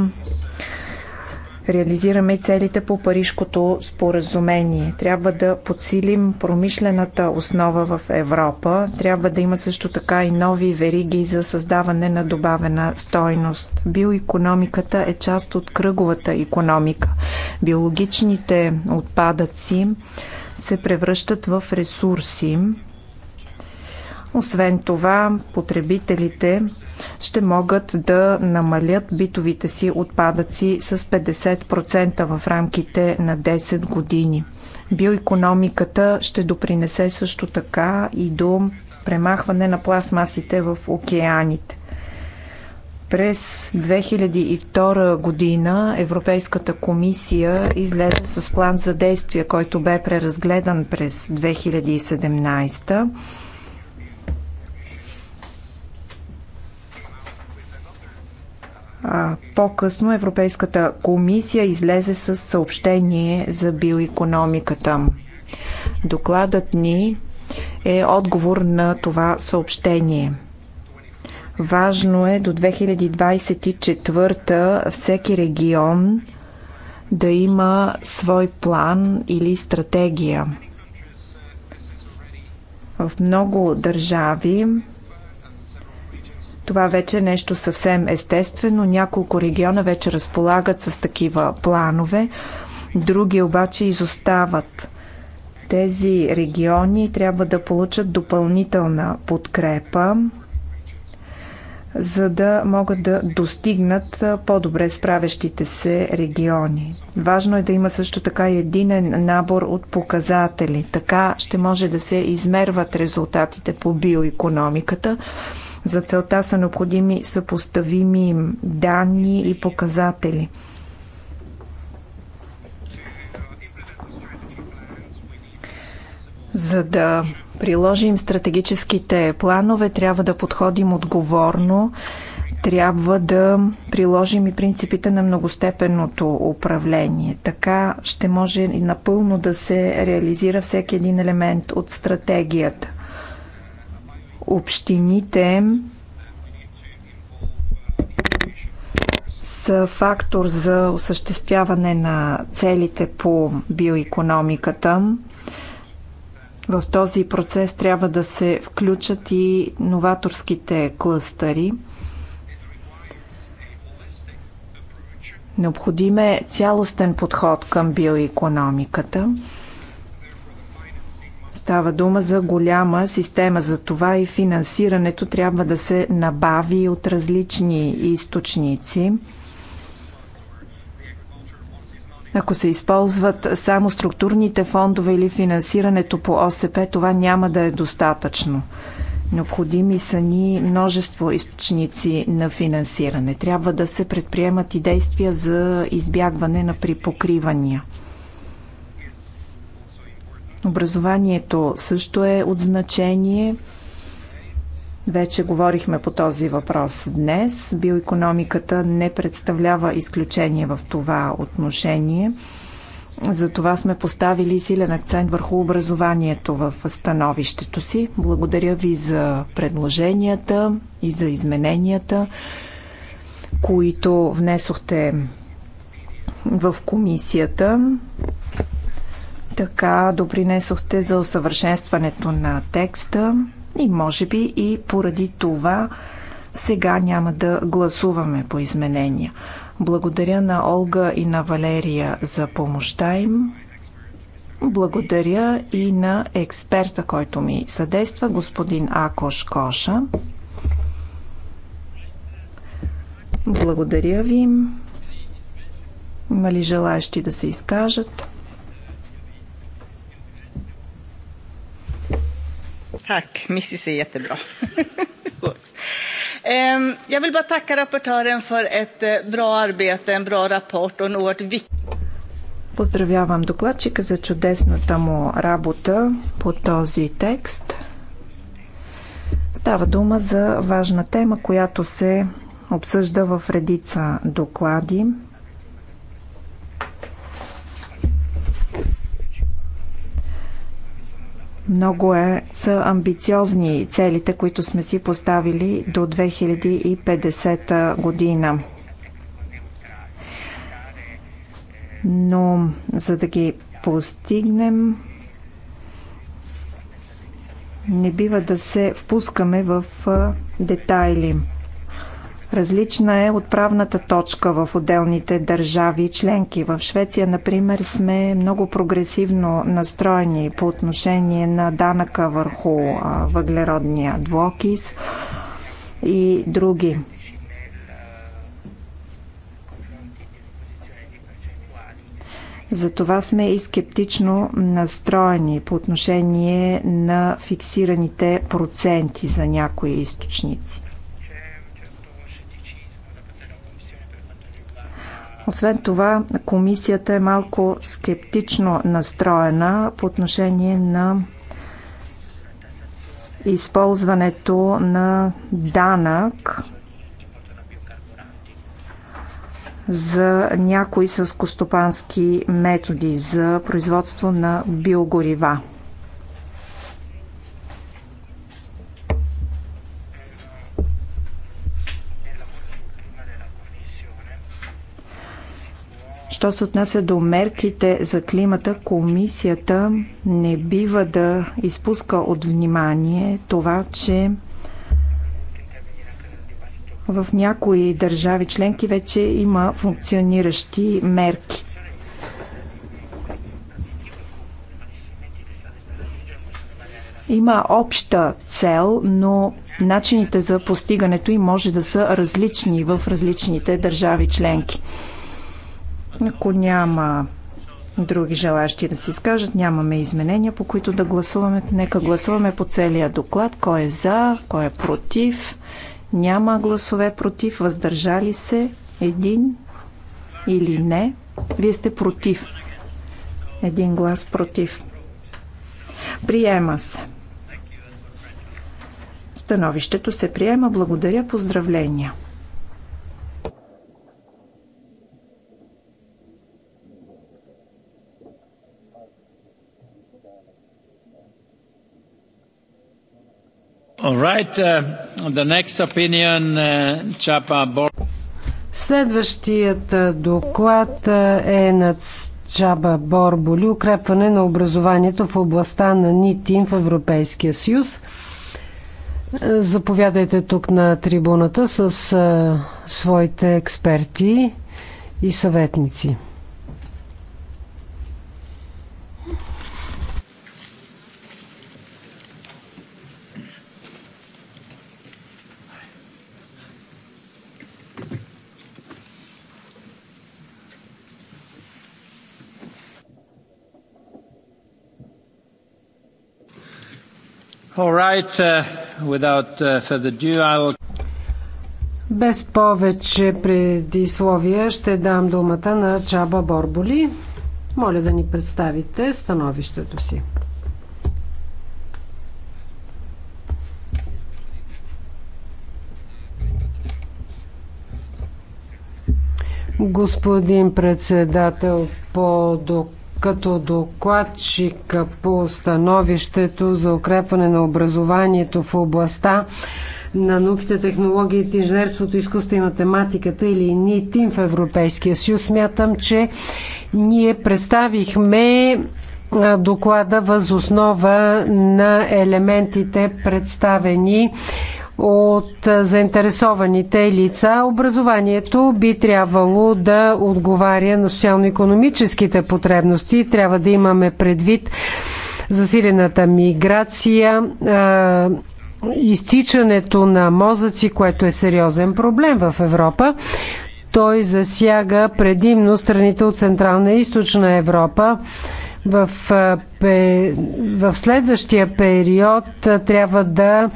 реализираме целите по Парижкото споразумение. Трябва да подсилим промишлената основа в Европа. Трябва да има също така и нови вериги за създаване на добавена стойност. Биоекономиката е част от кръговата економика. Биологичните отпадъци се превръщат в ресурси, освен това, потребителите ще могат да намалят битовите си отпадъци с 50% в рамките на 10 години. Биоекономиката ще допринесе също така и до премахване на пластмасите в океаните. През 2002 година Европейската комисия излезе с план за действие, който бе преразгледан през 2017. по-късно Европейската комисия излезе с съобщение за биоекономиката. Докладът ни е отговор на това съобщение. Важно е до 2024 всеки регион да има свой план или стратегия. В много държави това вече е нещо съвсем естествено. Няколко региона вече разполагат с такива планове, други обаче изостават. Тези региони трябва да получат допълнителна подкрепа, за да могат да достигнат по-добре справящите се региони. Важно е да има също така и единен набор от показатели. Така ще може да се измерват резултатите по биоекономиката за целта са необходими съпоставими данни и показатели. За да приложим стратегическите планове, трябва да подходим отговорно, трябва да приложим и принципите на многостепенното управление. Така ще може и напълно да се реализира всеки един елемент от стратегията. Общините са фактор за осъществяване на целите по биоекономиката. В този процес трябва да се включат и новаторските клъстъри. Необходим е цялостен подход към биоекономиката. Става дума за голяма система, за това и финансирането трябва да се набави от различни източници. Ако се използват само структурните фондове или финансирането по ОСП, това няма да е достатъчно. Необходими са ни множество източници на финансиране. Трябва да се предприемат и действия за избягване на припокривания. Образованието също е от значение. Вече говорихме по този въпрос днес. Биоекономиката не представлява изключение в това отношение. Затова сме поставили силен акцент върху образованието в становището си. Благодаря ви за предложенията и за измененията, които внесохте в комисията. Така допринесохте за усъвършенстването на текста и може би и поради това сега няма да гласуваме по изменения. Благодаря на Олга и на Валерия за помощта им. Благодаря и на експерта, който ми съдейства, господин Акош Коша. Благодаря ви. Има ли желаящи да се изкажат? Tack, Mrs är jättebra. Ehm, jag vill bara tacka rapportören för ett eh, bra arbete, en bra rapport och en oerhört viktig Поздравявам докладчика за чудесната му работа по този текст. Става дума за важна тема, която се обсъжда в редица доклади. Много е, са амбициозни целите, които сме си поставили до 2050 година. Но за да ги постигнем, не бива да се впускаме в детайли. Различна е отправната точка в отделните държави членки. В Швеция, например, сме много прогресивно настроени по отношение на данъка върху въглеродния двокис и други. Затова сме и скептично настроени по отношение на фиксираните проценти за някои източници. Освен това, комисията е малко скептично настроена по отношение на използването на данък за някои селскостопански методи за производство на биогорива. Що се отнася до мерките за климата, комисията не бива да изпуска от внимание това, че в някои държави членки вече има функциониращи мерки. Има обща цел, но начините за постигането им може да са различни в различните държави членки. Ако няма други желащи да се изкажат, нямаме изменения, по които да гласуваме. Нека гласуваме по целия доклад. Кой е за, кой е против. Няма гласове против, въздържали се един или не. Вие сте против. Един глас против. Приема се. Становището се приема. Благодаря. Поздравления. Следващият доклад е на Чаба Борболи укрепване на образованието в областта на НИТИМ в Европейския съюз. Заповядайте тук на трибуната с uh, своите експерти и съветници. Right, uh, uh, ado, Без повече предисловия ще дам думата на Чаба Борболи. Моля да ни представите становището си. Господин председател, по доклада като докладчик по становището за укрепване на образованието в областта на науките, технологиите, инженерството, изкуство и математиката или НИТИМ в Европейския съюз. Смятам, че ние представихме доклада възоснова на елементите представени от заинтересованите лица. Образованието би трябвало да отговаря на социално-економическите потребности. Трябва да имаме предвид засилената миграция, изтичането на мозъци, което е сериозен проблем в Европа. Той засяга предимно страните от Централна и Източна Европа в, в следващия период трябва да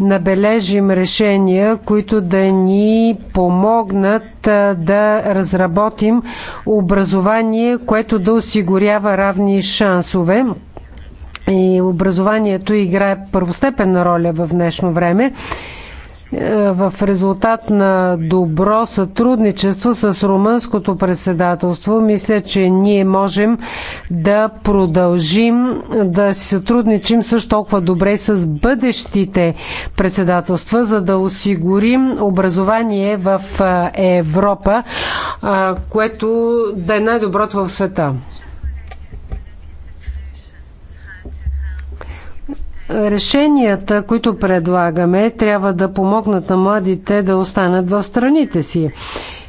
набележим решения, които да ни помогнат да разработим образование, което да осигурява равни шансове. И образованието играе първостепенна роля в днешно време. Е, в резултат на добро сътрудничество с румънското председателство, мисля, че ние можем да продължим да си сътрудничим също толкова добре с бъдещите председателства, за да осигурим образование в е, Европа, което да е най-доброто в света. Решенията, които предлагаме, трябва да помогнат на младите да останат в страните си.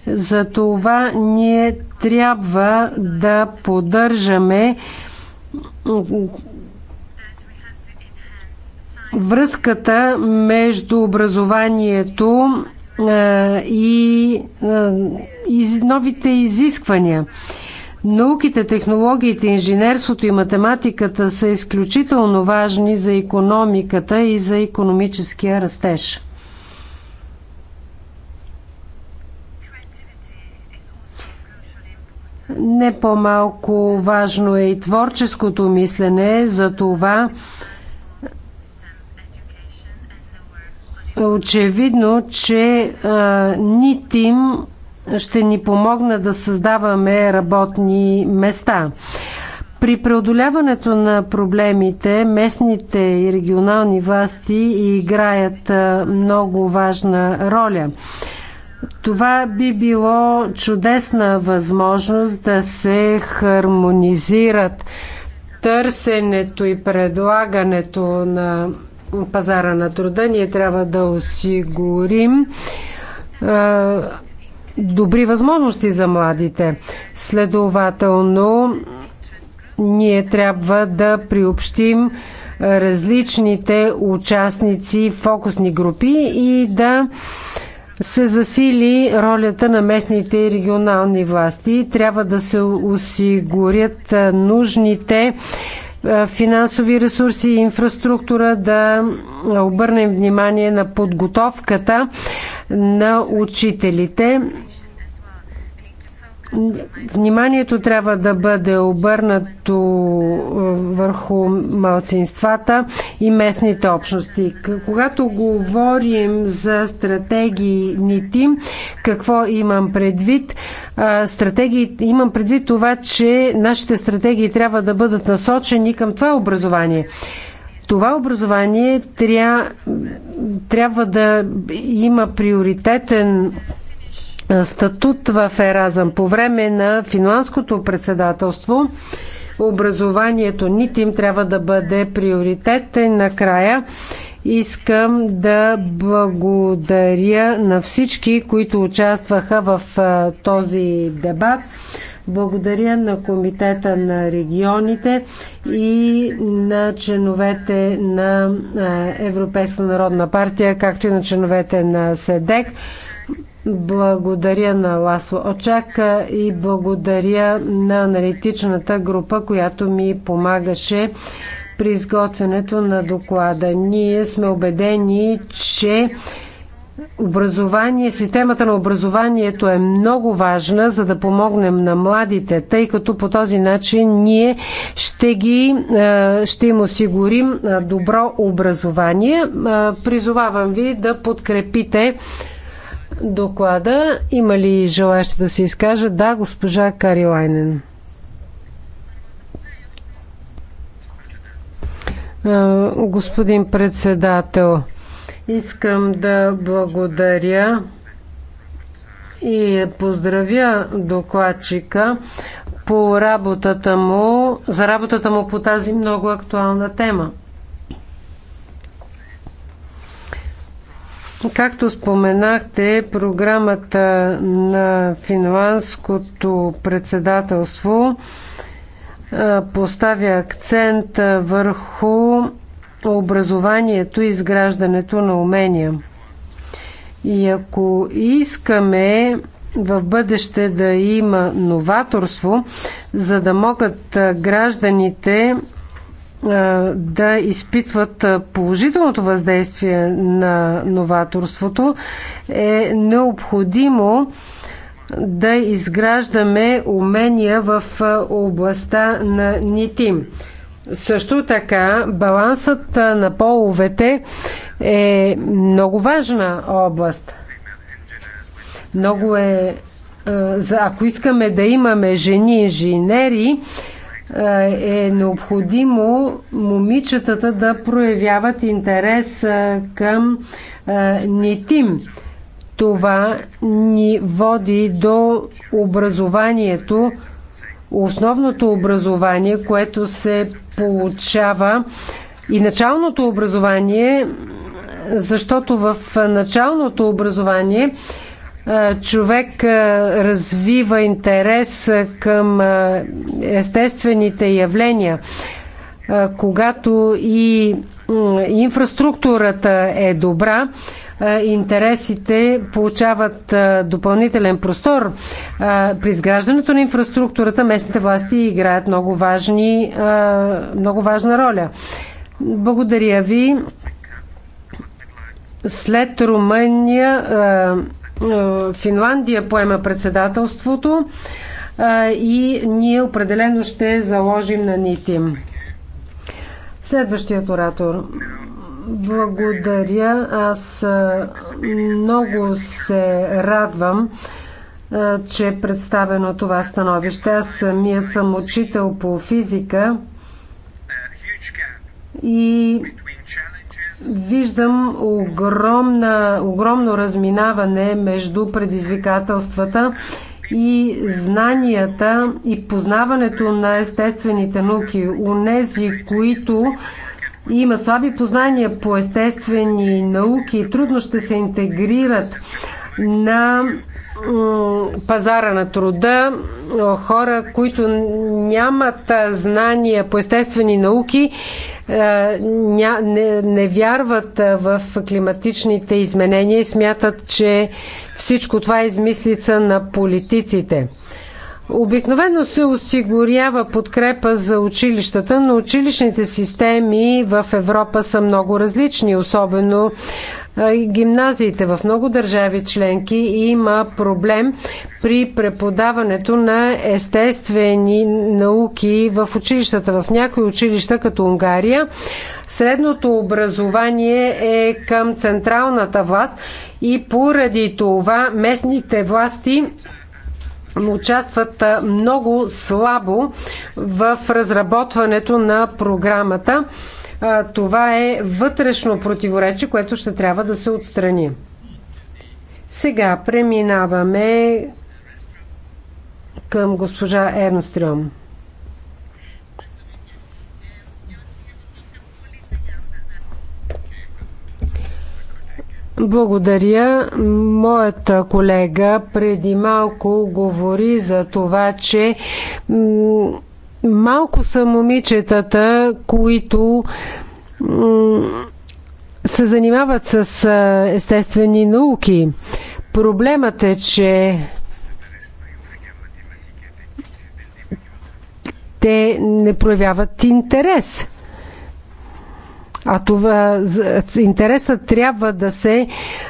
Затова ние трябва да поддържаме връзката между образованието и, новите изисквания. Науките, технологиите, инженерството и математиката са изключително важни за економиката и за економическия растеж. Не по-малко важно е и творческото мислене, за това очевидно, че а, нитим ще ни помогна да създаваме работни места. При преодоляването на проблемите местните и регионални власти играят много важна роля. Това би било чудесна възможност да се хармонизират търсенето и предлагането на пазара на труда. Ние трябва да осигурим добри възможности за младите. Следователно, ние трябва да приобщим различните участници, фокусни групи и да се засили ролята на местните и регионални власти. Трябва да се осигурят нужните е, финансови ресурси и инфраструктура, да обърнем внимание на подготовката на учителите Вниманието трябва да бъде обърнато е, върху малцинствата и местните общности. Когато говорим за стратегии НИТИ, какво имам предвид? Е, стратегии, имам предвид това, че нашите стратегии трябва да бъдат насочени към това образование. Това образование тря, трябва да има приоритетен статут в Еразъм. По време на финландското председателство образованието нито им трябва да бъде приоритет. И е, накрая искам да благодаря на всички, които участваха в този дебат. Благодаря на Комитета на регионите и на членовете на Европейска народна партия, както и на членовете на СЕДЕК. Благодаря на Ласло Очака и благодаря на аналитичната група, която ми помагаше при изготвянето на доклада. Ние сме убедени, че образование, системата на образованието е много важна, за да помогнем на младите, тъй като по този начин ние ще, ги, е, ще им осигурим е, добро образование. Е, призовавам ви да подкрепите доклада. Има ли желаящи да се изкажа? Да, госпожа Карилайнен. Господин председател, искам да благодаря и поздравя докладчика по работата му, за работата му по тази много актуална тема. Както споменахте, програмата на финландското председателство поставя акцент върху образованието и изграждането на умения. И ако искаме в бъдеще да има новаторство, за да могат гражданите да изпитват положителното въздействие на новаторството, е необходимо да изграждаме умения в областта на нитим. Също така, балансът на половете е много важна област. Много е. Ако искаме да имаме жени инженери, е, е необходимо момичетата да проявяват интерес е, към е, нитим. Това ни води до образованието, основното образование, което се получава и началното образование, защото в началното образование човек развива интерес към естествените явления, когато и инфраструктурата е добра, интересите получават допълнителен простор. При изграждането на инфраструктурата местните власти играят много, важни, много важна роля. Благодаря ви. След Румъния е, Финландия поема председателството е, и ние определено ще заложим на нити. Следващият оратор. Благодаря. Аз е, много се радвам, че е представено това становище. Аз самият съм учител по физика и виждам огромна, огромно разминаване между предизвикателствата и знанията и познаването на естествените науки. Унези, които има слаби познания по естествени науки, трудно ще се интегрират на пазара на труда, хора, които нямат знания по естествени науки, е, не, вярват в климатичните изменения и смятат, че всичко това е измислица на политиците. Обикновено се осигурява подкрепа за училищата, но училищните системи в Европа са много различни, особено гимназиите. В много държави членки има проблем при преподаването на естествени науки в училищата. В някои училища, като Унгария, средното образование е към централната власт и поради това местните власти участват много слабо в разработването на програмата това е вътрешно противоречие, което ще трябва да се отстрани. Сега преминаваме към госпожа Ернстрюм. Благодаря. Моята колега преди малко говори за това, че Малко са момичетата, които се занимават с естествени науки. Проблемът е, че те не проявяват интерес. А това, интересът трябва да се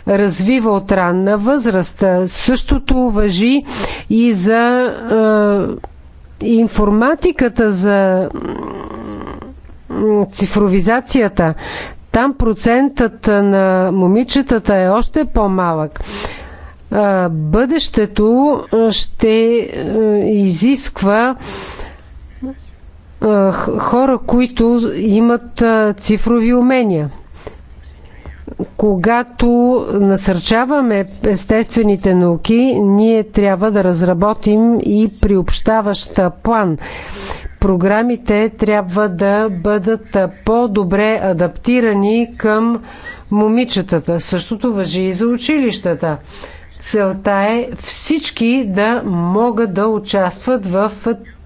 развива от ранна възраст. Същото въжи и за е, информатиката за цифровизацията, там процентът на момичетата е още по-малък. Бъдещето ще е, изисква хора, които имат цифрови умения. Когато насърчаваме естествените науки, ние трябва да разработим и приобщаващ план. Програмите трябва да бъдат по-добре адаптирани към момичетата. Същото въжи и за училищата. Целта е всички да могат да участват в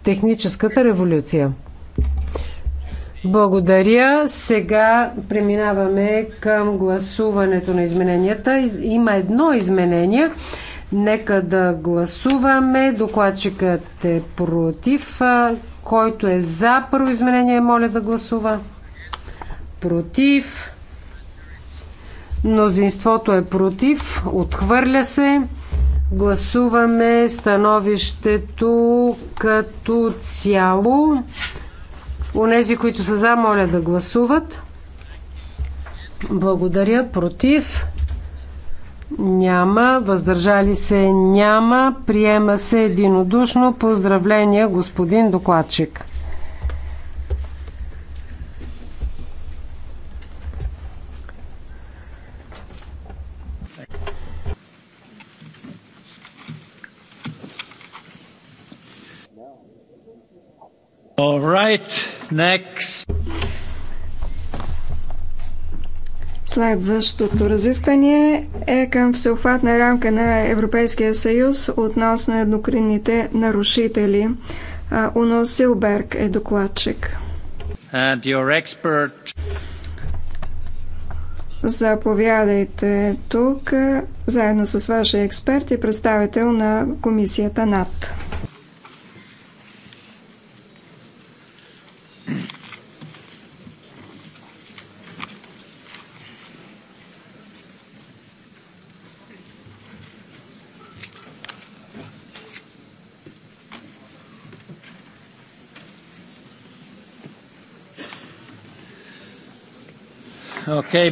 техническата революция. Благодаря. Сега преминаваме към гласуването на измененията. Има едно изменение. Нека да гласуваме. Докладчикът е против. Който е за първо изменение, моля да гласува. Против. Мнозинството е против. Отхвърля се. Гласуваме становището като цяло. Унези, които са за, моля да гласуват. Благодаря. Против? Няма. Въздържали се? Няма. Приема се единодушно. Поздравления, господин докладчик. All right. Next. Следващото разискване е към всеобхватна рамка на Европейския съюз относно еднокринните нарушители. Уно Силберг е докладчик. Заповядайте тук, заедно с вашия експерт и представител на комисията НАТО. Okay,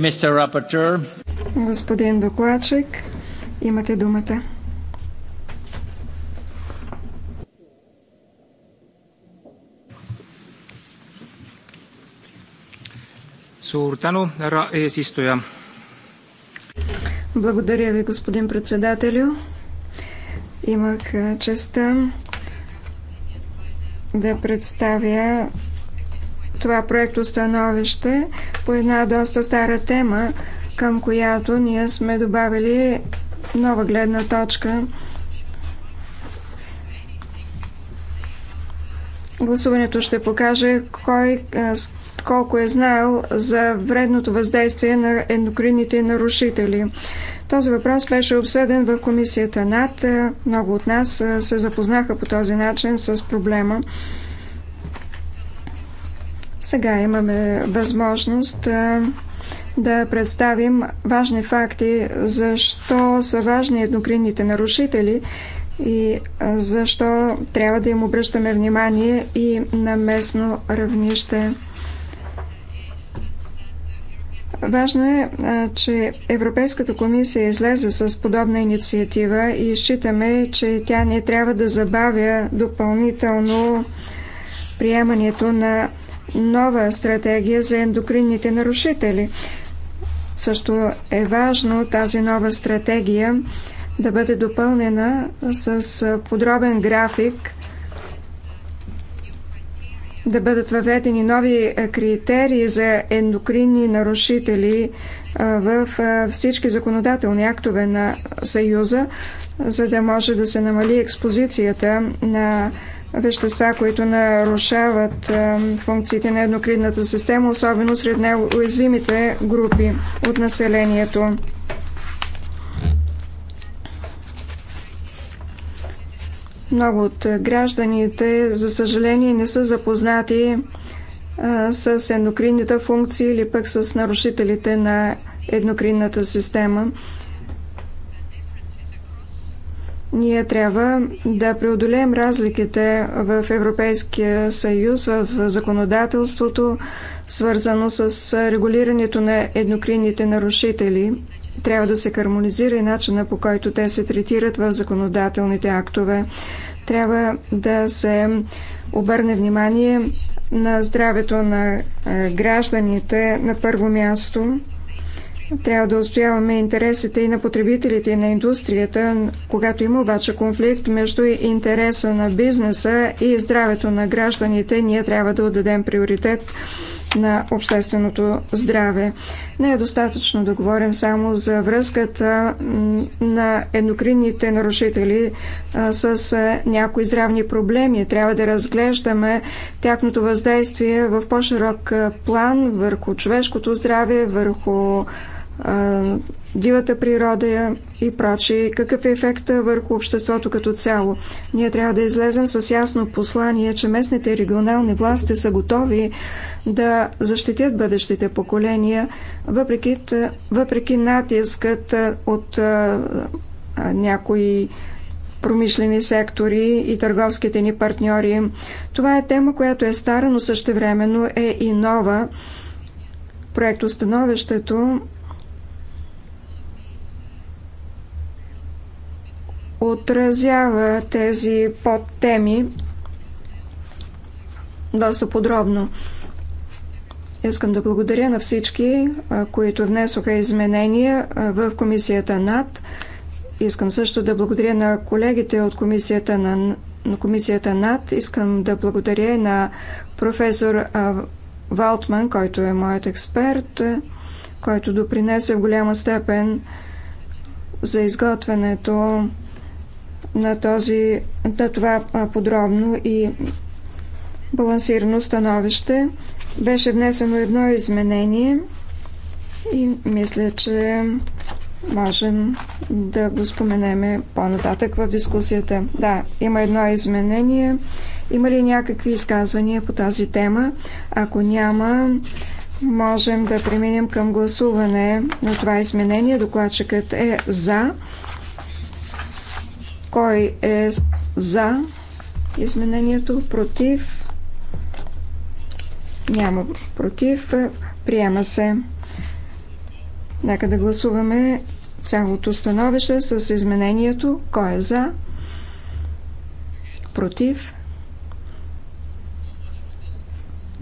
Господин докладчик, имате думата. Благодаря ви, господин председателю. Имах е, честа да представя това проекто становище по една доста стара тема, към която ние сме добавили нова гледна точка. Гласуването ще покаже кой е, колко е знаел за вредното въздействие на ендокрините нарушители. Този въпрос беше обсъден в комисията НАД. Много от нас се запознаха по този начин с проблема. Сега имаме възможност да представим важни факти, защо са важни еднокринните нарушители и защо трябва да им обръщаме внимание и на местно равнище. Важно е, че Европейската комисия излезе с подобна инициатива и считаме, че тя не трябва да забавя допълнително приемането на нова стратегия за ендокринните нарушители. Също е важно тази нова стратегия да бъде допълнена с подробен график да бъдат въведени нови е, критерии за ендокринни нарушители е, в е, всички законодателни актове на Съюза, за да може да се намали експозицията на вещества, които нарушават функциите на еднокринната система, особено сред най-уязвимите групи от населението. Много от гражданите, за съжаление, не са запознати а, с ендокринната функция или пък с нарушителите на еднокринната система. Ние трябва да преодолеем разликите в Европейския съюз, в законодателството, свързано с регулирането на еднокринните нарушители – трябва да се хармонизира и начина по който те се третират в законодателните актове. Трябва да се обърне внимание на здравето на е, гражданите на първо място. Трябва да устояваме интересите и на потребителите, и на индустрията. Когато има обаче конфликт между интереса на бизнеса и здравето на гражданите, ние трябва да отдадем приоритет на общественото здраве. Не е достатъчно да говорим само за връзката на ендокринните нарушители с някои здравни проблеми. Трябва да разглеждаме тяхното въздействие в по-широк план върху човешкото здраве, върху дивата природа и прочие, какъв е ефекта върху обществото като цяло. Ние трябва да излезем с ясно послание, че местните и регионални власти са готови да защитят бъдещите поколения, въпреки, въпреки натискът от някои промишлени сектори и търговските ни партньори. Това е тема, която е стара, но същевременно е и нова. Проектостановището отразява тези подтеми доста подробно. Искам да благодаря на всички, които внесоха изменения в комисията НАД. Искам също да благодаря на колегите от комисията на, на комисията НАД. Искам да благодаря на професор Валтман, който е моят експерт, който допринесе в голяма степен за изготвянето на, този, на това подробно и балансирано становище. Беше внесено едно изменение и мисля, че можем да го споменеме по-нататък в дискусията. Да, има едно изменение. Има ли някакви изказвания по тази тема? Ако няма, можем да преминем към гласуване на това изменение. Докладчикът е за. Кой е за изменението? Против? Няма против. Приема се. Нека да гласуваме цялото становище с изменението. Кой е за? Против?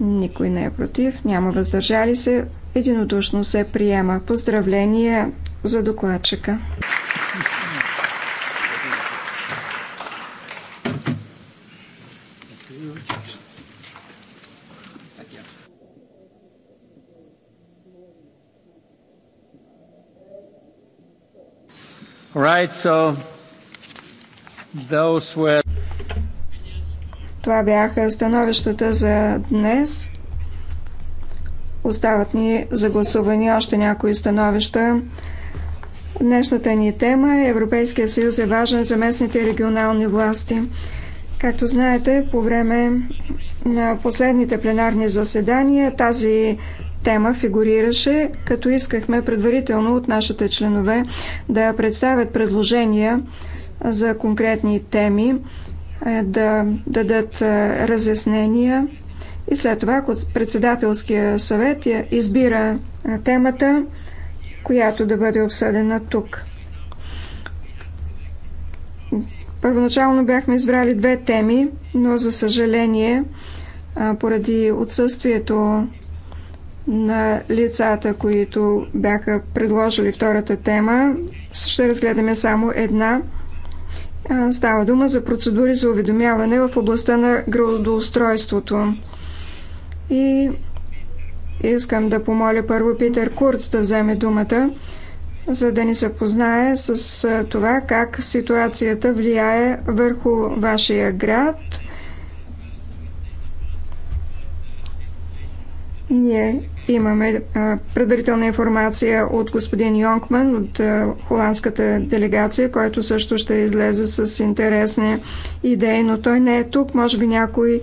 Никой не е против. Няма въздържали се. Единодушно се приема. Поздравления за докладчика. Това бяха становищата за днес. Остават ни за гласуване още някои становища. Днешната ни тема е Европейския съюз е важен за местните регионални власти. Както знаете, по време на последните пленарни заседания тази тема фигурираше, като искахме предварително от нашите членове да представят предложения за конкретни теми, е, да дадат е, разяснения и след това, ако председателския съвет избира е, темата, която да бъде обсъдена тук. Първоначално бяхме избрали две теми, но за съжаление, поради отсъствието на лицата, които бяха предложили втората тема. Ще разгледаме само една. Става дума за процедури за уведомяване в областта на градоустройството. И искам да помоля първо Питер Курц да вземе думата, за да ни запознае с това как ситуацията влияе върху вашия град. Ние Имаме предварителна информация от господин Йонкман, от холандската делегация, който също ще излезе с интересни идеи, но той не е тук. Може би някой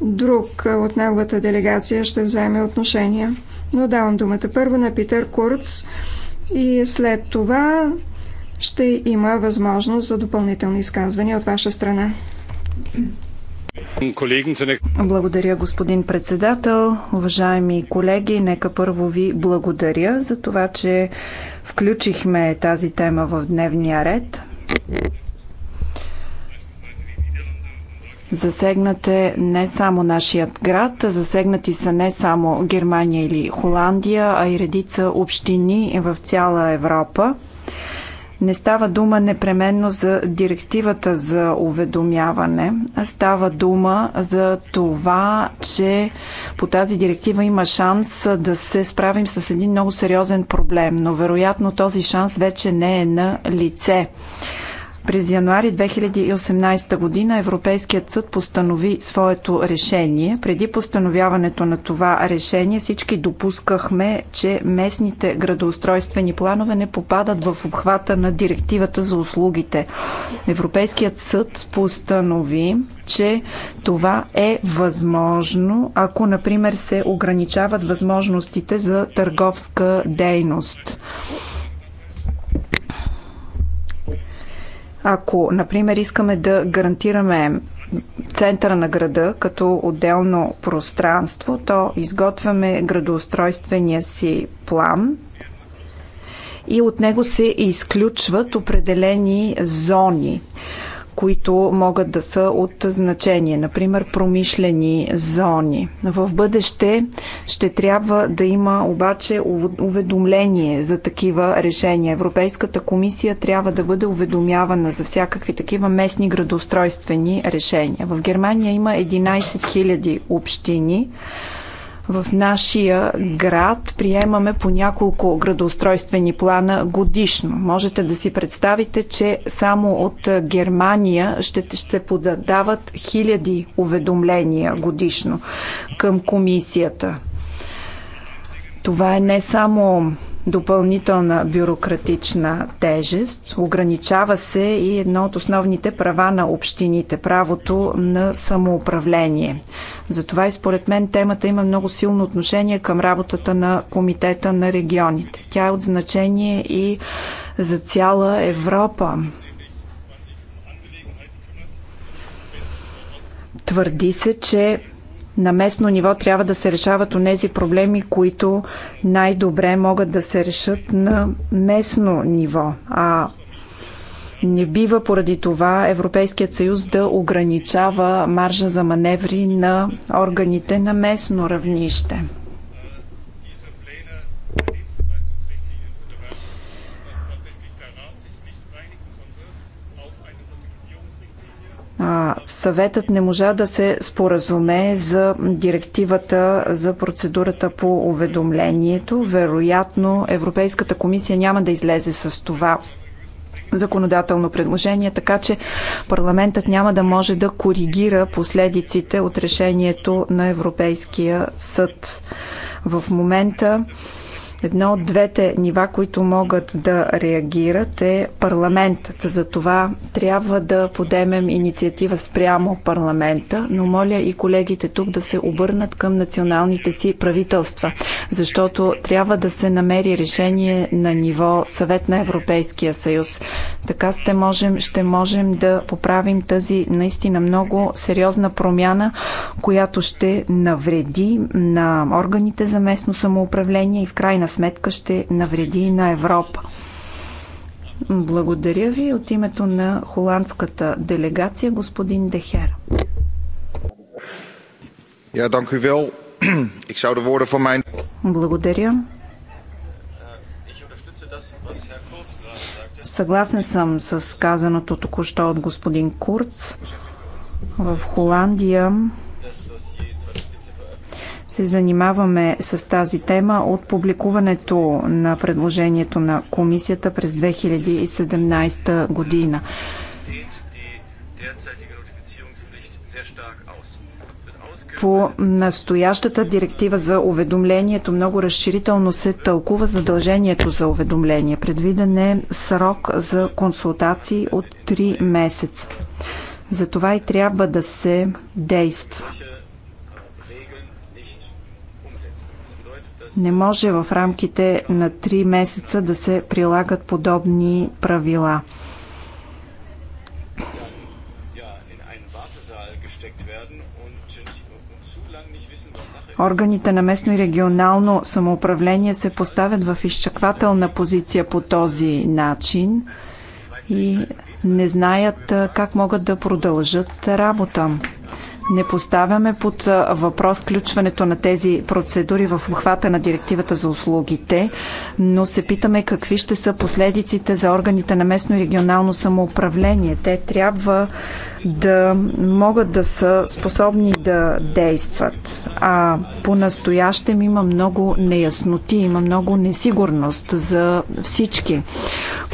друг от неговата делегация ще вземе отношение. Но давам думата първо на Питер Курц и след това ще има възможност за допълнителни изказвания от ваша страна. Благодаря, господин председател. Уважаеми колеги, нека първо ви благодаря за това, че включихме тази тема в дневния ред. Засегнат е не само нашият град, засегнати са не само Германия или Холандия, а и редица общини в цяла Европа. Не става дума непременно за директивата за уведомяване, а става дума за това, че по тази директива има шанс да се справим с един много сериозен проблем, но вероятно този шанс вече не е на лице. През януари 2018 година Европейският съд постанови своето решение. Преди постановяването на това решение всички допускахме, че местните градоустройствени планове не попадат в обхвата на директивата за услугите. Европейският съд постанови, че това е възможно, ако, например, се ограничават възможностите за търговска дейност. Ако, например, искаме да гарантираме центъра на града като отделно пространство, то изготвяме градоустройствения си план и от него се изключват определени зони които могат да са от значение, например промишлени зони. В бъдеще ще трябва да има обаче уведомление за такива решения. Европейската комисия трябва да бъде уведомявана за всякакви такива местни градоустройствени решения. В Германия има 11 000 общини в нашия град приемаме по няколко градоустройствени плана годишно. Можете да си представите, че само от Германия ще, ще подадават хиляди уведомления годишно към комисията. Това е не само допълнителна бюрократична тежест. Ограничава се и едно от основните права на общините правото на самоуправление. Затова и според мен темата има много силно отношение към работата на Комитета на регионите. Тя е от значение и за цяла Европа. Твърди се, че на местно ниво трябва да се решават нези проблеми, които най-добре могат да се решат на местно ниво. А не бива поради това Европейският съюз да ограничава маржа за маневри на органите на местно равнище. съветът не можа да се споразуме за директивата за процедурата по уведомлението. Вероятно, Европейската комисия няма да излезе с това законодателно предложение, така че парламентът няма да може да коригира последиците от решението на Европейския съд. В момента Едно от двете нива, които могат да реагират е парламентът. За това трябва да подемем инициатива спрямо парламента, но моля и колегите тук да се обърнат към националните си правителства, защото трябва да се намери решение на ниво съвет на Европейския съюз. Така ще можем, ще можем да поправим тази наистина много сериозна промяна, която ще навреди на органите за местно самоуправление и в крайна сметка ще навреди на Европа. Благодаря ви от името на холандската делегация, господин Дехер. Благодаря. Съгласен съм с казаното току-що от господин Курц. В Холандия се занимаваме с тази тема от публикуването на предложението на комисията през 2017 година. по настоящата директива за уведомлението много разширително се тълкува задължението за уведомление. Предвиден е срок за консултации от 3 месеца. Затова и трябва да се действа. Не може в рамките на 3 месеца да се прилагат подобни правила. Органите на местно и регионално самоуправление се поставят в изчаквателна позиция по този начин и не знаят как могат да продължат работа. Не поставяме под въпрос включването на тези процедури в обхвата на директивата за услугите, но се питаме какви ще са последиците за органите на местно и регионално самоуправление. Те трябва да могат да са способни да действат. А по-настоящем има много неясноти, има много несигурност за всички,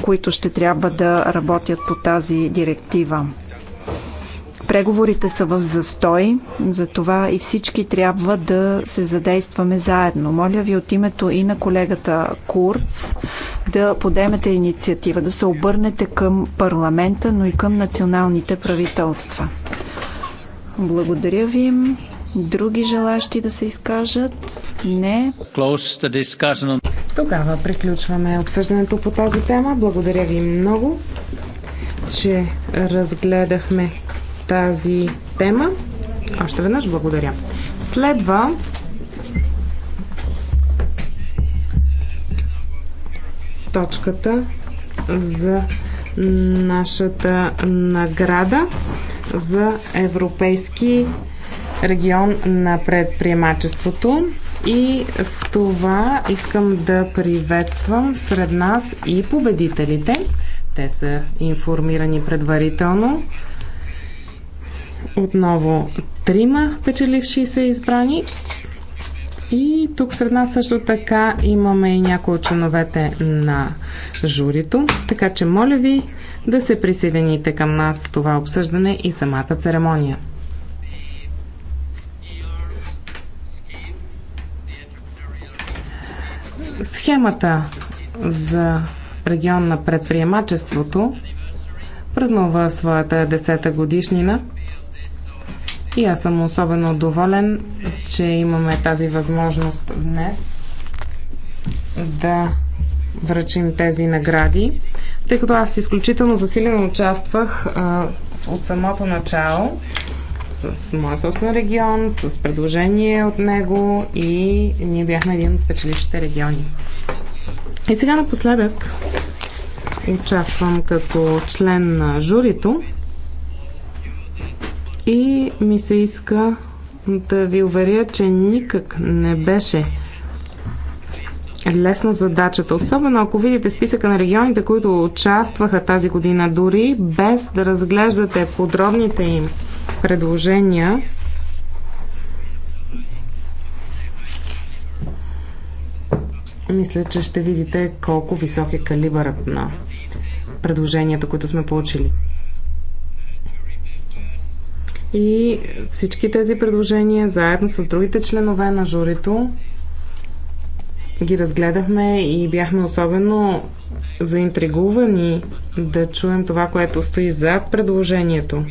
които ще трябва да работят по тази директива. Преговорите са в застой, затова и всички трябва да се задействаме заедно. Моля ви от името и на колегата Курц да подемете инициатива, да се обърнете към парламента, но и към националните правителства. Благодаря ви. Други желащи да се изкажат? Не. Тогава приключваме обсъждането по тази тема. Благодаря ви много, че разгледахме тази тема. Още веднъж благодаря. Следва точката за нашата награда за Европейски регион на предприемачеството. И с това искам да приветствам сред нас и победителите. Те са информирани предварително. Отново трима печеливши са избрани. И тук сред нас също така имаме и някои от членовете на журито, така че моля ви да се присъедините към нас в това обсъждане и самата церемония. Схемата за регион на предприемачеството празнува своята 10-та годишнина – и аз съм особено доволен, че имаме тази възможност днес да връчим тези награди, тъй като аз изключително засилено участвах а, от самото начало с моя собствен регион, с предложение от него и ние бяхме един от печелищите региони. И сега напоследък участвам като член на журито и ми се иска да ви уверя, че никак не беше лесна задачата. Особено ако видите списъка на регионите, които участваха тази година, дори без да разглеждате подробните им предложения, мисля, че ще видите колко висок е калибърът на предложенията, които сме получили. И всички тези предложения, заедно с другите членове на журито, ги разгледахме и бяхме особено заинтригувани да чуем това, което стои зад предложението.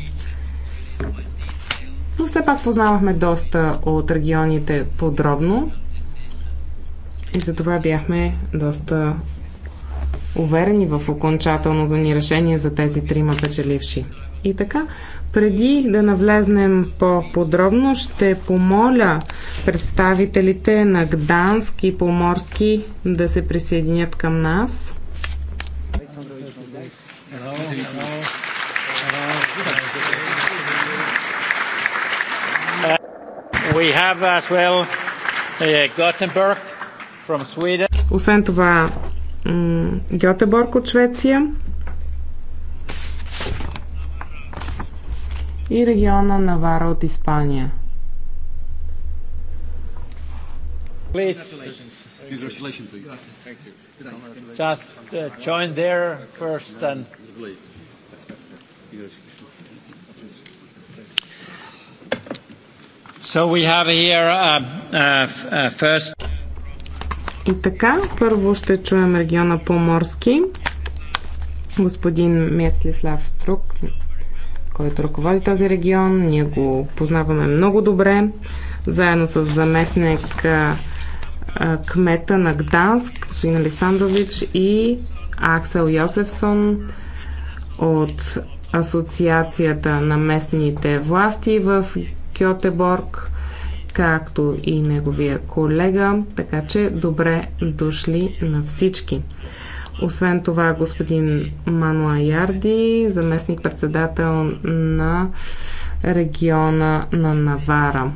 Но все пак познавахме доста от регионите подробно и затова бяхме доста уверени в окончателното ни решение за тези трима печеливши. И така, преди да навлезнем по-подробно, ще помоля представителите на Гданск и Поморски да се присъединят към нас. We have as well uh, Gothenburg from Sweden. Освен това, Гьотеборг от Швеция. и региона Навара от Испания. И така, първо ще чуем региона по-морски. Господин Мецлислав Струк, който ръководи този регион. Ние го познаваме много добре, заедно с заместник кмета на Гданск, господин Александрович и Аксел Йосефсон от Асоциацията на местните власти в Кьотеборг, както и неговия колега. Така че добре дошли на всички. Освен това, господин Мануа Ярди, заместник-председател на региона на Навара.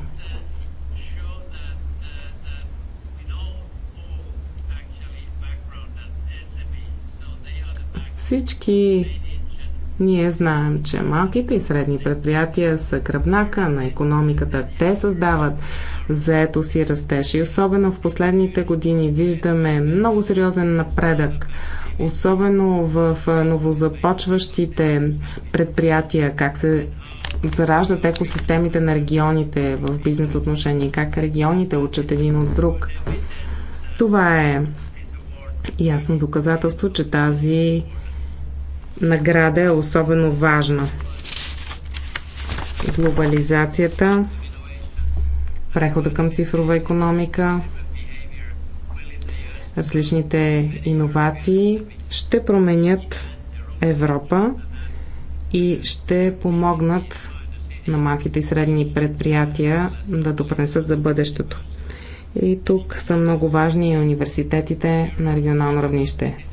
Всички ние знаем, че малките и средни предприятия са гръбнака на економиката. Те създават заето си растеж и особено в последните години виждаме много сериозен напредък особено в новозапочващите предприятия, как се зараждат екосистемите на регионите в бизнес отношения, как регионите учат един от друг. Това е ясно доказателство, че тази награда е особено важна. Глобализацията, прехода към цифрова економика, различните иновации ще променят Европа и ще помогнат на малките и средни предприятия да допренесат за бъдещето. И тук са много важни и университетите на регионално равнище.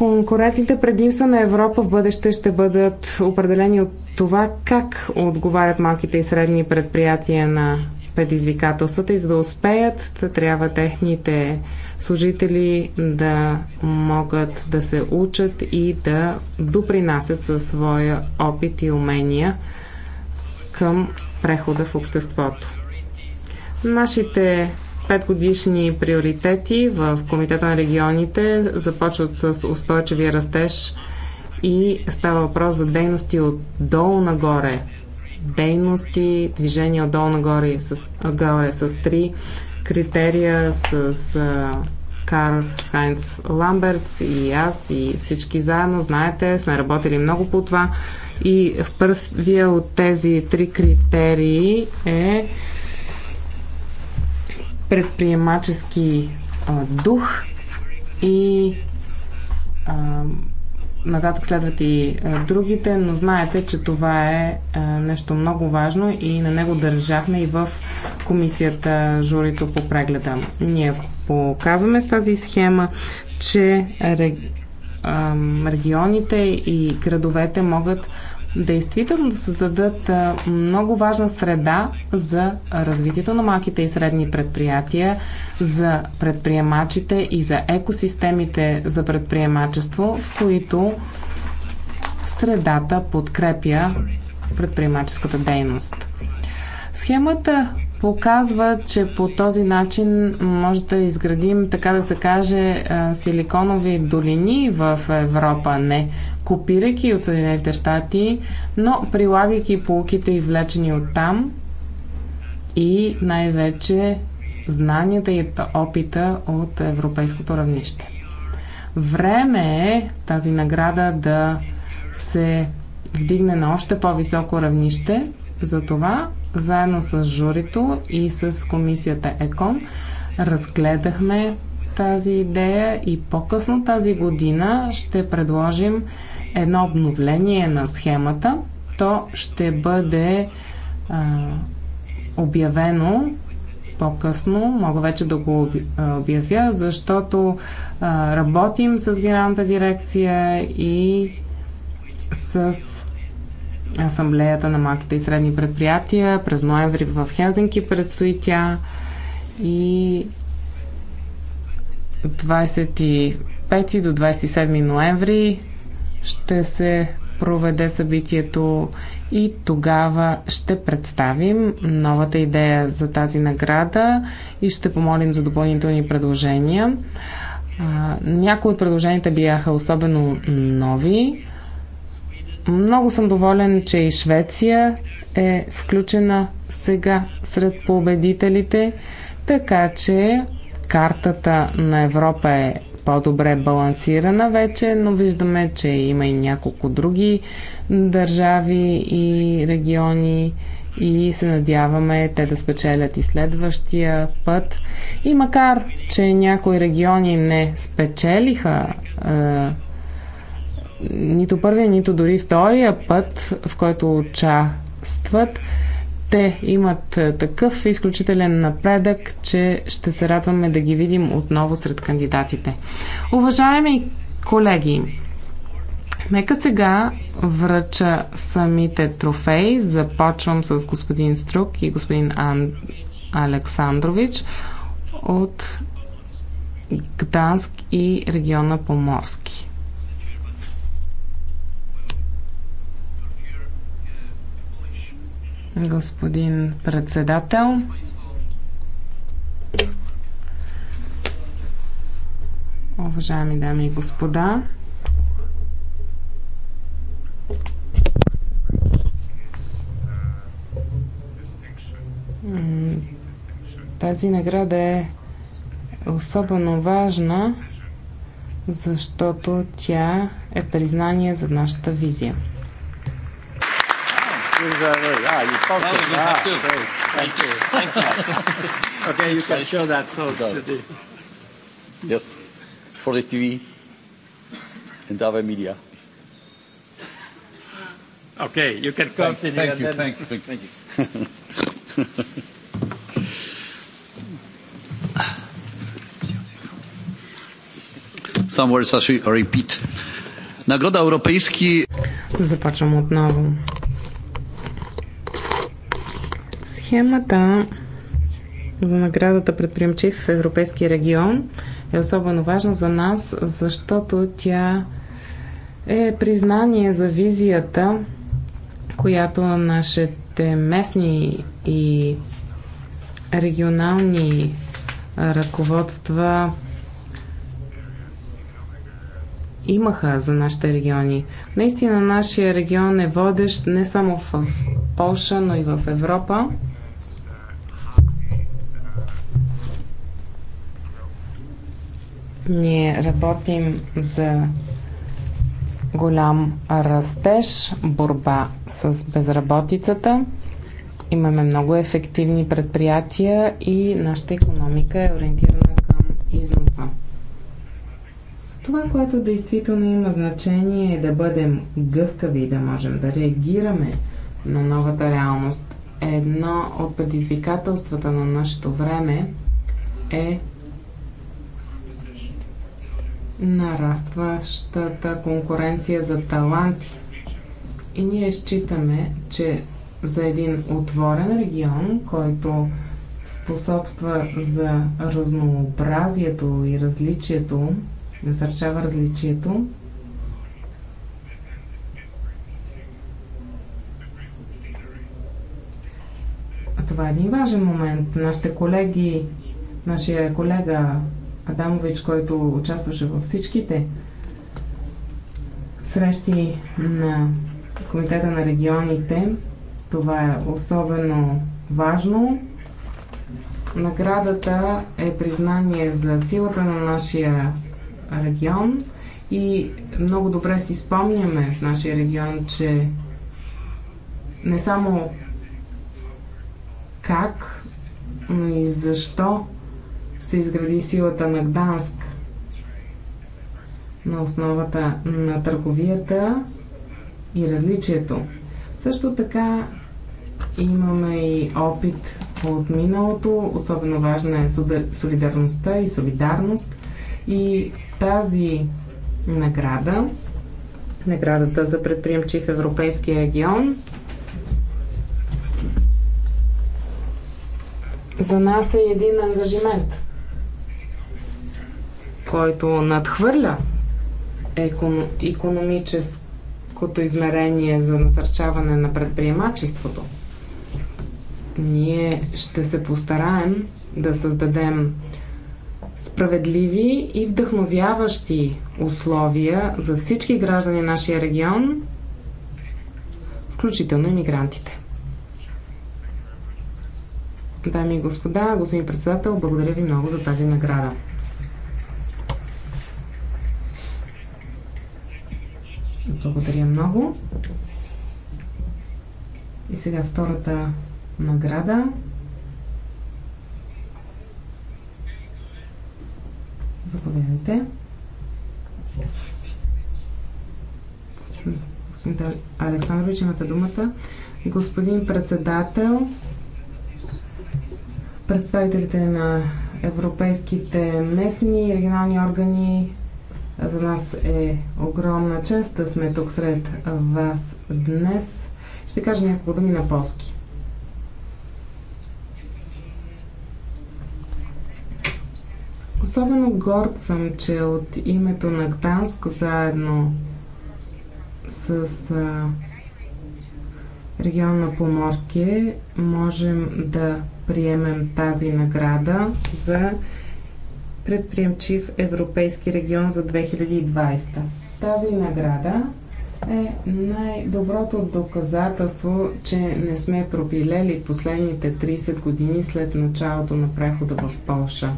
Конкурентните предимства на Европа в бъдеще ще бъдат определени от това как отговарят малките и средни предприятия на предизвикателствата и за да успеят, да трябва техните служители да могат да се учат и да допринасят със своя опит и умения към прехода в обществото. Нашите Пет годишни приоритети в Комитета на регионите започват с устойчивия растеж и става въпрос за дейности от долу нагоре. Дейности, движение от долу нагоре с, горе, с три критерия, с, с Карл Хайнц Ламбертс и аз и всички заедно, знаете, сме работили много по това. И в първия от тези три критерии е предприемачески а, дух и а, нататък следват и а, другите, но знаете, че това е а, нещо много важно и на него държахме и в комисията журито по прегледа. Ние показваме с тази схема, че регионите и градовете могат действително да създадат много важна среда за развитието на малките и средни предприятия, за предприемачите и за екосистемите за предприемачество, в които средата подкрепя предприемаческата дейност. Схемата показва, че по този начин може да изградим, така да се каже, силиконови долини в Европа. Не копирайки от Съединените щати, но прилагайки полуките, извлечени от там и най-вече знанията и опита от европейското равнище. Време е тази награда да се вдигне на още по-високо равнище. Затова, заедно с журито и с комисията ЕКОН, разгледахме тази идея и по-късно тази година ще предложим едно обновление на схемата, то ще бъде а, обявено по-късно, мога вече да го обявя, защото а, работим с генералната дирекция и с Асамблеята на малките и средни предприятия. През ноември в Хелзинки предстои тя и 25 до 27 ноември ще се проведе събитието и тогава ще представим новата идея за тази награда и ще помолим за допълнителни предложения. Някои от предложенията бяха особено нови. Много съм доволен, че и Швеция е включена сега сред победителите, така че картата на Европа е по-добре балансирана вече, но виждаме, че има и няколко други държави и региони и се надяваме те да спечелят и следващия път. И макар, че някои региони не спечелиха е, нито първия, нито дори втория път, в който участват, те имат е, такъв изключителен напредък, че ще се радваме да ги видим отново сред кандидатите. Уважаеми колеги, нека сега връча самите трофеи. Започвам с господин Струк и господин Ан... Александрович от Гданск и региона Поморски. господин председател. Уважаеми дами и господа, тази награда е особено важна, защото тя е признание за нашата визия. Yeah, you talked Now you have to. Thank you. Thanks a lot. Okay, you can show that so to the... Yes, for the TV and other media. Okay, you can continue. Thank you. Thank you. Thank you. Some words I repeat. Nagroda Europejski. Започвам отново. Схемата за наградата предприемчив в Европейски регион е особено важна за нас, защото тя е признание за визията, която нашите местни и регионални ръководства имаха за нашите региони. Наистина нашия регион е водещ не само в Полша, но и в Европа. Ние работим за голям растеж, борба с безработицата. Имаме много ефективни предприятия и нашата економика е ориентирана към износа. Това, което действително има значение е да бъдем гъвкави, и да можем да реагираме на новата реалност. Едно от предизвикателствата на нашето време е нарастващата конкуренция за таланти. И ние считаме, че за един отворен регион, който способства за разнообразието и различието, насърчава различието, това е един важен момент. Нашите колеги, нашия колега Адамович, който участваше във всичките срещи на Комитета на регионите. Това е особено важно. Наградата е признание за силата на нашия регион и много добре си спомняме в нашия регион, че не само как, но и защо се изгради силата на Гданск на основата на търговията и различието. Също така имаме и опит от миналото. Особено важна е солидарността и солидарност. И тази награда, наградата за предприемчив европейски регион, за нас е един ангажимент който надхвърля економическото измерение за насърчаване на предприемачеството. Ние ще се постараем да създадем справедливи и вдъхновяващи условия за всички граждани на нашия регион, включително и мигрантите. Дами и господа, господин председател, благодаря ви много за тази награда. Благодаря много. И сега втората награда. Заповядайте. Господин Александрович, имате думата. Господин председател, представителите на европейските местни и регионални органи за нас е огромна чест да сме тук сред вас днес. Ще кажа няколко думи на полски. Особено горд съм, че от името на Гданск заедно с а, регион на Поморские можем да приемем тази награда за предприемчив европейски регион за 2020. Тази награда е най-доброто доказателство, че не сме пропилели последните 30 години след началото на прехода в Полша.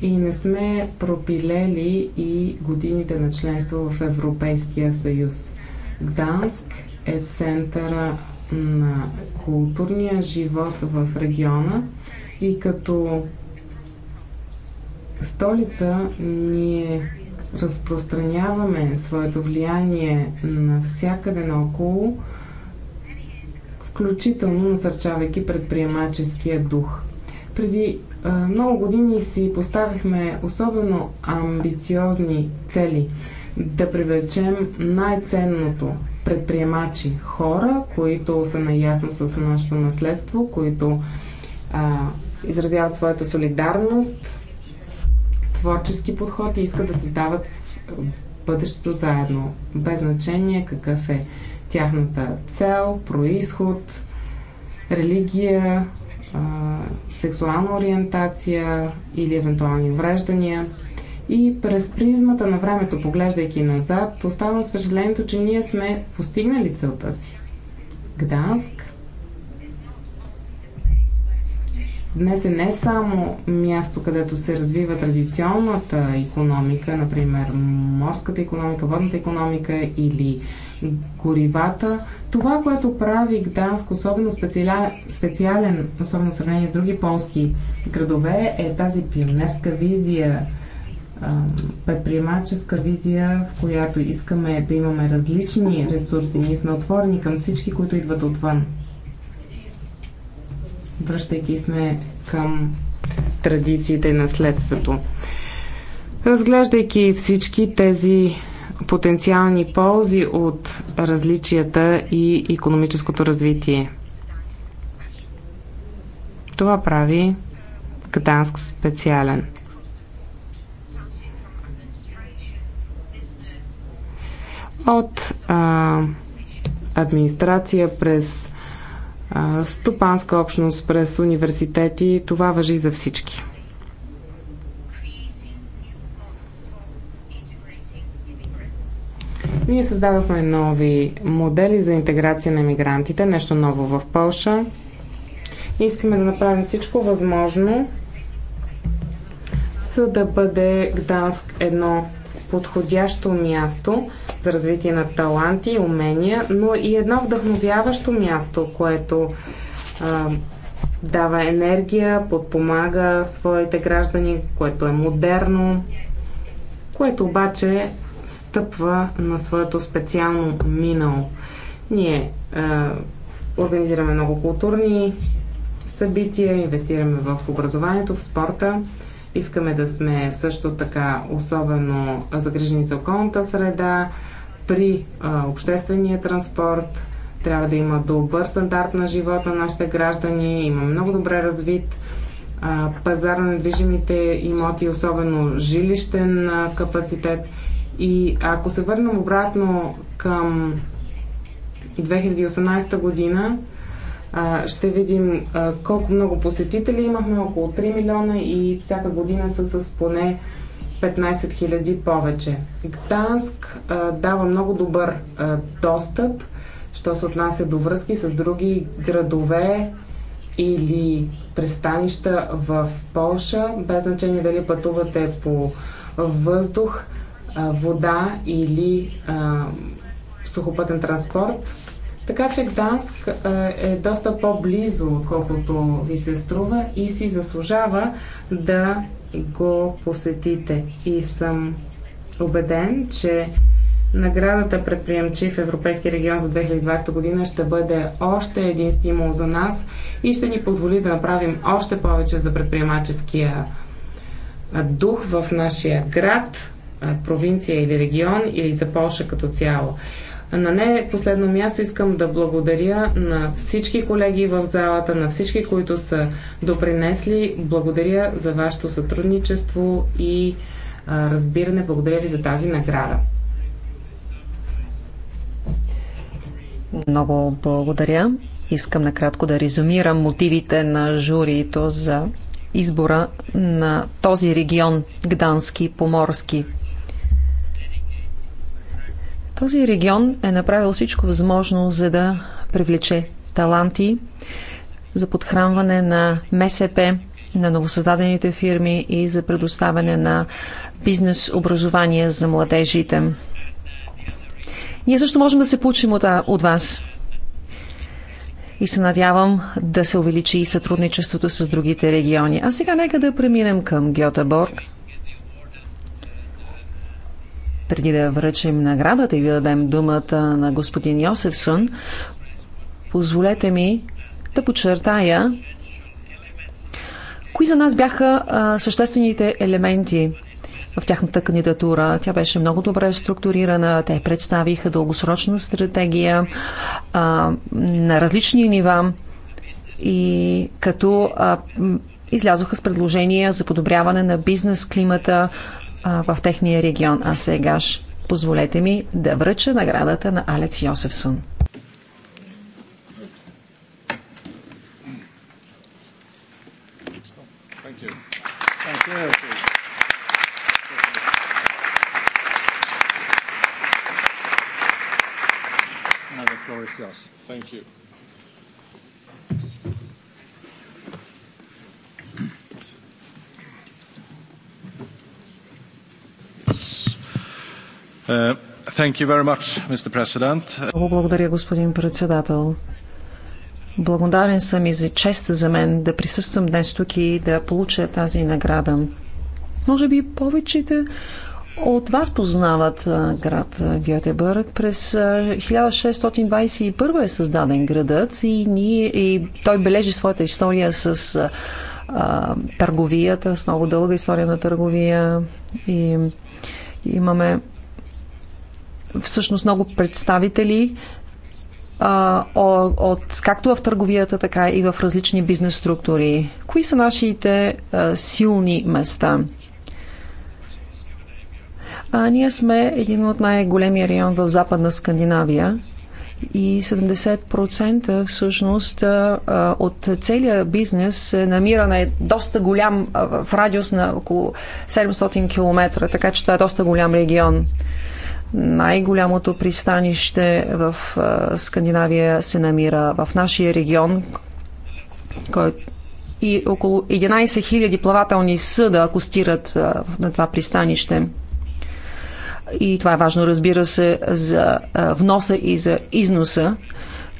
И не сме пропилели и годините на членство в Европейския съюз. Гданск е центъра на културния живот в региона и като столица ние разпространяваме своето влияние навсякъде наоколо, включително насърчавайки предприемаческия дух. Преди а, много години си поставихме особено амбициозни цели да привлечем най-ценното предприемачи, хора, които са наясно с нашето наследство, които а, изразяват своята солидарност творчески подход и искат да създават бъдещето заедно, без значение какъв е тяхната цел, происход, религия, сексуална ориентация или евентуални увреждания. И през призмата на времето, поглеждайки назад, оставам с впечатлението, че ние сме постигнали целта си. Гданск Днес е не само място, където се развива традиционната економика, например морската економика, водната економика или горивата. Това, което прави Гданск особено специаля, специален, особено в сравнение с други полски градове, е тази пионерска визия, предприемаческа визия, в която искаме да имаме различни ресурси. Ние сме отворени към всички, които идват отвън връщайки сме към традициите и наследството. Разглеждайки всички тези потенциални ползи от различията и економическото развитие. Това прави Гданск специален. От а, администрация през стопанска общност, през университети. Това въжи за всички. Ние създадохме нови модели за интеграция на мигрантите, нещо ново в Польша. Искаме да направим всичко възможно, за да бъде Гданск едно подходящо място за развитие на таланти и умения, но и едно вдъхновяващо място, което а, дава енергия, подпомага своите граждани, което е модерно, което обаче стъпва на своето специално минало. Ние а, организираме много културни събития, инвестираме в образованието, в спорта. Искаме да сме също така особено загрижени за околната среда. При а, обществения транспорт трябва да има добър стандарт на живот на нашите граждани. Има много добре развит а, пазар на недвижимите имоти, особено жилищен а, капацитет. И ако се върнем обратно към 2018 година, а, ще видим а, колко много посетители имахме, около 3 милиона и всяка година са с поне 15 000 повече. Гданск а, дава много добър а, достъп, що се отнася до връзки с други градове или пристанища в Полша, без значение дали пътувате по въздух, а, вода или а, сухопътен транспорт. Така че Гданск е, е доста по-близо, отколкото ви се струва и си заслужава да го посетите. И съм убеден, че наградата Предприемчив Европейски регион за 2020 година ще бъде още един стимул за нас и ще ни позволи да направим още повече за предприемаческия дух в нашия град, провинция или регион или за Польша като цяло. На не последно място искам да благодаря на всички колеги в залата, на всички, които са допринесли. Благодаря за вашето сътрудничество и а, разбиране. Благодаря ви за тази награда. Много благодаря. Искам накратко да резюмирам мотивите на журито за избора на този регион Гдански, Поморски, този регион е направил всичко възможно, за да привлече таланти за подхранване на МСП, на новосъздадените фирми и за предоставяне на бизнес образование за младежите. Ние също можем да се получим от, от вас и се надявам да се увеличи и сътрудничеството с другите региони. А сега нека да преминем към Гьотеборг преди да връчим наградата и да дадем думата на господин Йосефсон, позволете ми да подчертая кои за нас бяха а, съществените елементи в тяхната кандидатура. Тя беше много добре структурирана. Те представиха дългосрочна стратегия а, на различни нива и като а, излязоха с предложения за подобряване на бизнес климата, а, в техния регион. А сега позволете ми да връча наградата на Алекс Йосефсон. Thank you. Uh, много благодаря, господин председател. Благодарен съм и за чест за мен да присъствам днес тук и да получа тази награда. Може би повечето от вас познават град Гьотебърг. През 1621 е създаден градът и, ние, и той бележи своята история с а, търговията, с много дълга история на търговия. И имаме всъщност много представители а, от, както в търговията, така и в различни бизнес структури. Кои са нашите а, силни места? А, ние сме един от най-големия район в Западна Скандинавия и 70% всъщност от целия бизнес се намира на е доста голям в радиус на около 700 км, така че това е доста голям регион. Най-голямото пристанище в Скандинавия се намира в нашия регион, който и около 11 000 плавателни съда акустират на това пристанище. И това е важно, разбира се, за вноса и за износа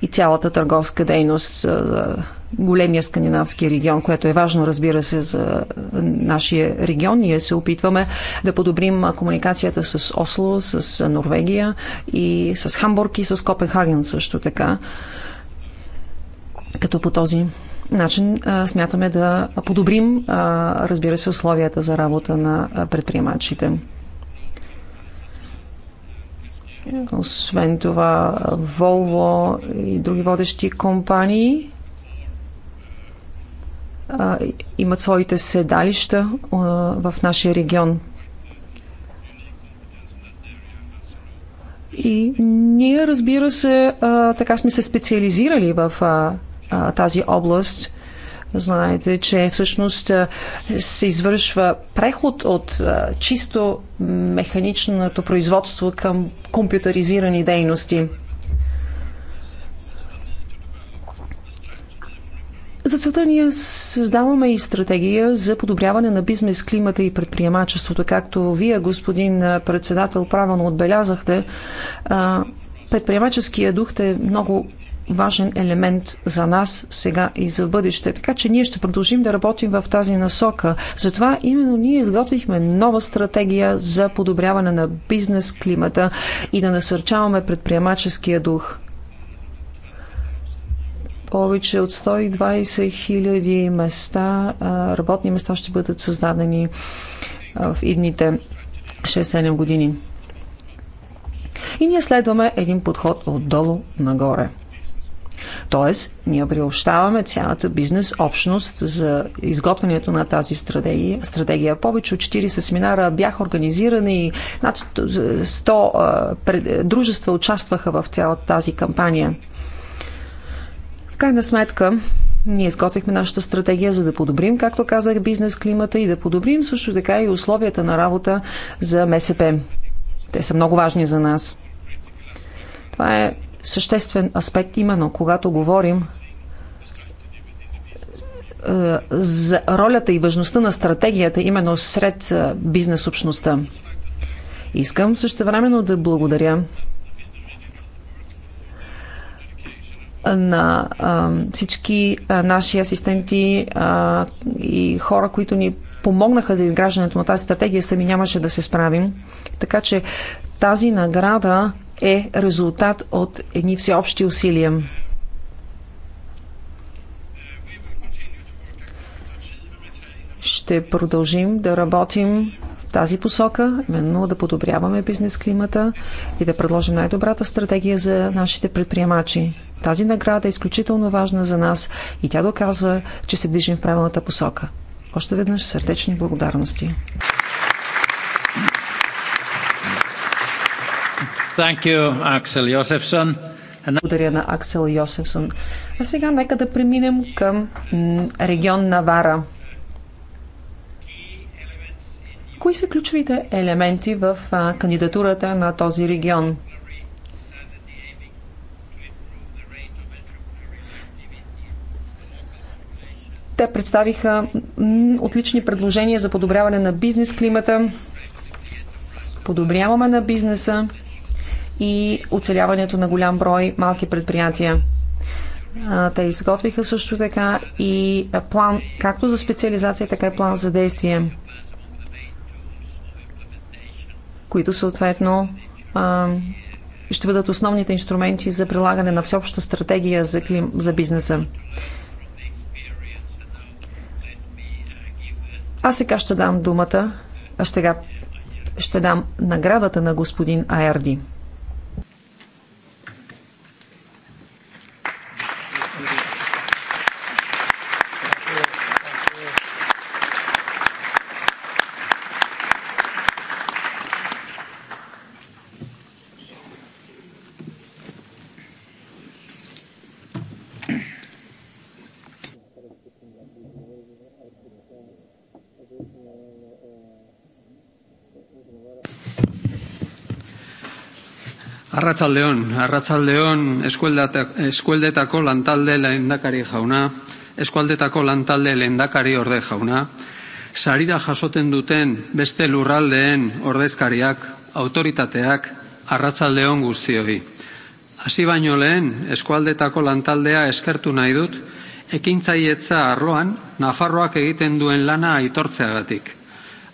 и цялата търговска дейност за големия скандинавски регион, което е важно, разбира се, за нашия регион. Ние се опитваме да подобрим комуникацията с Осло, с Норвегия и с Хамбург и с Копенхаген също така. Като по този начин смятаме да подобрим, разбира се, условията за работа на предприемачите. Освен това, Volvo и други водещи компании а, имат своите седалища а, в нашия регион. И ние, разбира се, а, така сме се специализирали в а, а, тази област. Знаете, че всъщност се извършва преход от чисто механичното производство към компютъризирани дейности. За целта ние създаваме и стратегия за подобряване на бизнес климата и предприемачеството. Както вие, господин председател, правилно отбелязахте, предприемаческия дух е много важен елемент за нас сега и за бъдеще. Така че ние ще продължим да работим в тази насока. Затова именно ние изготвихме нова стратегия за подобряване на бизнес климата и да насърчаваме предприемаческия дух повече от 120 хиляди места, работни места ще бъдат създадени в идните 6-7 години. И ние следваме един подход отдолу нагоре. Тоест, ние приобщаваме цялата бизнес общност за изготвянето на тази стратегия. стратегия. Повече от 40 семинара бяха организирани и над 100 дружества участваха в цялата тази кампания крайна сметка, ние изготвихме нашата стратегия, за да подобрим, както казах, бизнес климата и да подобрим също така и условията на работа за МСП. Те са много важни за нас. Това е съществен аспект, именно когато говорим е, за ролята и важността на стратегията именно сред е, бизнес общността. Искам също времено да благодаря на а, всички а, наши асистенти а, и хора, които ни помогнаха за изграждането на тази стратегия, сами нямаше да се справим. Така че тази награда е резултат от едни всеобщи усилия. Ще продължим да работим тази посока, именно да подобряваме бизнес климата и да предложим най-добрата стратегия за нашите предприемачи. Тази награда е изключително важна за нас и тя доказва, че се движим в правилната посока. Още веднъж сърдечни благодарности. Thank you, Axel Josephson. Благодаря на Аксел Йосефсон. А сега нека да преминем към регион Навара. Кои са ключовите елементи в кандидатурата на този регион? Те представиха отлични предложения за подобряване на бизнес климата, подобряваме на бизнеса и оцеляването на голям брой малки предприятия. Те изготвиха също така и план както за специализация, така и план за действие. които съответно ще бъдат основните инструменти за прилагане на всеобща стратегия за, клим, за бизнеса. Аз сега ще дам думата, а ще, ще дам наградата на господин Аерди. Arratsaldeon, arratsaldeon eskualdetako lantalde lehendakari jauna, eskualdetako lantalde lehendakari orde jauna, sarira jasoten duten beste lurraldeen ordezkariak, autoritateak, arratsaldeon guztioi. Hasi baino lehen, eskualdetako lantaldea eskertu nahi dut, ekintzailetza arloan Nafarroak egiten duen lana aitortzeagatik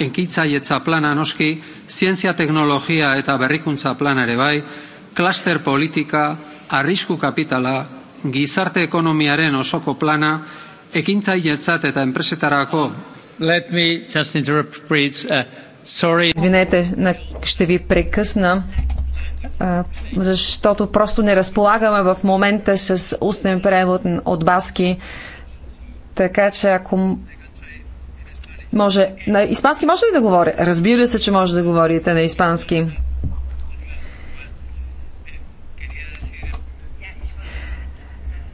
ekintzailetza plana noski, zientzia teknologia eta berrikuntza plana ere bai, klaster politika, arrisku kapitala, gizarte ekonomiaren osoko plana, ekintzailetzat eta enpresetarako. Let me just interrupt, please. Uh, sorry. Извинете, ще ви прекъсна защото просто не разполагаме в момента с устен превод от баски. Така че ако може. На испански може ли да говоря? Разбира се, че може да говорите на испански.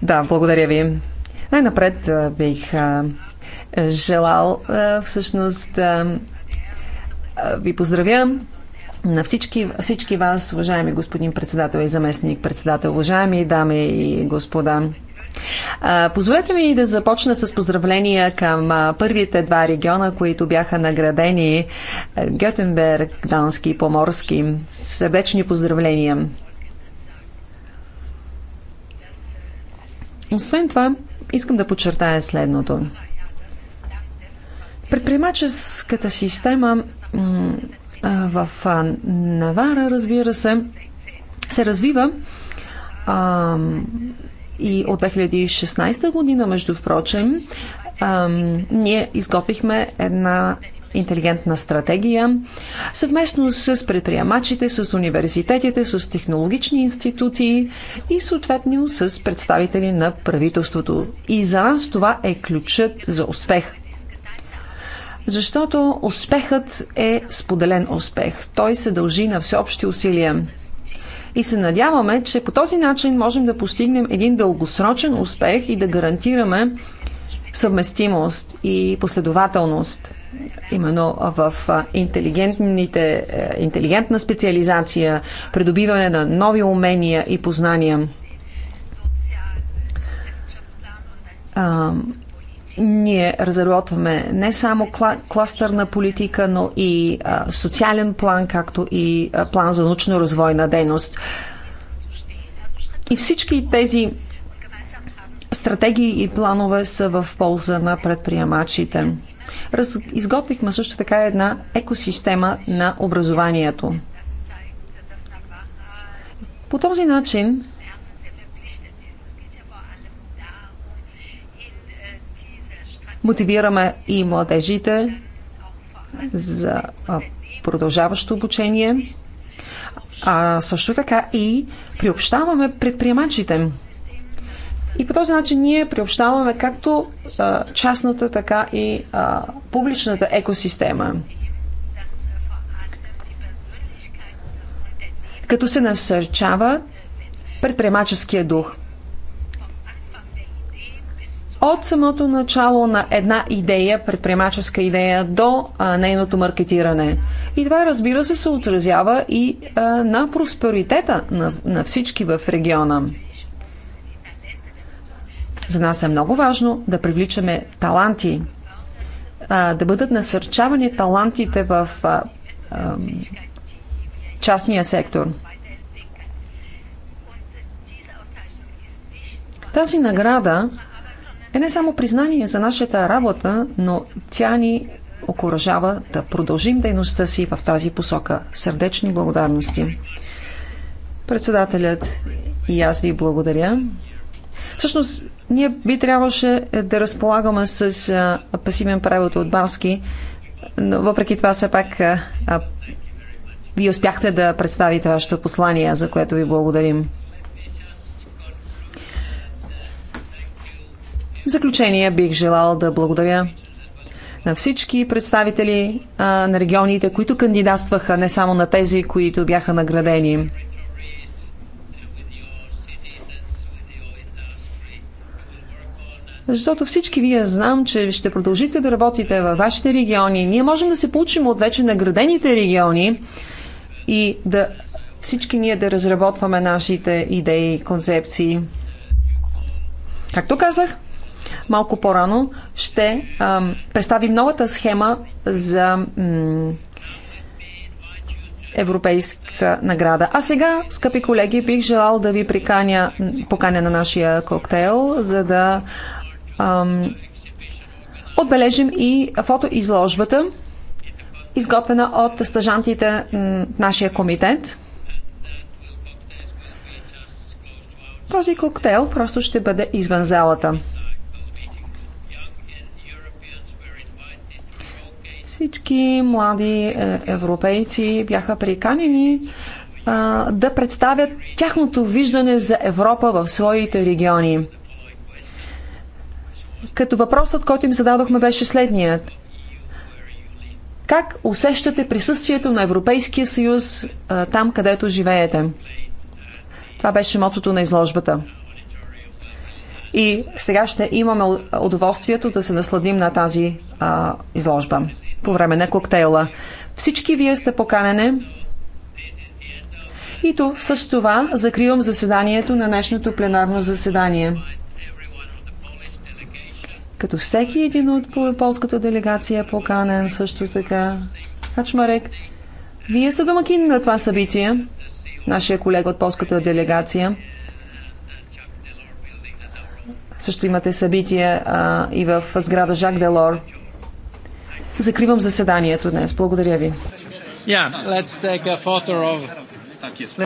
Да, благодаря ви. Най-напред бих а, желал а, всъщност да ви поздравя на всички, всички вас, уважаеми господин председател и заместник председател, уважаеми дами и господа. Позволете ми да започна с поздравления към първите два региона, които бяха наградени Гетенберг, Дански и Поморски. Сърдечни поздравления! Освен това, искам да подчертая следното. Предприемаческата система в Навара, разбира се, се развива и от 2016 година, между впрочем, ам, ние изготвихме една интелигентна стратегия, съвместно с предприемачите, с университетите, с технологични институти и съответно с представители на правителството. И за нас това е ключът за успех. Защото успехът е споделен успех. Той се дължи на всеобщи усилия и се надяваме, че по този начин можем да постигнем един дългосрочен успех и да гарантираме съвместимост и последователност именно в интелигентните, е, интелигентна специализация, придобиване на нови умения и познания ние разработваме не само кла, кластърна политика, но и а, социален план, както и а, план за научно-развойна дейност. И всички тези стратегии и планове са в полза на предприемачите. Раз, изготвихме също така една екосистема на образованието. По този начин Мотивираме и младежите за продължаващо обучение, а също така и приобщаваме предприемачите. И по този начин ние приобщаваме както а, частната, така и а, публичната екосистема. Като се насърчава предприемаческия дух от самото начало на една идея, предприемаческа идея, до а, нейното маркетиране. И това, разбира се, се отразява и а, на просперитета на, на всички в региона. За нас е много важно да привличаме таланти, а, да бъдат насърчавани талантите в а, а, частния сектор. Тази награда е не само признание за нашата работа, но тя ни окоръжава да продължим дейността си в тази посока. Сърдечни благодарности. Председателят и аз ви благодаря. Всъщност, ние би трябваше да разполагаме с а, пасивен превод от Барски, но въпреки това все пак а, а, ви успяхте да представите вашето послание, за което ви благодарим. В заключение бих желал да благодаря на всички представители а, на регионите, които кандидатстваха, не само на тези, които бяха наградени. Защото всички вие знам, че ще продължите да работите във вашите региони. Ние можем да се получим от вече наградените региони и да всички ние да разработваме нашите идеи, концепции. Както казах, малко по-рано ще представим новата схема за европейска награда. А сега, скъпи колеги, бих желал да ви приканя, поканя на нашия коктейл, за да ам, отбележим и фотоизложбата, изготвена от стажантите на нашия комитет. Този коктейл просто ще бъде извън залата. Всички млади е, европейци бяха приканени да представят тяхното виждане за Европа в своите региони. Като въпросът, който им зададохме, беше следният. Как усещате присъствието на Европейския съюз е, там, където живеете? Това беше мотото на изложбата. И сега ще имаме удоволствието да се насладим на тази а, изложба по време на коктейла. Всички вие сте поканени. И то, с това закривам заседанието на днешното пленарно заседание. Като всеки един от полската делегация е поканен също така. Хачмарек, вие сте домакин на това събитие, нашия колега от полската делегация. Също имате събитие а, и в сграда Жак Делор. Закривам заседанието днес. Благодаря ви. Yeah, let's take a photo of...